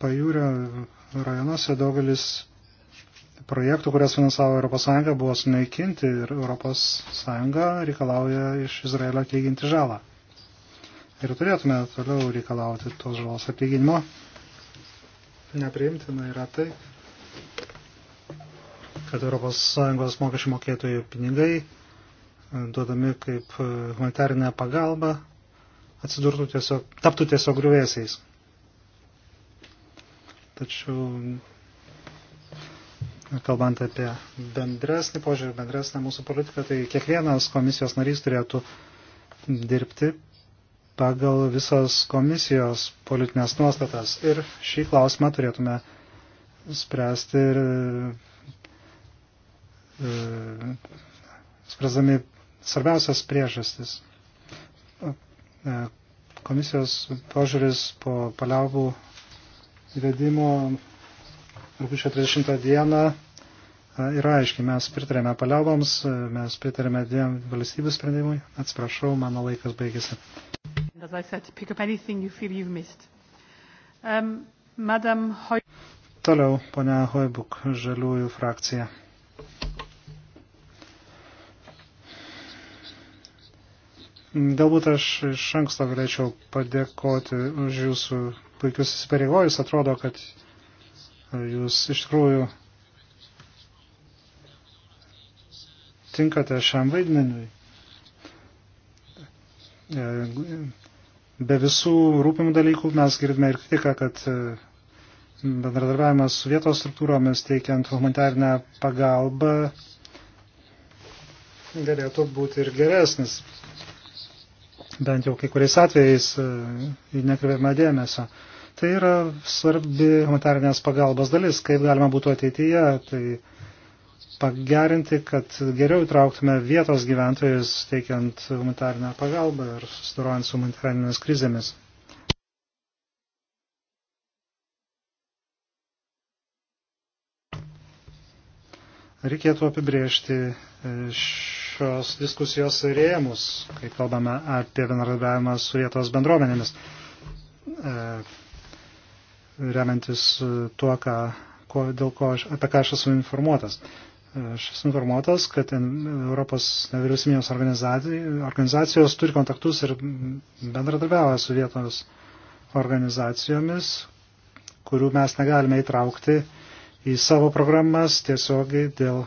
pajūrio rajonuose daugelis projektų, kurias finansavo ES, buvo sunaikinti ir ES reikalauja iš Izraelio atlyginti žalą. Ir turėtume toliau reikalauti tos žalos atlyginimo. Nepriimtina yra tai, kad ES mokesčių mokėtojų pinigai e, duodami kaip e, humanitarinė pagalba atsidurtų tiesiog, taptų tiesiog grįvėsiais. Tačiau kalbant apie bendresnį požiūrį, bendresnę mūsų politiką, tai kiekvienas komisijos narys turėtų dirbti pagal visas komisijos politinės nuostatas. Ir šį klausimą turėtume spręsti ir e, spręsdami svarbiausias priežastis. E, komisijos požiūris po paliaubų įvedimo rūpiučio 30 dieną e, yra aiškiai, mes pritarėme paliauboms, e, mes pritarėme dviem valstybių sprendimui. Atsiprašau, mano laikas baigėsi. Um, Madam Hoy... Toliau, ponia Hoibuk, žaliųjų frakcija. Galbūt aš iš anksto galėčiau padėkoti už jūsų puikius įsipareigojus. Atrodo, kad Jūs iš tikrųjų tinkate šiam vaidmeniui. E, be visų rūpimų dalykų mes girdime ir kritiką, kad e, bendradarbiavimas su vietos struktūromis teikiant humanitarinę pagalbą galėtų būti ir geresnis. Bent jau kai kuriais atvejais e, į nekreipiamą dėmesio. Tai yra svarbi humanitarinės pagalbos dalis, kaip galima būtų ateityje tai pagerinti, kad geriau įtrauktume vietos gyventojus teikiant humanitarinę pagalbą ir susidorojant su humanitarinėmis krizėmis. Reikėtų apibriežti e, šios diskusijos rėmus, kai kalbame apie bendradarbiavimą su vietos bendruomenėmis e, remiantis e, tuo, ką, ko, dėl ko aš, apie ką aš esu informuotas. E, aš esu informuotas, kad Europos nevyriausybinės organizacijos turi kontaktus ir bendradarbiavo su vietos organizacijomis, kurių mes negalime įtraukti į savo programas tiesiogiai dėl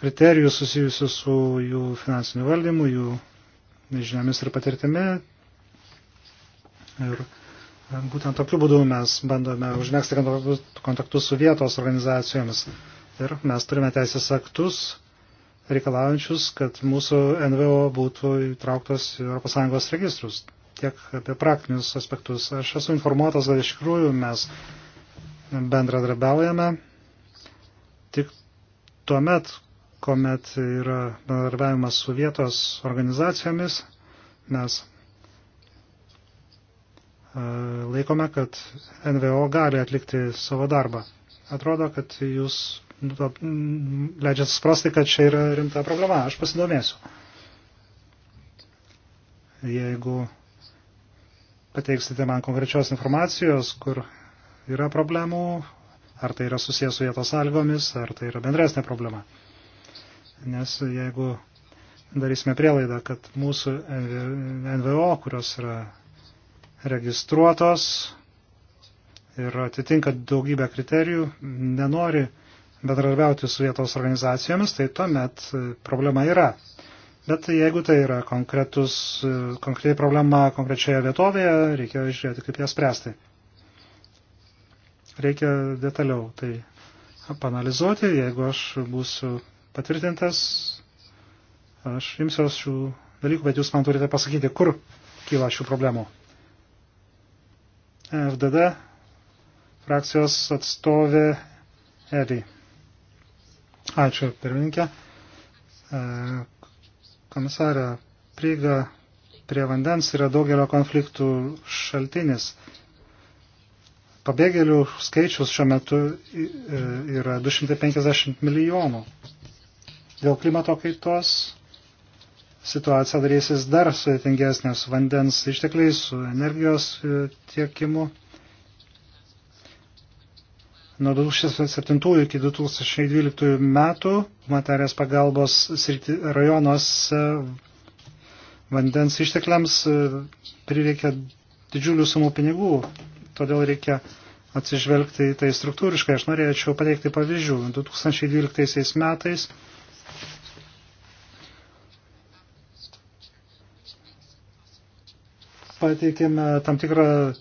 kriterijų susijusių su jų finansiniu valdymu, jų žiniomis ir patirtimi. Ir Būtent tokiu būdu mes bandome užmėgsti kontaktus su vietos organizacijomis. Ir mes turime teisės aktus reikalaujančius, kad mūsų NVO būtų įtrauktos į ES registrus. Tiek apie praktinius aspektus. Aš esu informuotas, kad iš tikrųjų mes bendradarbiaujame tik tuo met, kuomet yra bendradarbiavimas su vietos organizacijomis. Mes E, laikome, kad NVO gali atlikti savo darbą. Atrodo, kad jūs nu, leidžiate suprasti, kad čia yra rimta problema. Aš pasidomėsiu. Jeigu pateiksite man konkrečios informacijos, kur yra problemų, ar tai yra susijęs su vietos sąlygomis, ar tai yra bendresnė problema. Nes jeigu darysime prielaidą, kad mūsų NVO, kurios yra registruotos ir atitinka daugybę kriterijų, nenori bendradarbiauti su vietos organizacijomis, tai tuomet e, problema yra. Bet jeigu tai yra konkretus, e, konkreti problema konkrečioje vietovėje, reikia žiūrėti, kaip ją spręsti. Reikia detaliau tai panalizuoti, jeigu aš būsiu patvirtintas, aš imsiuos šių dalykų, bet jūs man turite pasakyti, kur kyla šių problemų. FDD frakcijos atstovė Eli. Ačiū, pirmininkė. E, komisarė, prieiga prie vandens yra daugelio konfliktų šaltinis. Pabėgėlių skaičius šiuo metu e, yra 250 milijonų. Dėl klimato kaitos situacija darysis dar sudėtingesnė su vandens ištekliais, su energijos e, tiekimu. Nuo 2007 iki 2012 metų materijos pagalbos sriti, rajonos vandens ištekliams e, prireikia didžiulių sumų pinigų, todėl reikia atsižvelgti į tai struktūriškai. Aš norėčiau pateikti pavyzdžių. 2012 metais pateikėme tam tikrą e,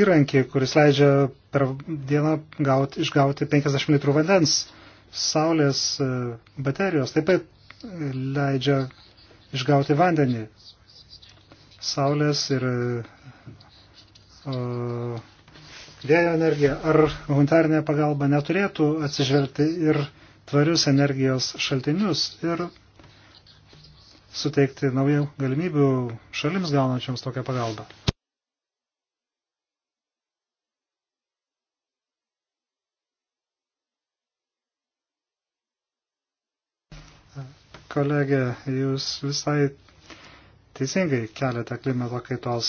įrankį, kuris leidžia per dieną gauti, išgauti 50 litrų vandens. Saulės e, baterijos taip pat leidžia išgauti vandenį. Saulės ir uh, vėjo energija ar humanitarinė pagalba neturėtų atsižvelgti ir tvarius energijos šaltinius ir suteikti naujų galimybių šalims gaunančioms tokią pagalbą. Kolegė, jūs visai teisingai keliate klimato kaitos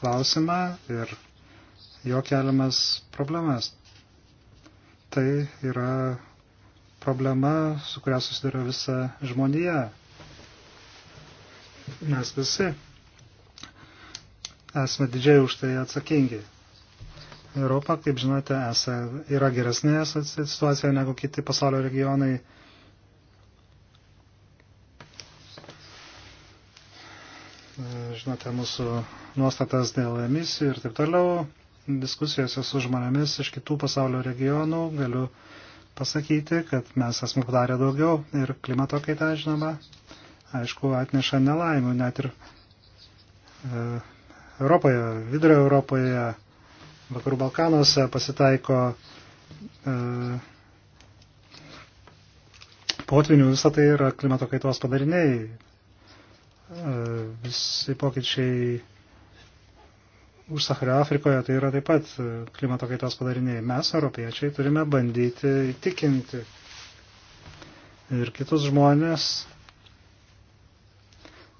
klausimą ir jo keliamas problemas. Tai yra problema, su kuria susiduria visa žmonija mes visi esame didžiai už tai atsakingi. Europa, kaip žinote, esą, yra geresnė situacija negu kiti pasaulio regionai. Žinote, mūsų nuostatas dėl emisijų ir taip toliau. Diskusijose su žmonėmis iš kitų pasaulio regionų galiu pasakyti, kad mes esame padarę daugiau ir klimato kaita, žinoma, aišku, atneša nelaimų, net ir e, Europoje, vidurio Europoje, vakarų Balkanuose pasitaiko e, potvinių, visą tai yra klimato kaitos padariniai. E, visi pokyčiai už Sahario Afrikoje tai yra taip pat klimato kaitos padariniai. Mes, europiečiai, turime bandyti įtikinti ir kitus žmonės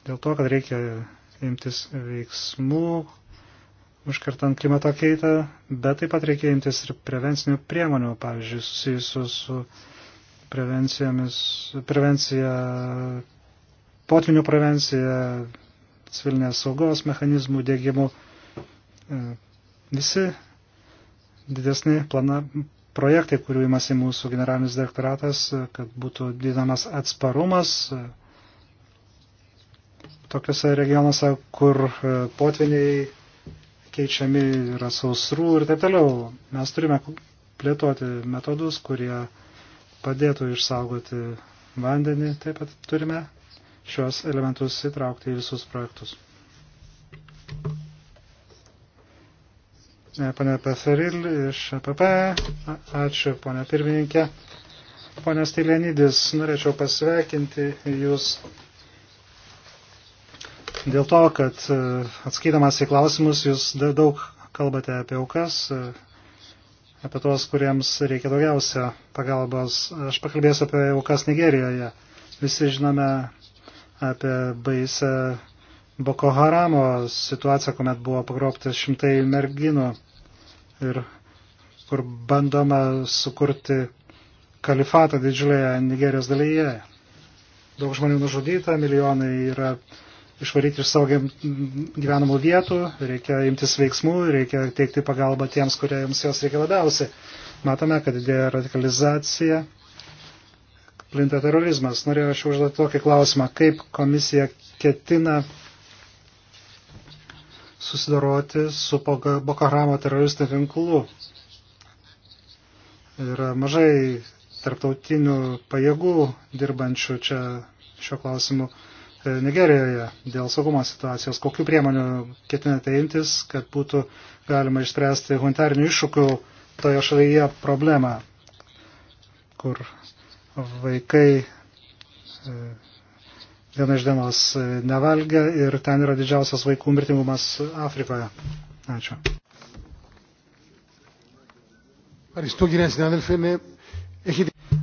dėl to, kad reikia imtis veiksmų, užkartant klimato keitą, bet taip pat reikia imtis ir prevencinių priemonių, pavyzdžiui, susijusių su prevencija, potvinių prevencija, civilinės saugos mechanizmų dėgymų. E, visi didesni plana, projektai, kurių imasi mūsų generalinis direktoratas, kad būtų didinamas atsparumas, tokiuose regionuose, kur e, potviniai keičiami yra sausrų ir taip toliau. Mes turime plėtoti metodus, kurie padėtų išsaugoti vandenį, taip pat turime šios elementus įtraukti į visus projektus. E, pane Peferil iš APP, e ačiū ponė pirmininkė. Pone Stylenidis, norėčiau pasveikinti Jūs dėl to, kad e, atskaidamas į klausimus jūs daug kalbate apie aukas, e, apie tuos, kuriems reikia daugiausia pagalbos. Aš pakalbėsiu apie aukas Nigerijoje. Visi žinome apie baisę Boko Haramo situaciją, kuomet buvo pagrobti šimtai merginų ir kur bandoma sukurti kalifatą didžiulėje Nigerijos dalyje. Daug žmonių nužudyta, milijonai yra uh, išvaryti iš savo gyvenamų vietų, reikia imtis veiksmų, reikia teikti pagalbą tiems, kurie jums jos reikia labiausiai. Matome, kad didėja radikalizacija, plinta terorizmas. Norėjau aš užduoti tokį klausimą, kaip komisija ketina susidoroti su Boko Haramo teroristiniu tinklu. Yra mažai tarptautinių pajėgų dirbančių čia šio klausimu E, Nigerijoje dėl saugumo situacijos. Kokiu priemonių ketinate imtis, kad būtų galima išspręsti humanitarinių iššūkių toje šalyje problemą, kur vaikai diena e, iš dienos e, nevalgia ir ten yra didžiausias vaikų mirtingumas Afrikoje. Ačiū.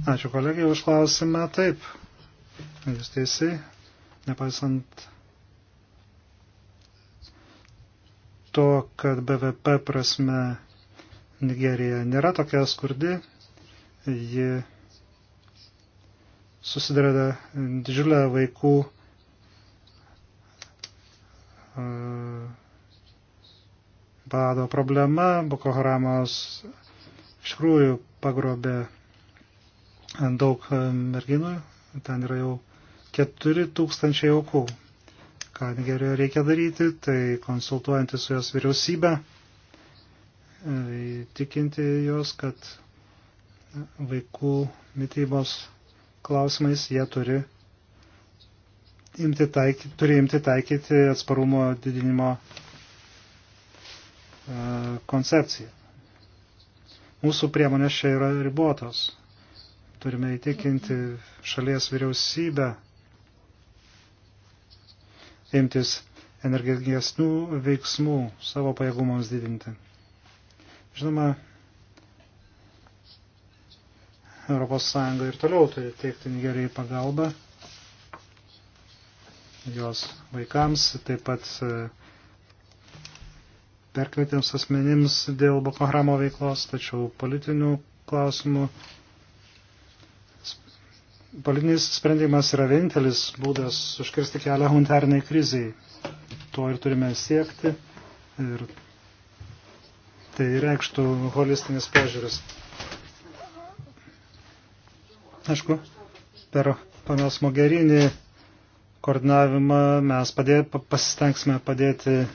Ačiū kolegijai už klausimą. Taip, jūs teisai nepaisant to, kad BVP prasme Nigerija nėra tokia skurdi, ji susidarė didžiulę vaikų e, bado problema, Boko Haramos iš tikrųjų pagrobė daug merginų, ten yra jau 4000 aukų. Ką Nigerijoje reikia daryti, tai konsultuojantį su jos vyriausybę, e, tikinti jos, kad vaikų mytybos klausimais jie turi imti, taikyti, turi imti taikyti atsparumo didinimo e, koncepciją. Mūsų priemonės čia yra ribotos. Turime įtikinti šalies vyriausybę imtis energingesnių veiksmų savo pajėgumams didinti. Žinoma, ES ir toliau turi teikti Nigerijai pagalbą jos vaikams, taip pat e, perkvietėms asmenims dėl Boko Haramo veiklos, tačiau politinių klausimų Politinis sprendimas yra vienintelis būdas užkirsti kelią humanitariniai kriziai. To ir turime siekti ir tai reikštų holistinis požiūris. Aišku, per ponios Mogerinį koordinavimą mes padė, pasistengsime padėti e,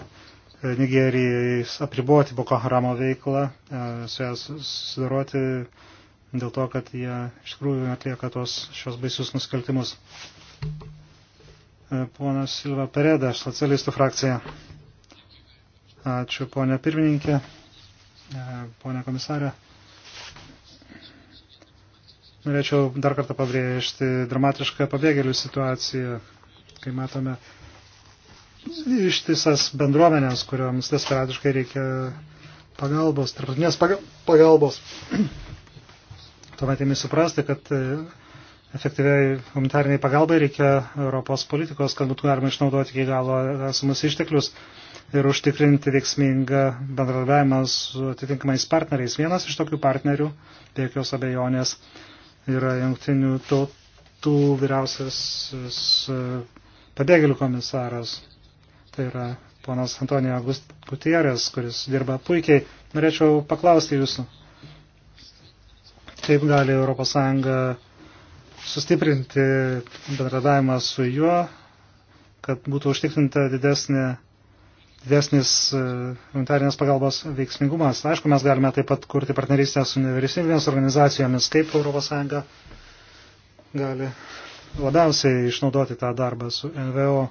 Nigerijai apriboti Boko Haramo veiklą, e, su ją sudaroti dėl to, kad jie iš tikrųjų atlieka tos šios baisius nusikaltimus. E, ponas Silva Pereda, socialistų frakcija. Ačiū, ponė pirmininkė, e, ponė komisarė. Norėčiau dar kartą pabrėžti dramatišką pabėgėlių situaciją, kai matome ištisas bendruomenės, kurioms desperatiškai reikia pagalbos, tarptautinės pagalbos tuomet jame suprasti, kad e, efektyviai humanitariniai pagalbai reikia Europos politikos, kad būtų galima išnaudoti iki galo esamus išteklius ir užtikrinti veiksmingą bendradarbiavimą su atitinkamais partneriais. Vienas iš tokių partnerių, be jokios abejonės, yra jungtinių tautų vyriausiasis e, pabėgėlių komisaras. Tai yra ponas Antonija Gutierrez, kuris dirba puikiai. Norėčiau paklausti jūsų, kaip gali ES sustiprinti bendradavimą su juo, kad būtų užtikrinta didesnė, didesnis e, humanitarinės pagalbos veiksmingumas. Aišku, mes galime taip pat kurti partnerystę su nevyriausybinėmis organizacijomis, kaip ES gali labiausiai išnaudoti tą darbą su NVO,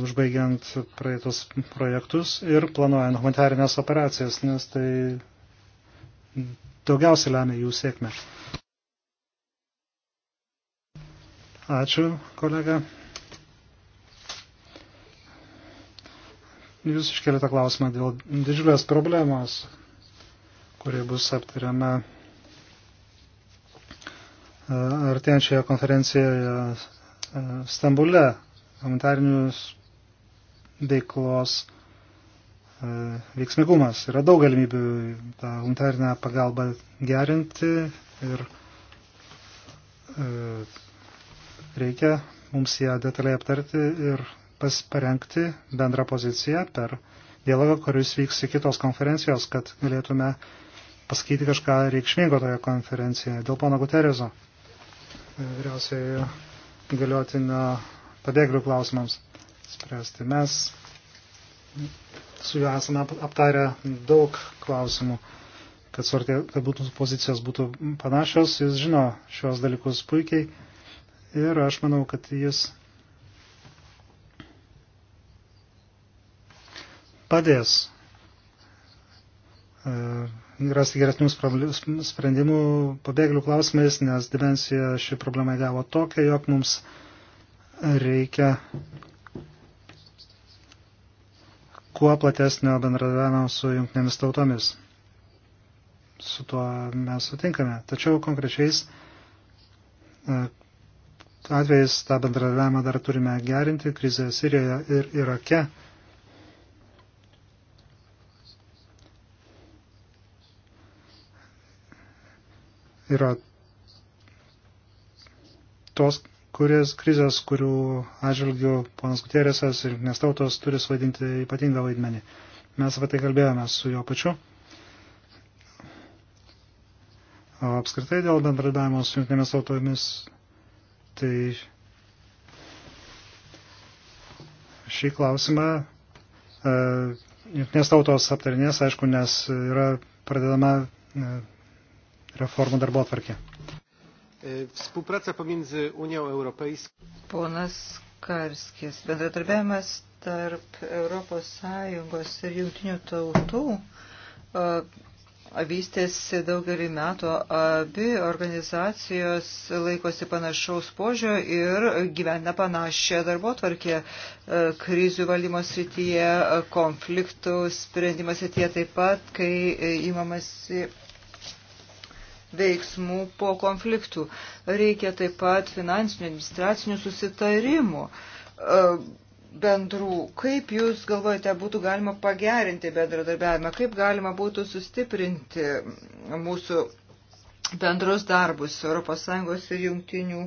užbaigiant praeitus projektus ir planuojant humanitarinės operacijas, nes tai daugiausiai lemia jų sėkmę. Ačiū, kolega. Jūs iškelite klausimą dėl didžiulės problemos, kuri bus aptariama e, artėjančioje konferencijoje e, Stambule humanitarinius veiklos E, veiksmigumas. Yra daug galimybių tą humanitarinę pagalbą gerinti ir e, reikia mums ją detaliai aptarti ir pasparengti bendrą poziciją per dialogą, kuris vyks į kitos konferencijos, kad galėtume pasakyti kažką reikšmingo toje konferencijoje. Dėl pono Guterizo, e, vyriausiojo galiotinio pabėglių klausimams spręsti. Mes su juo esame aptarę daug klausimų, kad, sortė, kad būtų pozicijos būtų panašios. Jis žino šios dalykus puikiai ir aš manau, kad jis padės e, rasti geresnių sprendimų pabėgėlių klausimais, nes dimensija ši problema gavo tokia, jog mums reikia kuo platesnio bendradarbiavimo su jungtinėmis tautomis. Su tuo mes sutinkame. Tačiau konkrečiais e, atvejais tą bendradarbiavimą dar turime gerinti krizę Sirijoje ir Irake. Yra tos kuris krizės, kurių atžvilgių ponas Gutierėsas ir jungtinės tautos turi svaidinti ypatingą vaidmenį. Mes apie tai kalbėjome su jo pačiu. O apskritai dėl bendradavimo su jungtinėmis tautomis, tai šį klausimą e, jungtinės tautos aptarinės, aišku, nes yra pradedama e, reformų darbo atvarkė. E, współpraca pomiędzy Unią Europejską. Ponas Karskis, bendradarbiavimas tarp ES ir jungtinių tautų e, vystėsi daugelį metų. Abi organizacijos laikosi panašaus požio ir gyvena panašią darbo tvarkę e, krizių valdymo srityje, konfliktų sprendimo srityje taip pat, kai įmamasi veiksmų po konfliktų. Reikia taip pat finansinių administracinių susitarimų e, bendrų. Kaip Jūs galvojate, būtų galima pagerinti bendradarbiavimą, kaip galima būtų sustiprinti mūsų bendrus darbus ES ir jungtinių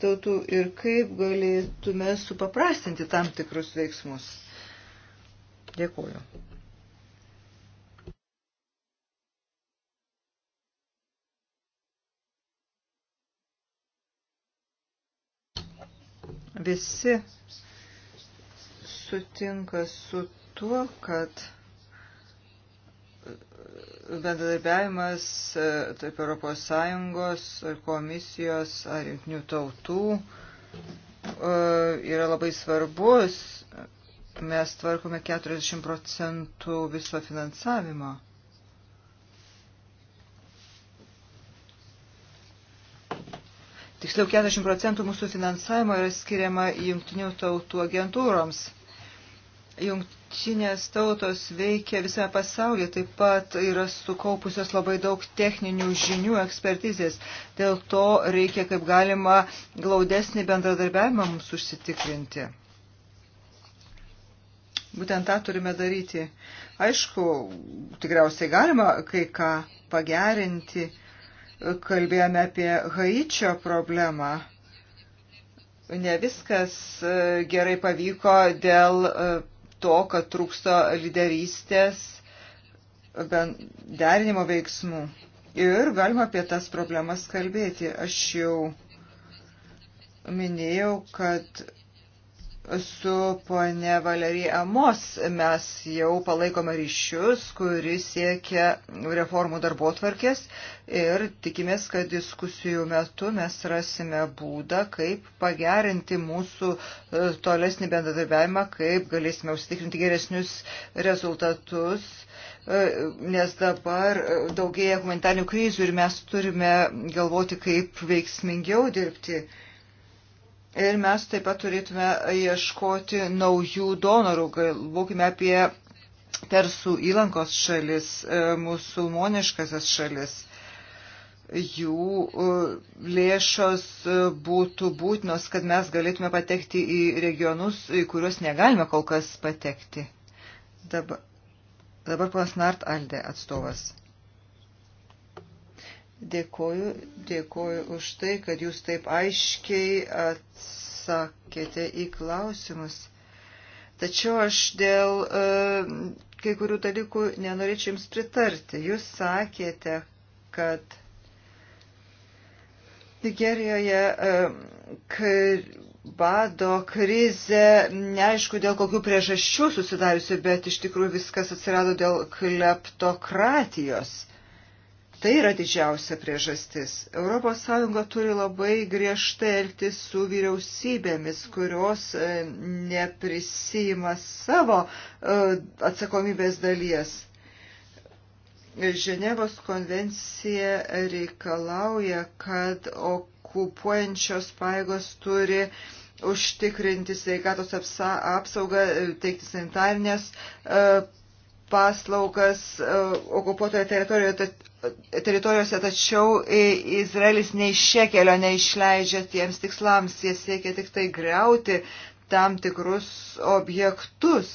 tautų ir kaip galėtume supaprastinti tam tikrus veiksmus. Dėkuoju. Visi sutinka su tuo, kad bendradarbiavimas e, tarp ES ar komisijos ar jungtinių tautų e, yra labai svarbus. Mes tvarkome 40 procentų viso finansavimo. tiksliau 40 procentų mūsų finansavimo yra skiriama jungtinių tautų agentūroms. Jungtinės tautos veikia visame pasaulyje, taip pat yra sukaupusios labai daug techninių žinių ekspertizės. Dėl to reikia kaip galima glaudesnį bendradarbiavimą mums užsitikrinti. Būtent tą turime daryti. Aišku, tikriausiai galima kai ką pagerinti kalbėjome apie Haičio problemą. Ne viskas e, gerai pavyko dėl e, to, kad trūksto lyderystės derinimo veiksmų. Ir galima apie tas problemas kalbėti. Aš jau minėjau, kad Su ponė Valerija Amos mes jau palaikome ryšius, kuris siekia reformų darbo tvarkės ir tikimės, kad diskusijų metu mes rasime būdą, kaip pagerinti mūsų e, tolesnį bendradarbiavimą, kaip galėsime užsitikrinti geresnius rezultatus, e, nes dabar e, daugėja humanitarnių krizių ir mes turime galvoti, kaip veiksmingiau dirbti. Ir mes taip pat turėtume ieškoti naujų donorų. Galvokime apie Persų įlankos šalis, e, musulmoniškasias šalis. Jų e, lėšos e, būtų būtinos, kad mes galėtume patekti į regionus, į kuriuos negalime kol kas patekti. Dabar, dabar panas Nart Alde atstovas. Dėkoju, dėkoju už tai, kad jūs taip aiškiai atsakėte į klausimus. Tačiau aš dėl e, kai kurių dalykų nenorėčiau jums pritarti. Jūs sakėte, kad Nigerijoje e, bado krizė, neaišku dėl kokių priežasčių susidariusi, bet iš tikrųjų viskas atsirado dėl kleptokratijos. Tai yra didžiausia priežastis. ES turi labai griežtai elgtis su vyriausybėmis, kurios e, neprisima savo e, atsakomybės dalies. Ženevos konvencija reikalauja, kad okupuojančios paėgos turi užtikrinti sveikatos apsaugą, e, teikti sanitarinės paslaugas okupuotoje teritorijoje, teritorijose, tačiau Izraelis nei šekelio neišleidžia tiems tikslams, jie siekia tik tai greuti tam tikrus objektus.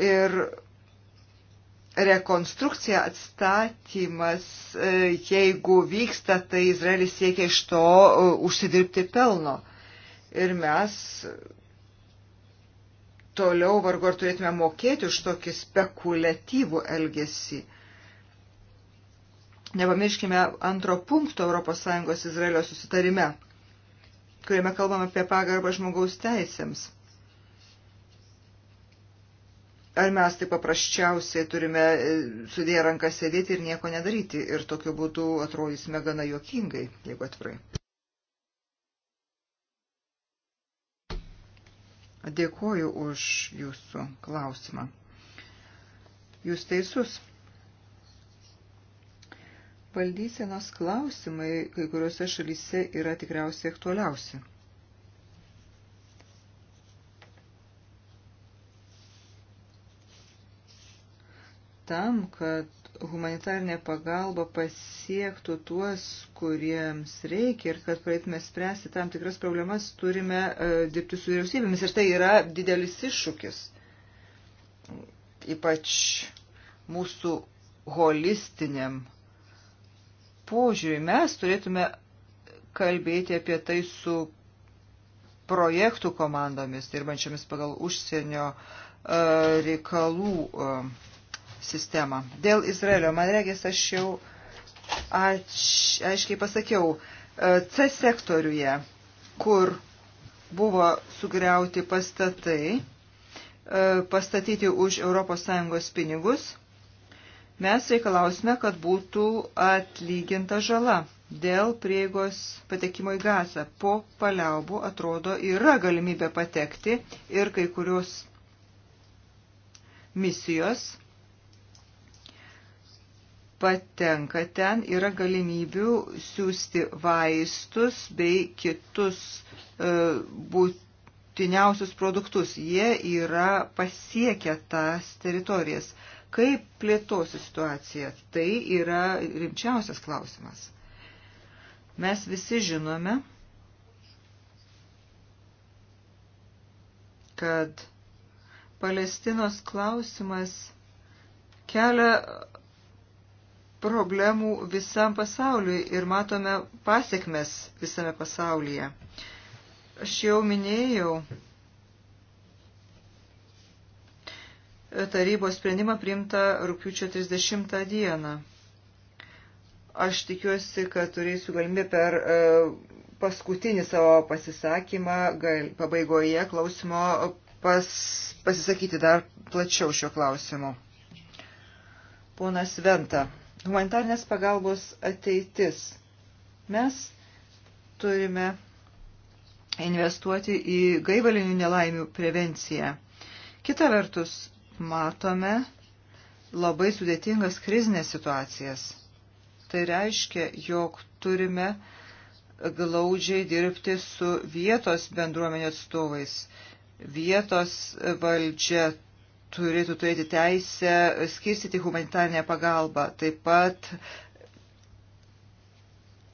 Ir rekonstrukcija, atstatymas, e, jeigu vyksta, tai Izraelis siekia iš to e, užsidirbti pelno. Ir mes toliau vargu ar turėtume mokėti už tokį spekuliatyvų elgesį nepamirškime antro punkto ES Izraelio susitarime, kuriame kalbame apie pagarbą žmogaus teisėms. Ar mes taip paprasčiausiai turime e, sudėję ranką sėdėti ir nieko nedaryti ir tokiu būdu atrodysime gana juokingai, jeigu atvirai. Dėkuoju už jūsų klausimą. Jūs teisus. Valdysenos klausimai kai kuriuose šalyse yra tikriausiai aktualiausi. Tam, kad humanitarnė pagalba pasiektų tuos, kuriems reikia ir kad praeitume spręsti tam tikras problemas, turime uh, dirbti su vyriausybėmis ir tai yra didelis iššūkis. Ypač mūsų holistiniam uh, požiūrį. Mes turėtume kalbėti apie tai su projektų komandomis, dirbančiomis pagal užsienio e, reikalų e, sistemą. Dėl Izraelio, man regis, aš jau aiškiai pasakiau, e, C sektoriuje, kur buvo sugriauti pastatai, pastatyti už ES pinigus, Mes reikalausime, kad būtų atlyginta žala dėl prieigos patekimo į gazą. Po paliaubų, atrodo, yra galimybė patekti ir kai kurios misijos patenka ten, yra galimybių siūsti vaistus bei kitus e, būtiniausius produktus. Jie yra pasiekę tas teritorijas. E, Kaip plėtosi situacija? Tai yra rimčiausias klausimas. Mes visi žinome, kad Palestinos klausimas kelia problemų visam pasauliui ir matome pasiekmes visame pasaulyje. Aš jau minėjau, tarybos sprendimą priimtą rūpiučio 30 dieną. Aš tikiuosi, kad turėsiu galimybę per e, paskutinį savo pasisakymą gal, pabaigoje klausimo pas, pasisakyti dar plačiau šio klausimu. Ponas Venta, humanitarnės pagalbos ateitis. Mes turime investuoti į gaivalinių nelaimių prevenciją. Kita vertus, matome labai sudėtingas krizinės situacijas. Tai reiškia, jog turime glaudžiai dirbti su vietos bendruomenės atstovais. Vietos valdžia turėtų turėti teisę skirstyti humanitarinę pagalbą. Taip pat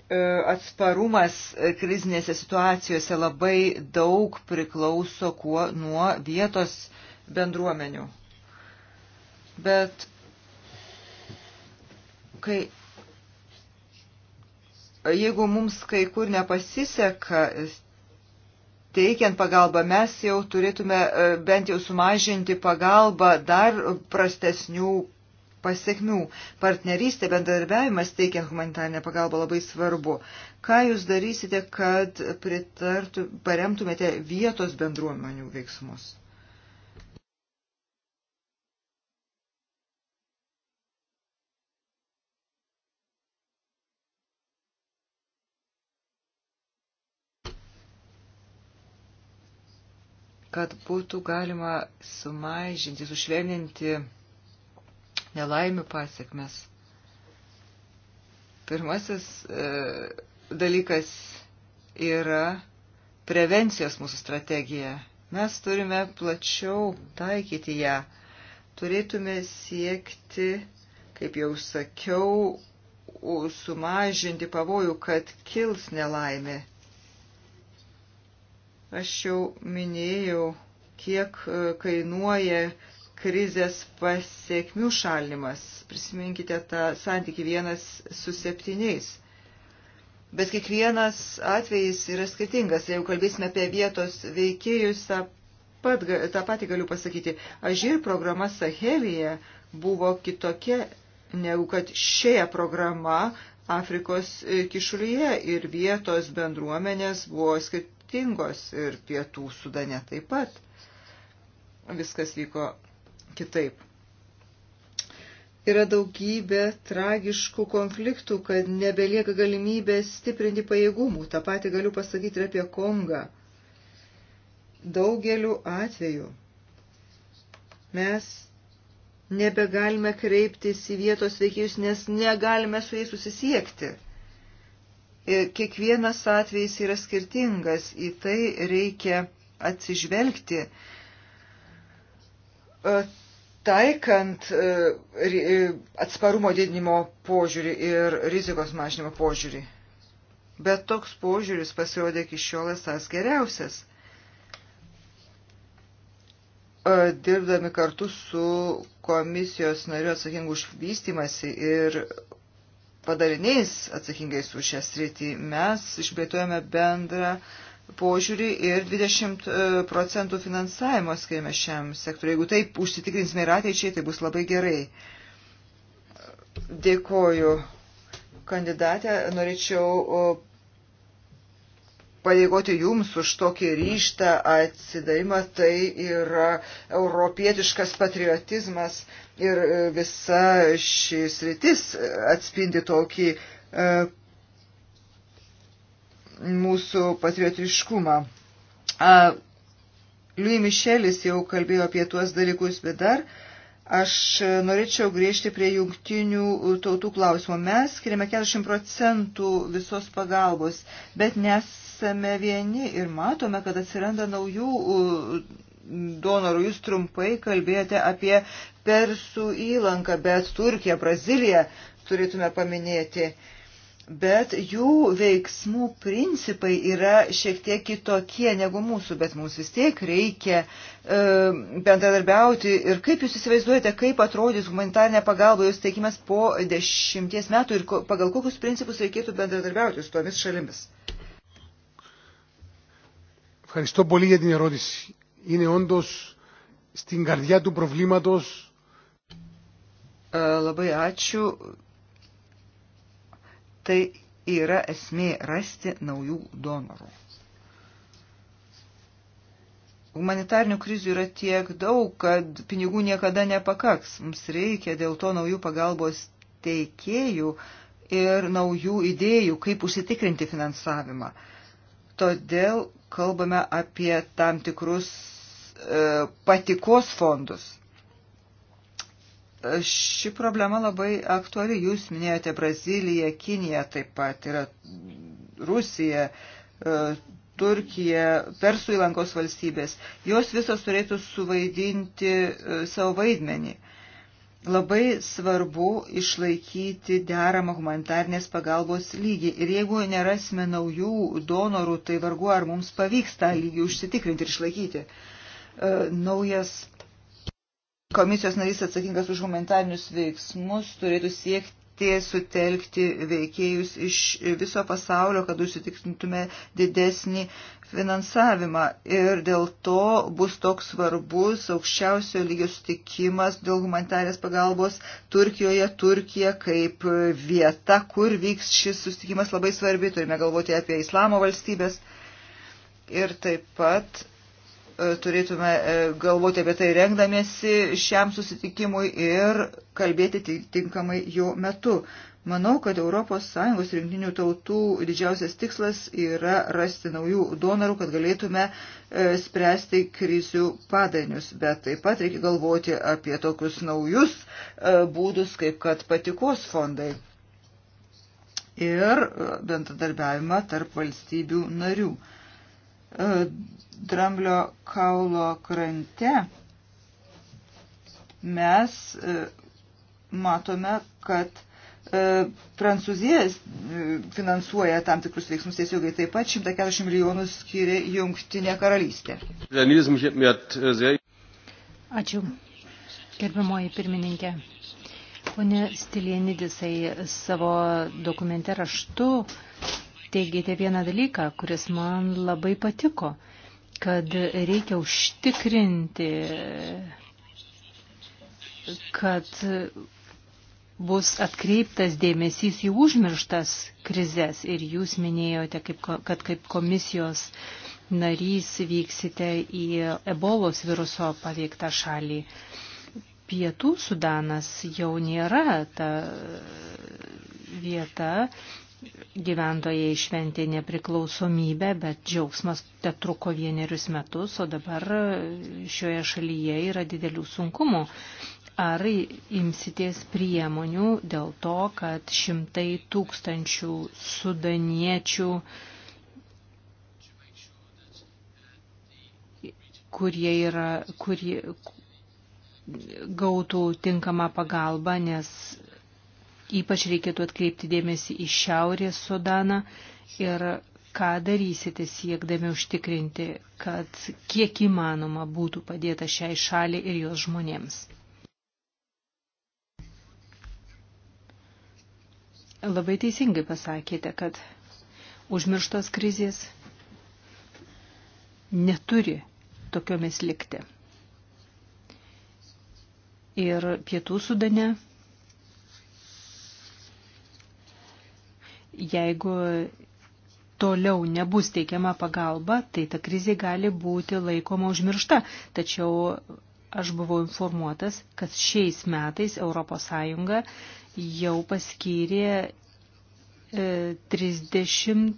e, atsparumas krizinėse situacijose labai daug priklauso kuo nuo vietos bendruomenių bet kai jeigu mums kai kur nepasiseka teikiant pagalbą, mes jau turėtume e, bent jau sumažinti pagalbą dar prastesnių pasiekmių. Partnerystė, bendradarbiavimas teikiant humanitarinę pagalbą labai svarbu. Ką jūs darysite, kad pritartų, paremtumėte vietos bendruomenių veiksmus? kad būtų galima sumažinti, sušvelninti nelaimių pasiekmes. Pirmasis e, dalykas yra prevencijos mūsų strategija. Mes turime plačiau taikyti ją. Turėtume siekti, kaip jau sakiau, sumažinti pavojų, kad kils nelaimė Aš jau minėjau, kiek e, kainuoja krizės pasiekmių šalinimas. Prisiminkite tą santyki vienas su septyniais. Bet kiekvienas atvejis yra skirtingas. Jeigu kalbėsime apie vietos veikėjus, tą, pat, tą patį galiu pasakyti. Ažir programa Sahelėje buvo kitokia negu kad šioje programa Afrikos e, kišulyje ir vietos bendruomenės buvo skirtingos skirtingos ir pietų sudane taip pat viskas vyko kitaip. Yra daugybė tragiškų konfliktų, kad nebelieka galimybės stiprinti pajėgumų. Ta pati galiu pasakyti ir apie Kongą. Daugeliu atveju mes nebegalime kreiptis į vietos veikėjus, nes negalime su jais susisiekti. E, kiekvienas atvejis yra skirtingas, į tai reikia atsižvelgti, e, taikant e, atsparumo didinimo požiūrį ir rizikos mažinimo požiūrį. Bet toks požiūris pasirodė iki šiol esas geriausias. Dirbdami kartu su komisijos nariu atsakingu už vystimasi ir padariniais atsakingais už šią sritį. Mes išplėtojame bendrą požiūrį ir 20 e, procentų finansavimo skiriame šiam sektoriu. Jeigu taip užsitikrinsime ir ateičiai, tai bus labai gerai. Dėkoju kandidatę. Norėčiau padėkoti Jums už tokį ryštą atsidavimą. Tai yra europietiškas patriotizmas ir e, visa šis rytis atspindi tokį e, mūsų patriotiškumą. A, Louis Michelis jau kalbėjo apie tuos dalykus, bet dar aš norėčiau grįžti prie jungtinių tautų klausimo. Mes skiriame 40 procentų visos pagalbos, bet nes nesame vieni ir matome, kad atsiranda naujų donorų. Jūs trumpai kalbėjote apie Persų įlanką, bet Turkiją, Braziliją turėtume paminėti. Bet jų veiksmų principai yra šiek tiek kitokie negu mūsų, bet mums vis tiek reikia e, bendradarbiauti. Ir kaip jūs įsivaizduojate, kaip atrodys humanitarinė pagalba, jūs teikimas po dešimties metų ir pagal kokius principus reikėtų bendradarbiauti su tomis šalimis? Ευχαριστώ πολύ για την ερώτηση. Είναι όντως στην καρδιά του προβλήματος. Labai ačiū. Tai yra esmė rasti naujų donorų. Humanitarnių krizių yra tiek daug, kad pinigų niekada nepakaks. Mums reikia dėl to naujų pagalbos teikėjų ir naujų idėjų, kaip užsitikrinti finansavimą. Todėl kalbame apie tam tikrus e, patikos fondus. E, ši problema labai aktuali. Jūs minėjote Braziliją, Kiniją taip pat yra Rusija, e, Turkija, Persų įlankos valstybės. Jos visos turėtų suvaidinti savo vaidmenį. Labai svarbu išlaikyti deramą humanitarnės pagalbos lygį ir jeigu nerasime naujų donorų, tai vargu ar mums pavyks tą lygį užsitikrinti ir išlaikyti. E, naujas komisijos narys atsakingas už humanitarnius veiksmus turėtų siekti ties sutelkti veikėjus iš viso pasaulio, kad užsitikrintume didesnį finansavimą. Ir dėl to bus toks svarbus aukščiausio lygio sutikimas dėl humanitarės pagalbos Turkijoje. Turkija kaip vieta, kur vyks šis sustikimas labai svarbi. Turime galvoti apie islamo valstybės. Ir taip pat E, turėtume e, galvoti apie tai rengdamėsi šiam susitikimui ir kalbėti tinkamai jo metu. Manau, kad ES rinktinių tautų didžiausias tikslas yra rasti naujų donorų, kad galėtume e, spręsti krizių padarinius. Bet taip pat reikia galvoti apie tokius naujus būdus, kaip kad patikos fondai ir bendradarbiavimą tarp valstybių narių. E, dramblio kaulo krante mes e, matome, kad e, Prancūzija finansuoja tam tikrus veiksmus tiesiogiai taip pat 140 milijonų skiria jungtinė karalystė. Ačiū, gerbiamoji pirmininkė. Pone Stilienidisai savo dokumente raštu teigėte vieną dalyką, kuris man labai patiko, kad reikia užtikrinti, kad bus atkreiptas dėmesys į užmirštas krizės ir jūs minėjote, kaip, kad kaip komisijos narys vyksite į ebolos viruso paveiktą šalį. Pietų Sudanas jau nėra ta vieta, gyventojai šventė nepriklausomybę, bet džiaugsmas te truko vienerius metus, o dabar šioje šalyje yra didelių sunkumų. Ar imsitės priemonių dėl to, kad šimtai tūkstančių sudaniečių, kurie yra, kurie gautų tinkamą pagalbą, nes Ypač reikėtų atkreipti dėmesį į Šiaurės Sudaną ir ką darysite siekdami užtikrinti, kad kiek įmanoma būtų padėta šiai šaliai ir jos žmonėms. Labai teisingai pasakėte, kad užmirštos krizės neturi tokiomis likti. Ir pietų sudane jeigu toliau nebus teikiama pagalba, tai ta krizė gali būti laikoma užmiršta. Tačiau aš buvau informuotas, kad šiais metais ES jau paskyrė 30 e,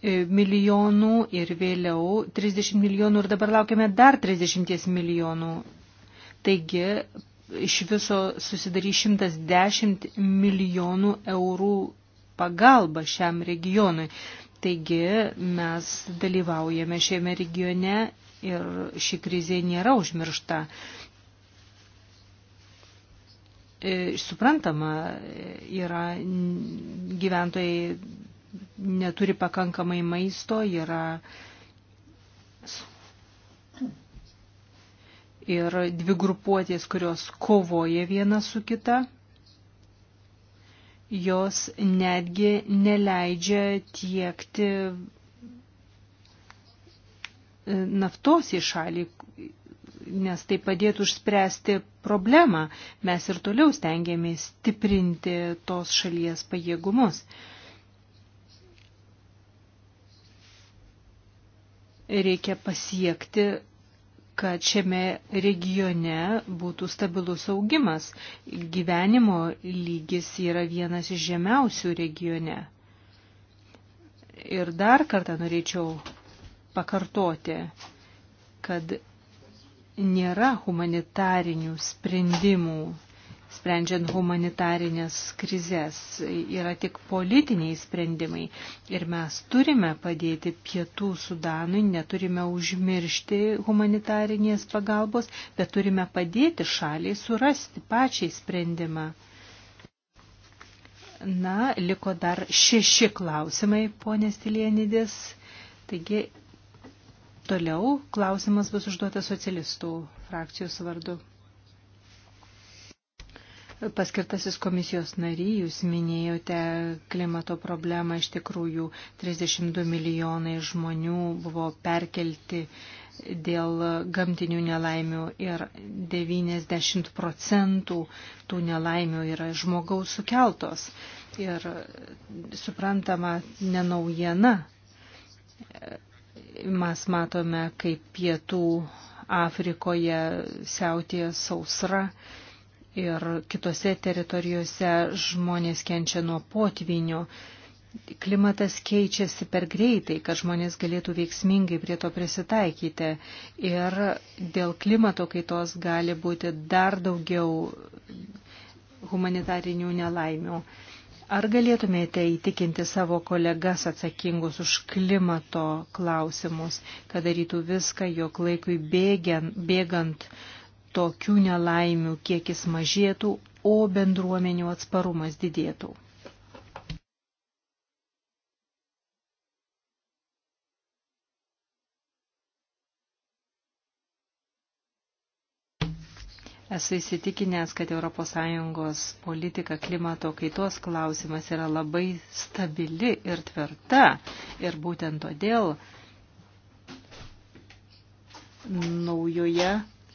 e, milijonų ir vėliau 30 milijonų ir dabar laukiame dar 30 milijonų. Taigi iš viso susidarys 110 milijonų eurų pagalba šiam regionui. Taigi mes dalyvaujame šiame regione ir ši krizė nėra užmiršta. E, suprantama, yra gyventojai neturi pakankamai maisto, yra uh, ir dvi grupuotės, kurios kovoja viena su kita, jos netgi neleidžia tiekti e, naftos į šalį, nes tai padėtų užspręsti problemą. Mes ir toliau stengiamės stiprinti tos šalies pajėgumus. Reikia pasiekti kad šiame regione būtų stabilus augimas. Gyvenimo lygis yra vienas iš žemiausių regione. Ir dar kartą norėčiau pakartoti, kad nėra humanitarinių sprendimų sprendžiant humanitarinės krizės, yra tik politiniai sprendimai. Ir mes turime padėti pietų Sudanui, neturime užmiršti humanitarinės pagalbos, bet turime padėti šaliai surasti pačiai sprendimą. Na, liko dar šeši klausimai, ponės Tilienidės. Taigi, toliau klausimas bus užduotas socialistų frakcijos vardu. Paskirtasis komisijos nariai, jūs minėjote klimato problemą, iš tikrųjų 32 milijonai žmonių buvo perkelti dėl gamtinių nelaimių ir 90 procentų tų nelaimių yra žmogaus sukeltos. Ir suprantama, nenaujiena. Mes matome, kaip pietų Afrikoje siautėja sausra ir kitose teritorijose žmonės kenčia nuo potvinių. Klimatas keičiasi per greitai, kad žmonės galėtų veiksmingai prie to prisitaikyti. Ir dėl klimato kaitos gali būti dar daugiau humanitarinių nelaimių. Ar galėtumėte įtikinti savo kolegas atsakingus už klimato klausimus, kad darytų viską, jog laikui bėgiant, bėgant tokių nelaimių kiekis mažėtų, o bendruomenių atsparumas didėtų. Esu įsitikinęs, kad ES politika klimato kaitos klausimas yra labai stabili ir tvirta. Ir būtent todėl naujoje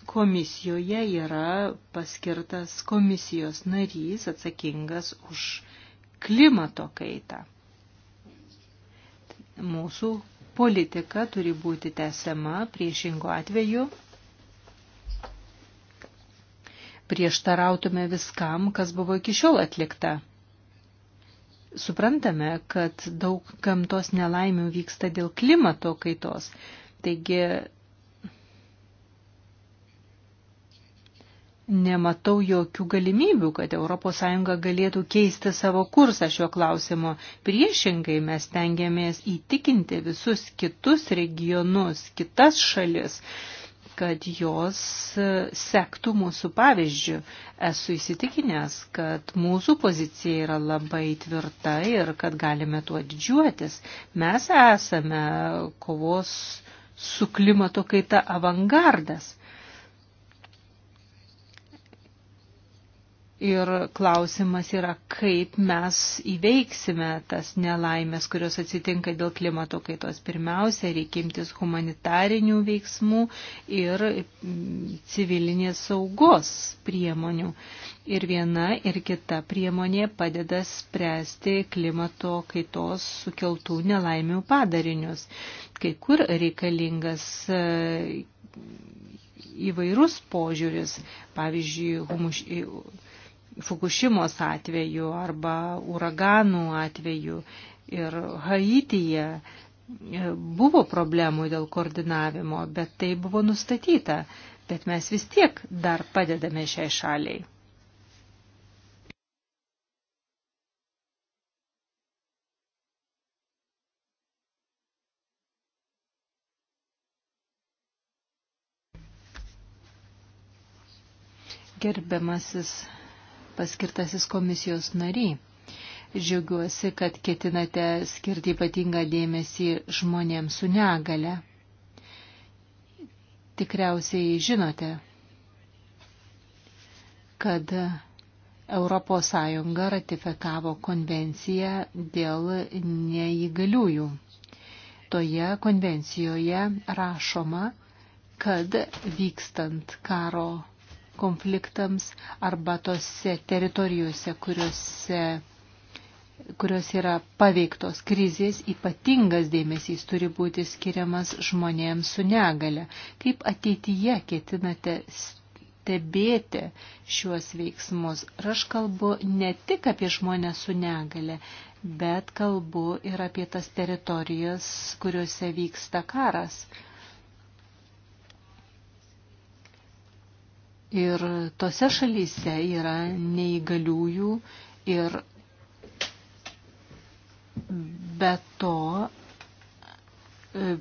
komisijoje yra paskirtas komisijos narys atsakingas už klimato kaitą. Mūsų politika turi būti tęsiama priešingo atveju. Prieštarautume viskam, kas buvo iki šiol atlikta. Suprantame, kad daug gamtos nelaimių vyksta dėl klimato kaitos, taigi nematau jokių galimybių, kad ES galėtų keisti savo kursą šiuo klausimu. Priešingai mes tengiamės įtikinti visus kitus regionus, kitas šalis, kad jos e, sektų mūsų pavyzdžių. Esu įsitikinęs, kad mūsų pozicija yra labai tvirta ir kad galime tuo didžiuotis. Mes esame kovos su klimato kaita avangardas. Ir klausimas yra, kaip mes įveiksime tas nelaimės, kurios atsitinka dėl klimato kaitos. Pirmiausia, reikia imtis humanitarinių veiksmų ir mm, civilinės saugos priemonių. Ir viena ir kita priemonė padeda spręsti klimato kaitos sukeltų nelaimių padarinius. Kai kur reikalingas e, įvairus požiūris, pavyzdžiui, humuš Fukushimos atveju arba uraganų atveju ir Haityje e, buvo problemų dėl koordinavimo, bet tai buvo nustatyta, bet mes vis tiek dar padedame šiai šaliai. Gerbiamasis paskirtasis komisijos nariai. Žiūgiuosi, kad ketinate skirti ypatingą dėmesį žmonėms su negale. Tikriausiai žinote, kad ES ratifikavo konvenciją dėl neįgaliųjų. Toje konvencijoje rašoma, kad vykstant karo konfliktams arba tose teritorijose, kuriuose kurios yra paveiktos krizės, ypatingas dėmesys turi būti skiriamas žmonėms su negale. Kaip ateityje ketinate stebėti šiuos veiksmus. Ir aš kalbu ne tik apie žmonės su negale, bet kalbu ir apie tas teritorijas, kuriuose vyksta karas. Ir tose šalyse yra neįgaliųjų ir be to e,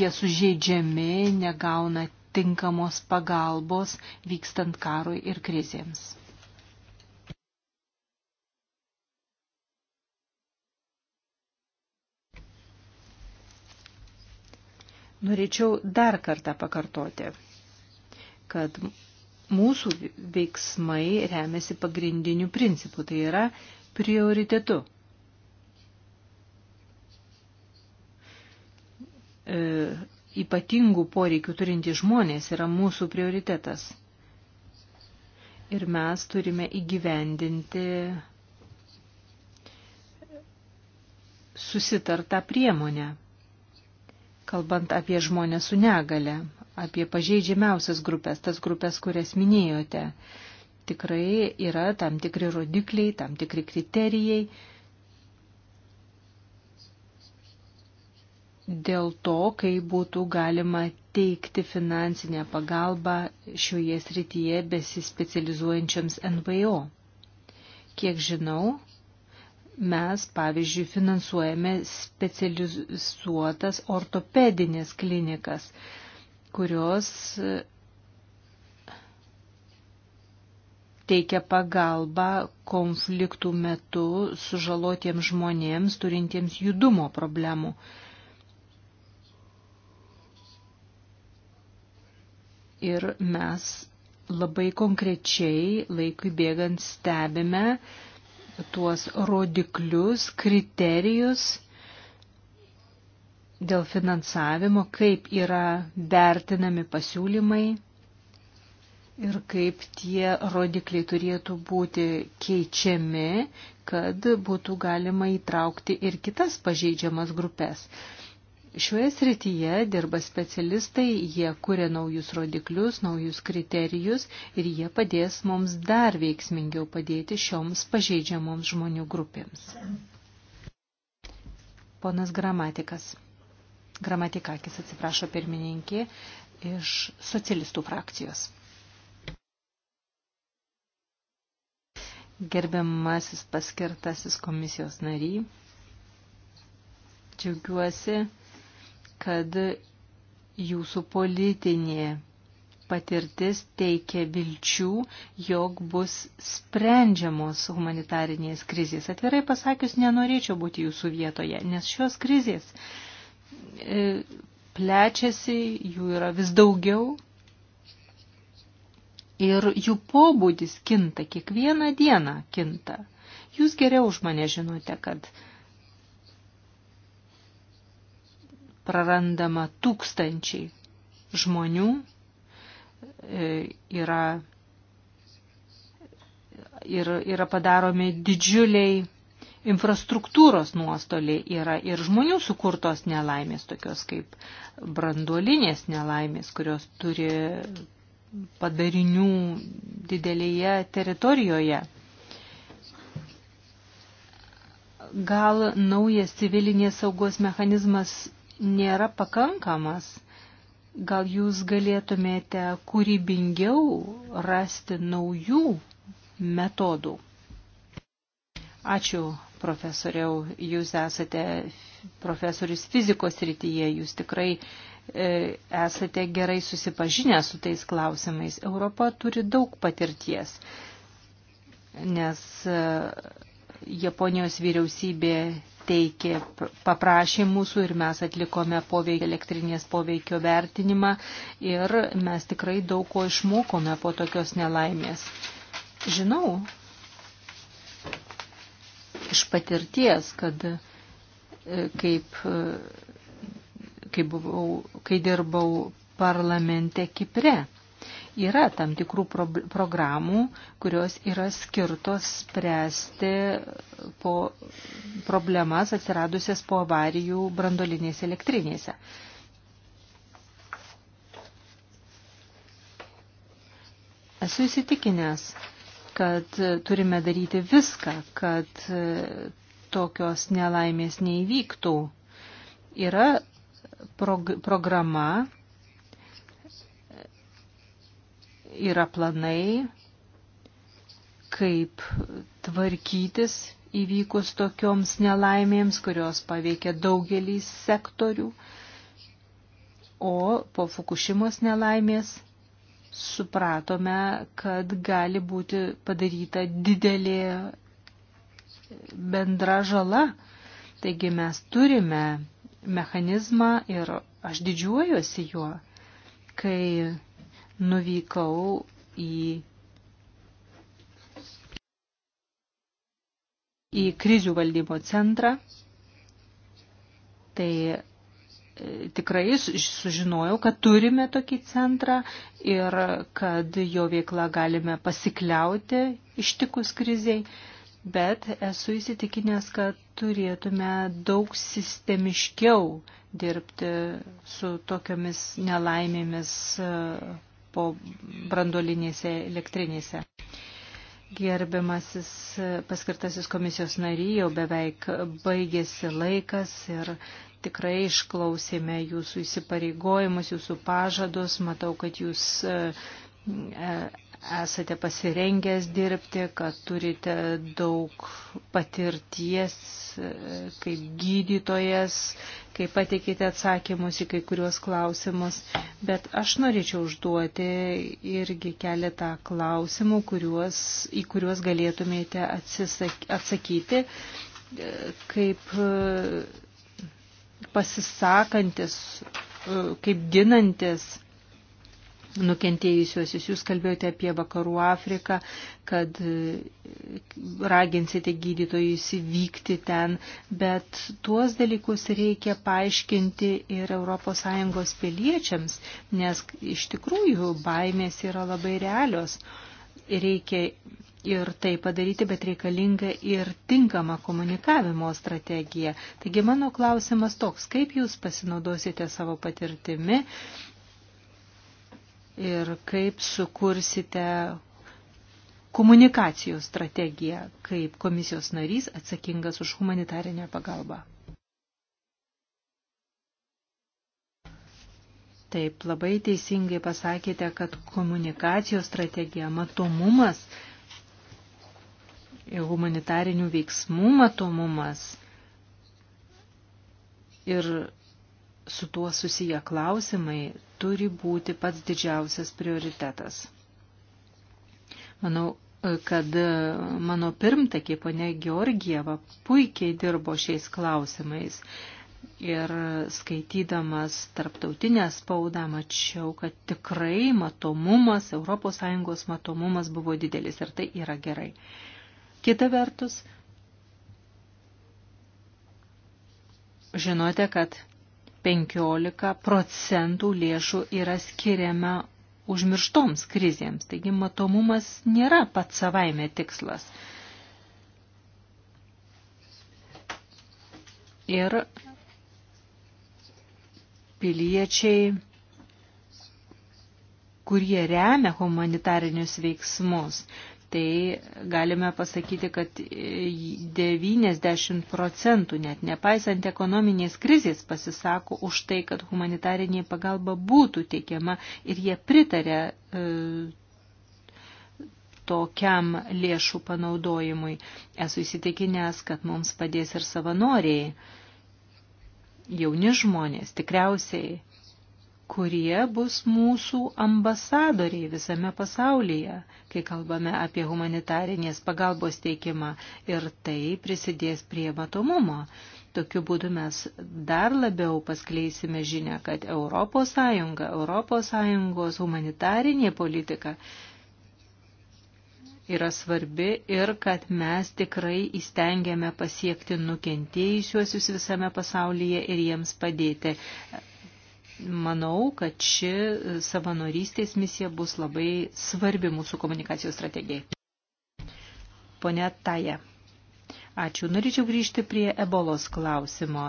jie sužeidžiami, negauna tinkamos pagalbos vykstant karui ir krizėms. Norėčiau dar kartą pakartoti kad mūsų veiksmai remiasi pagrindiniu principu, tai yra prioritetu. E, ypatingų poreikių turintys žmonės yra mūsų prioritetas. Ir mes turime įgyvendinti susitartą priemonę, kalbant apie žmonę su negale, apie pažeidžiamiausias grupės, tas grupės, kurias minėjote. Tikrai yra tam tikri rodikliai, tam tikri kriterijai. Dėl to, kai būtų galima teikti finansinę pagalbą šioje srityje besispecializuojančiams NVO. Kiek žinau, mes, pavyzdžiui, finansuojame specializuotas ortopedinės klinikas kurios teikia pagalbą konfliktų metu sužalotiems žmonėms turintiems judumo problemų. Ir mes labai konkrečiai laikui bėgant stebime tuos rodiklius, kriterijus, dėl finansavimo, kaip yra vertinami pasiūlymai ir kaip tie rodikliai turėtų būti keičiami, kad būtų galima įtraukti ir kitas pažeidžiamas grupės. Šioje srityje dirba specialistai, jie kuria naujus rodiklius, naujus kriterijus ir jie padės mums dar veiksmingiau padėti šioms pažeidžiamoms žmonių grupėms. Ponas Gramatikas. Gramatikakis atsiprašo pirmininkė iš socialistų frakcijos. Gerbiamasis paskirtasis komisijos nary, džiaugiuosi, kad jūsų politinė patirtis teikia vilčių, jog bus sprendžiamos humanitarinės krizės. Atvirai pasakius, nenorėčiau būti jūsų vietoje, nes šios krizės E, plečiasi, jų yra vis daugiau ir jų pobūdis kinta, kiekvieną dieną kinta. Jūs geriau už mane žinote, kad prarandama tūkstančiai žmonių e, yra, yra, yra padaromi didžiuliai infrastruktūros nuostoliai yra ir žmonių sukurtos nelaimės, tokios kaip branduolinės nelaimės, kurios turi padarinių didelėje teritorijoje. Gal naujas civilinės saugos mechanizmas nėra pakankamas? Gal jūs galėtumėte kūrybingiau rasti naujų metodų? Ačiū profesoriau, jūs esate profesorius fizikos rytyje, jūs tikrai e, esate gerai susipažinę su tais klausimais. Europa turi daug patirties, nes e, Japonijos vyriausybė teikė, paprašė mūsų ir mes atlikome poveikio, elektrinės poveikio vertinimą ir mes tikrai daug ko išmokome po tokios nelaimės. Žinau, iš patirties, kad e, kaip, e, kai, buvau, kai dirbau parlamente Kipre. Yra tam tikrų pro, programų, kurios yra skirtos spręsti po problemas atsiradusias po avarijų brandolinėse elektrinėse. Esu įsitikinęs, kad turime daryti viską, kad tokios nelaimės neįvyktų. Yra prog programa, yra planai, kaip tvarkytis įvykus tokioms nelaimėms, kurios paveikia daugelį sektorių. O po Fukushimos nelaimės supratome, kad gali būti padaryta didelė bendra žala. Taigi mes turime mechanizmą ir aš didžiuojuosi juo, kai nuvykau į, į krizių valdymo centrą. Tai tikrai sužinojau, kad turime tokį centrą ir kad jo veiklą galime pasikliauti ištikus kriziai, bet esu įsitikinęs, kad turėtume daug sistemiškiau dirbti su tokiomis nelaimėmis e, po brandolinėse elektrinėse. Gerbiamasis e, paskirtasis komisijos nary, jau beveik baigėsi laikas ir tikrai išklausėme jūsų įsipareigojimus, jūsų pažadus. Matau, kad jūs e, e, esate pasirengęs dirbti, kad turite daug patirties e, kaip gydytojas, kai pateikite atsakymus į kai kuriuos klausimus. Bet aš norėčiau užduoti irgi keletą klausimų, kuriuos, į kuriuos galėtumėte atsisakyti, kaip pasisakantis, e, kaip ginantis nukentėjusiuosius. Jūs kalbėjote apie Vakarų Afriką, kad e, raginsite gydytojus įvykti ten, bet tuos dalykus reikia paaiškinti ir ES piliečiams, nes iš tikrųjų baimės yra labai realios. Reikia ir tai padaryti, bet reikalinga ir tinkama komunikavimo strategija. Taigi mano klausimas toks, kaip jūs pasinaudosite savo patirtimi ir kaip sukursite komunikacijos strategiją kaip komisijos narys atsakingas už humanitarinę pagalbą. Taip, labai teisingai pasakėte, kad komunikacijos strategija, matomumas humanitarinių veiksmų matomumas ir su tuo susiję klausimai turi būti pats didžiausias prioritetas. Manau, kad mano pirmtakė ponė Georgieva puikiai dirbo šiais klausimais. Ir skaitydamas tarptautinę spaudą mačiau, kad tikrai matomumas, ES matomumas buvo didelis ir tai yra gerai. Kita vertus, žinote, kad 15 procentų lėšų yra skiriama užmirštoms krizėms, taigi matomumas nėra pats savaime tikslas. Ir piliečiai, kurie remia humanitarinius veiksmus, tai galime pasakyti, kad 90 e, procentų, net nepaisant ekonominės krizės, pasisako už tai, kad humanitarinė pagalba būtų teikiama ir jie pritarė e, tokiam lėšų panaudojimui. Esu įsitikinęs, kad mums padės ir savanoriai, jauni žmonės tikriausiai kurie bus mūsų ambasadoriai visame pasaulyje, kai kalbame apie humanitarinės pagalbos teikimą ir tai prisidės prie matomumo. Tokiu būdu mes dar labiau paskleisime žinę, kad ES, ES humanitarinė politika yra svarbi ir kad mes tikrai įstengiame pasiekti nukentėjusiuosius visame pasaulyje ir jiems padėti manau, kad ši savanorystės misija bus labai svarbi mūsų komunikacijos strategijai. Pone Taja, ačiū. Norėčiau grįžti prie ebolos klausimo.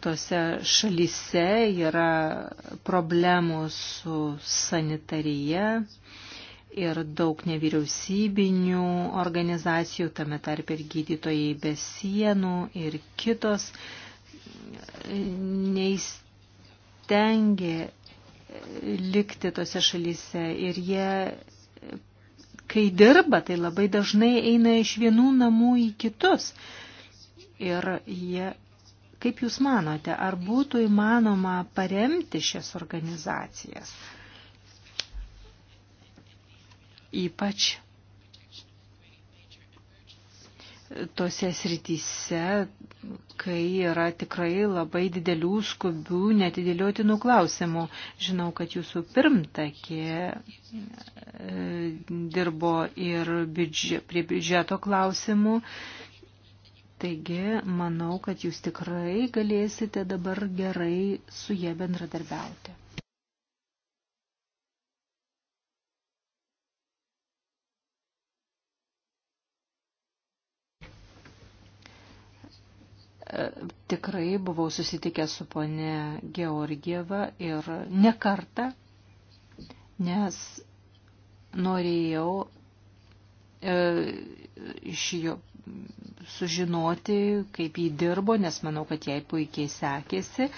Tose šalyse yra problemų su sanitarija ir daug nevyriausybinių organizacijų, tame tarp ir gydytojai be sienų ir kitos, neįstengė likti tose šalyse ir jie, kai dirba, tai labai dažnai eina iš vienų namų į kitus. Ir jie, kaip Jūs manote, ar būtų įmanoma paremti šias organizacijas? ypač tose srityse, kai yra tikrai labai didelių skubių, netidėliotinų klausimų. Žinau, kad jūsų pirmtakė e, dirbo ir biudžet, prie biudžeto klausimų. Taigi, manau, kad jūs tikrai galėsite dabar gerai su jie bendradarbiauti. tikrai buvau susitikęs su ponė Georgieva ir ne kartą, nes norėjau e, iš jo sužinoti, kaip jį dirbo, nes manau, kad jai puikiai sekėsi.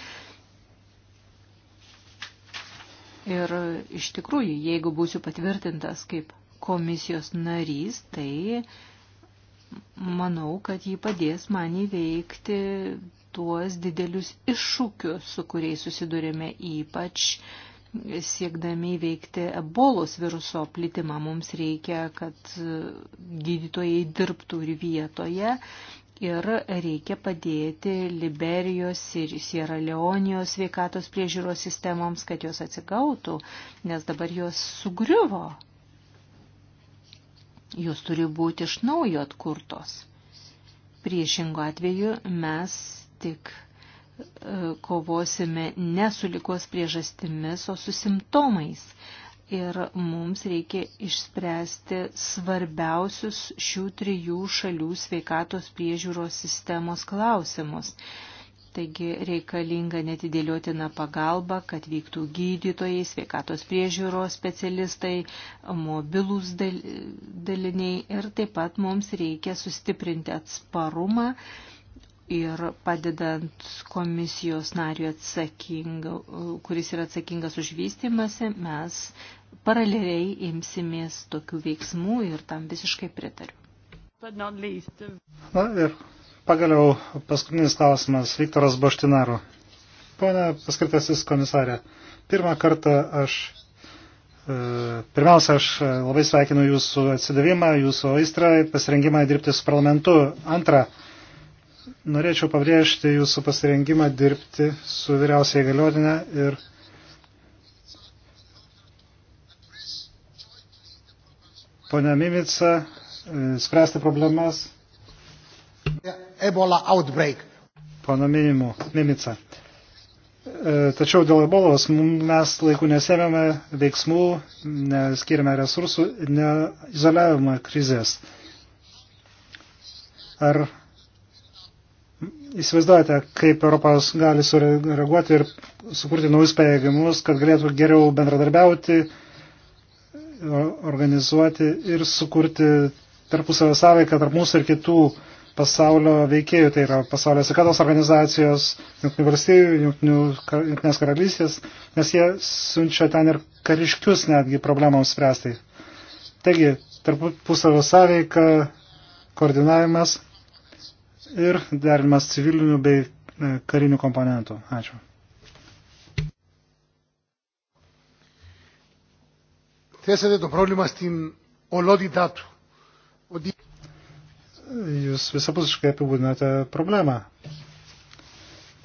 Ir iš tikrųjų, jeigu būsiu patvirtintas kaip komisijos narys, tai e, manau, kad jį padės man įveikti tuos didelius iššūkius, su kuriais susidurėme ypač siekdami įveikti ebolos viruso plitimą. Mums reikia, kad gydytojai dirbtų ir vietoje. Ir reikia padėti Liberijos ir Sierra Leonijos sveikatos priežiūros sistemoms, kad jos atsigautų, nes dabar jos sugriuvo Jos turi būti iš naujo atkurtos. Priešingo atveju mes tik e, kovosime ne su likos priežastimis, o su simptomais. Ir mums reikia išspręsti svarbiausius šių trijų šalių sveikatos priežiūros sistemos klausimus. Taigi reikalinga netidėliotina pagalba, kad vyktų gydytojai, sveikatos priežiūros specialistai, mobilūs daliniai ir taip pat mums reikia sustiprinti atsparumą ir padedant komisijos nariui, kuris yra atsakingas už vystimąsi, mes paraleliai imsimės tokių veiksmų ir tam visiškai pritariu. Na ir Pagaliau paskutinis klausimas Viktoras Baštinaru. Pone paskirtasis komisarė, pirmą kartą aš, e, pirmiausia, aš e, labai sveikinu jūsų atsidavimą, jūsų aistrą, pasirengimą dirbti su parlamentu. Antra, norėčiau pabrėžti jūsų pasirengimą dirbti su vyriausiai galiotinė ir ponia Mimica, e, spręsti problemas Ebola outbreak. Pana Minimo, Mimica. E, tačiau dėl ebolos mes laiku nesėmėme veiksmų, neskirime resursų, neizoliavome krizės. Ar įsivaizduojate, kaip Europas gali sureaguoti ir sukurti naujus pajėgimus, kad galėtų geriau bendradarbiauti, organizuoti ir sukurti tarpusavę sąveiką tarp mūsų ir kitų uh, pasaulio veikėjų, tai yra pasaulio sveikatos organizacijos, jungtinių valstybių, jungtinės karalystės, nes jie siunčia ten ir kariškius netgi problemams spręsti. Taigi, tarpusavio sąveika, koordinavimas ir derinimas civilinių bei e, karinių komponentų. Ačiū. Θέσατε το πρόβλημα στην ολότητά του. Ότι jūs visapusiškai apibūdinate problemą.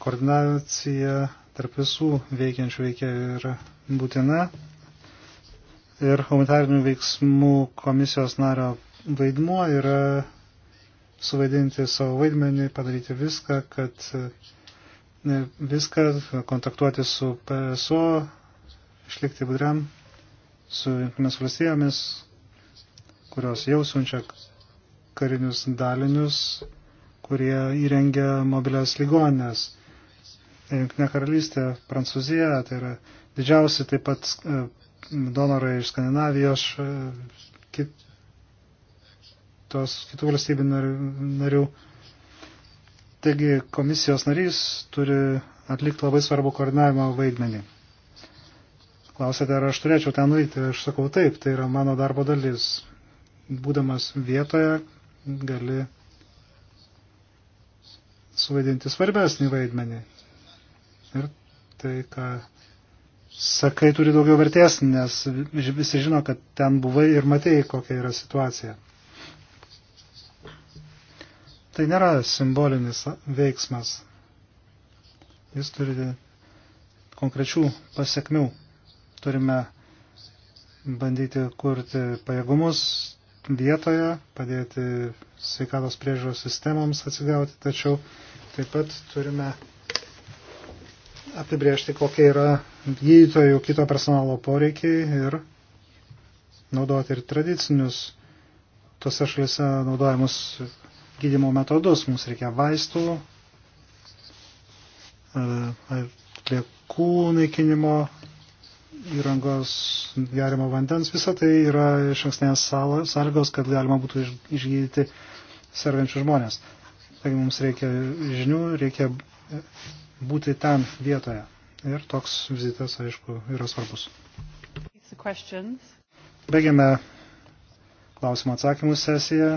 Koordinacija tarp visų veikiančių veikėjų yra būtina ir humanitarinių veiksmų komisijos nario vaidmuo yra suvaidinti savo vaidmenį, padaryti viską, kad viską, kontaktuoti su PSO, išlikti budriam, su jungtinėmis valstybėmis, kurios jau siunčia karinius dalinius, kurie įrengia mobilias ligoninės. Junktinė karalystė, Prancūzija, tai yra didžiausi taip pat e, donorai iš Skandinavijos, e, kitos, kitų valstybių narių. Taigi komisijos narys turi atlikti labai svarbu koordinavimo vaidmenį. Klausėte, ar aš turėčiau ten nueiti, aš sakau taip, tai yra mano darbo dalis. Būdamas vietoje, gali suvaidinti svarbesnį vaidmenį. Ir tai, ką sakai, turi daugiau vertės, nes visi žino, kad ten buvai ir matėjai, kokia yra situacija. Tai nėra simbolinis veiksmas. Jis turi konkrečių pasiekmių. Turime bandyti kurti pajėgumus, vietoje, padėti sveikatos priežiūros sistemoms atsigauti, tačiau taip pat turime apibriežti, kokie yra gydytojų kito personalo poreikiai ir naudoti ir tradicinius tose šalise naudojamus gydimo metodus. Mums reikia vaistų, e, atliekų naikinimo įrangos gerimo vandens, visa tai yra iš anksnės sąlygos, kad galima būtų išgydyti sergančių žmonės. Taigi mums reikia žinių, reikia būti ten vietoje. Ir toks vizitas, aišku, yra svarbus. Baigiame klausimų atsakymų sesiją.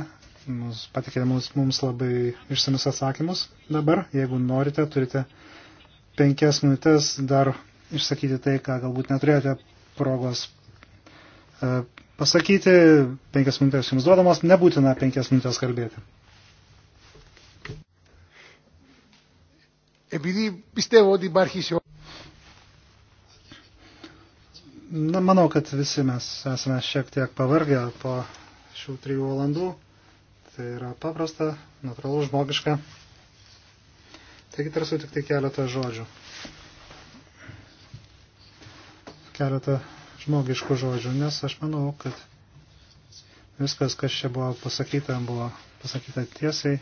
Mums patikė mums, mums labai išsamius atsakymus. Dabar, jeigu norite, turite penkias minutės dar išsakyti tai, ką galbūt neturėjote progos e, pasakyti. Penkias minutės jums duodamos, nebūtina penkias minutės kalbėti. Επειδή πιστεύω ότι υπάρχει σε Na, manau, kad visi mes esame šiek tiek pavargę po šių trijų valandų. Tai yra paprasta, natūralu, žmogiška. Taigi tarsi tik tai keletą žodžių. keletą žmogiškų žodžių, nes aš manau, kad viskas, kas čia buvo pasakyta, buvo pasakyta tiesiai,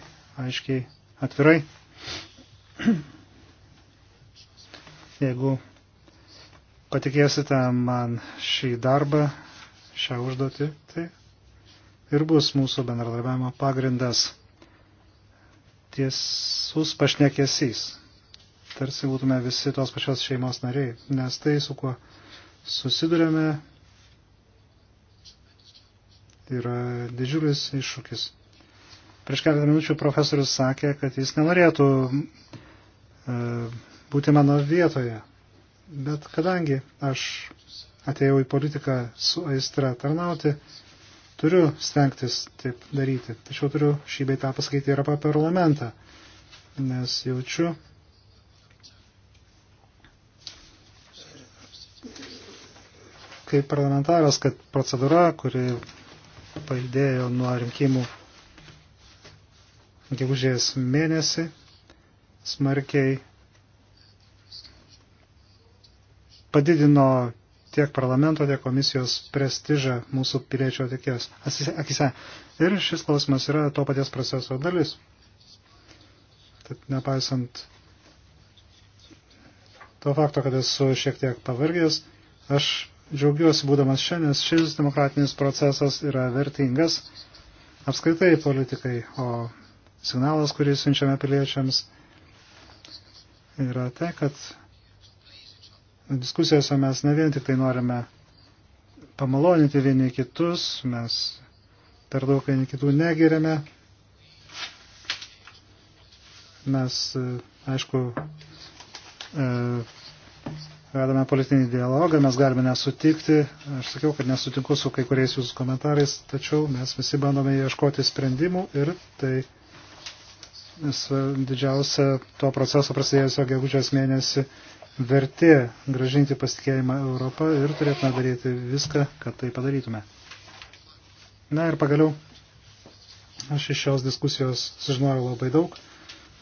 aiškiai, atvirai. Jeigu patikėsite man šį darbą, šią užduotį, tai ir bus mūsų bendradarbiavimo pagrindas tiesus pašnekesys. Tarsi būtume visi tos pačios šeimos nariai, nes tai, su kuo susidurėme, yra didžiulis iššūkis. Prieš keletą minučių profesorius sakė, kad jis nenorėtų e, būti mano vietoje. Bet kadangi aš atėjau į politiką su aistra tarnauti, turiu stengtis taip daryti. Tačiau turiu šį beitą pasakyti ir apie parlamentą, nes jaučiu, kaip parlamentaras, kad procedūra, kuri pajudėjo nuo rinkimų gegužės mėnesį, smarkiai padidino tiek parlamento, tiek komisijos prestižą mūsų piliečio tikės akise. Ir šis klausimas yra to paties proceso dalis. Tad nepaisant to fakto, kad esu šiek tiek pavargęs, aš Džiaugiuosi būdamas šiandien, šis demokratinis procesas yra vertingas apskritai politikai, o signalas, kurį siunčiame piliečiams, yra tai, kad diskusijose mes ne vien tik tai norime pamaloninti vieni kitus, mes per daug vieni kitų negiriame. Mes, e, aišku, e, vedame politinį dialogą, mes galime nesutikti. Aš sakiau, kad nesutinku su kai kuriais jūsų komentarais, tačiau mes visi bandome ieškoti sprendimų ir tai didžiausia to proceso prasidėjusio gegužės mėnesį vertė gražinti pasitikėjimą Europą ir turėtume daryti viską, kad tai padarytume. Na ir pagaliau, aš iš šios diskusijos sužinojau labai daug,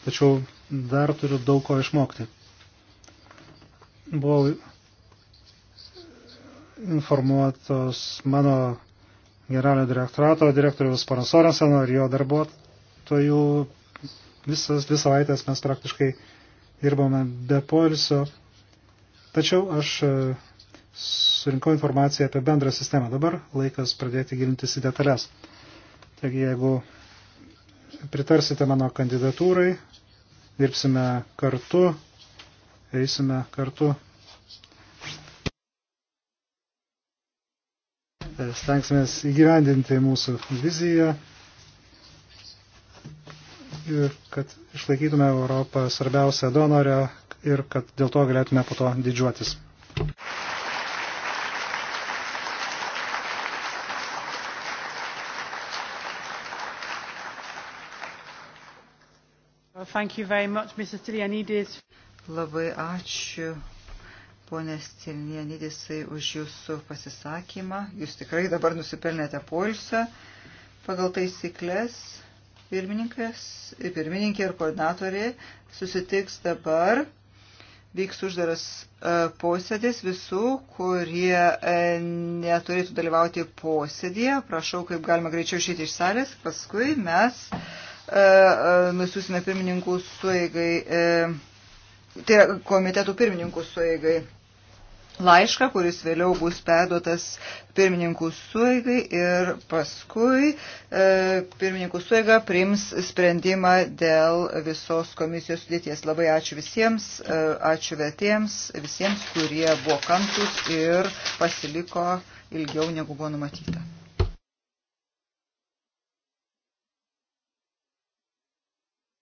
tačiau dar turiu daug ko išmokti. Buvau informuotos mano generalinio direktorato direktoriaus pana Sorenseno ir jo darbuotojų. Visas dvi savaitės mes praktiškai dirbome be poilsio. Tačiau aš e, surinkau informaciją apie bendrą sistemą. Dabar laikas pradėti gilintis į detalės. Taigi, jeigu pritarsite mano kandidatūrai, dirbsime kartu eisime kartu. Stengsimės įgyvendinti mūsų viziją ir kad išlaikytume Europą svarbiausią donorę ir kad dėl to galėtume po to didžiuotis. Well, thank you very much, Mrs. Trianidis. Labai ačiū, ponė Stilnienidisai, už jūsų pasisakymą. Jūs tikrai dabar nusipelnėte poilsio pagal taisyklės pirmininkas, pirmininkė ir koordinatorė susitiks dabar. Vyks uždaras e, posėdis visų, kurie e, neturėtų dalyvauti posėdėje. Prašau, kaip galima greičiau išėti iš salės. Paskui mes e, nusiusime pirmininkų suėgai. E, tai komitetų pirmininkų sueigai laišką, kuris vėliau bus perduotas pirmininkų sueigai ir paskui e, pirmininkų sueiga priims sprendimą dėl visos komisijos sudėties. Labai ačiū visiems, e, ačiū vetiems, visiems, kurie buvo kantus ir pasiliko ilgiau negu buvo numatyta.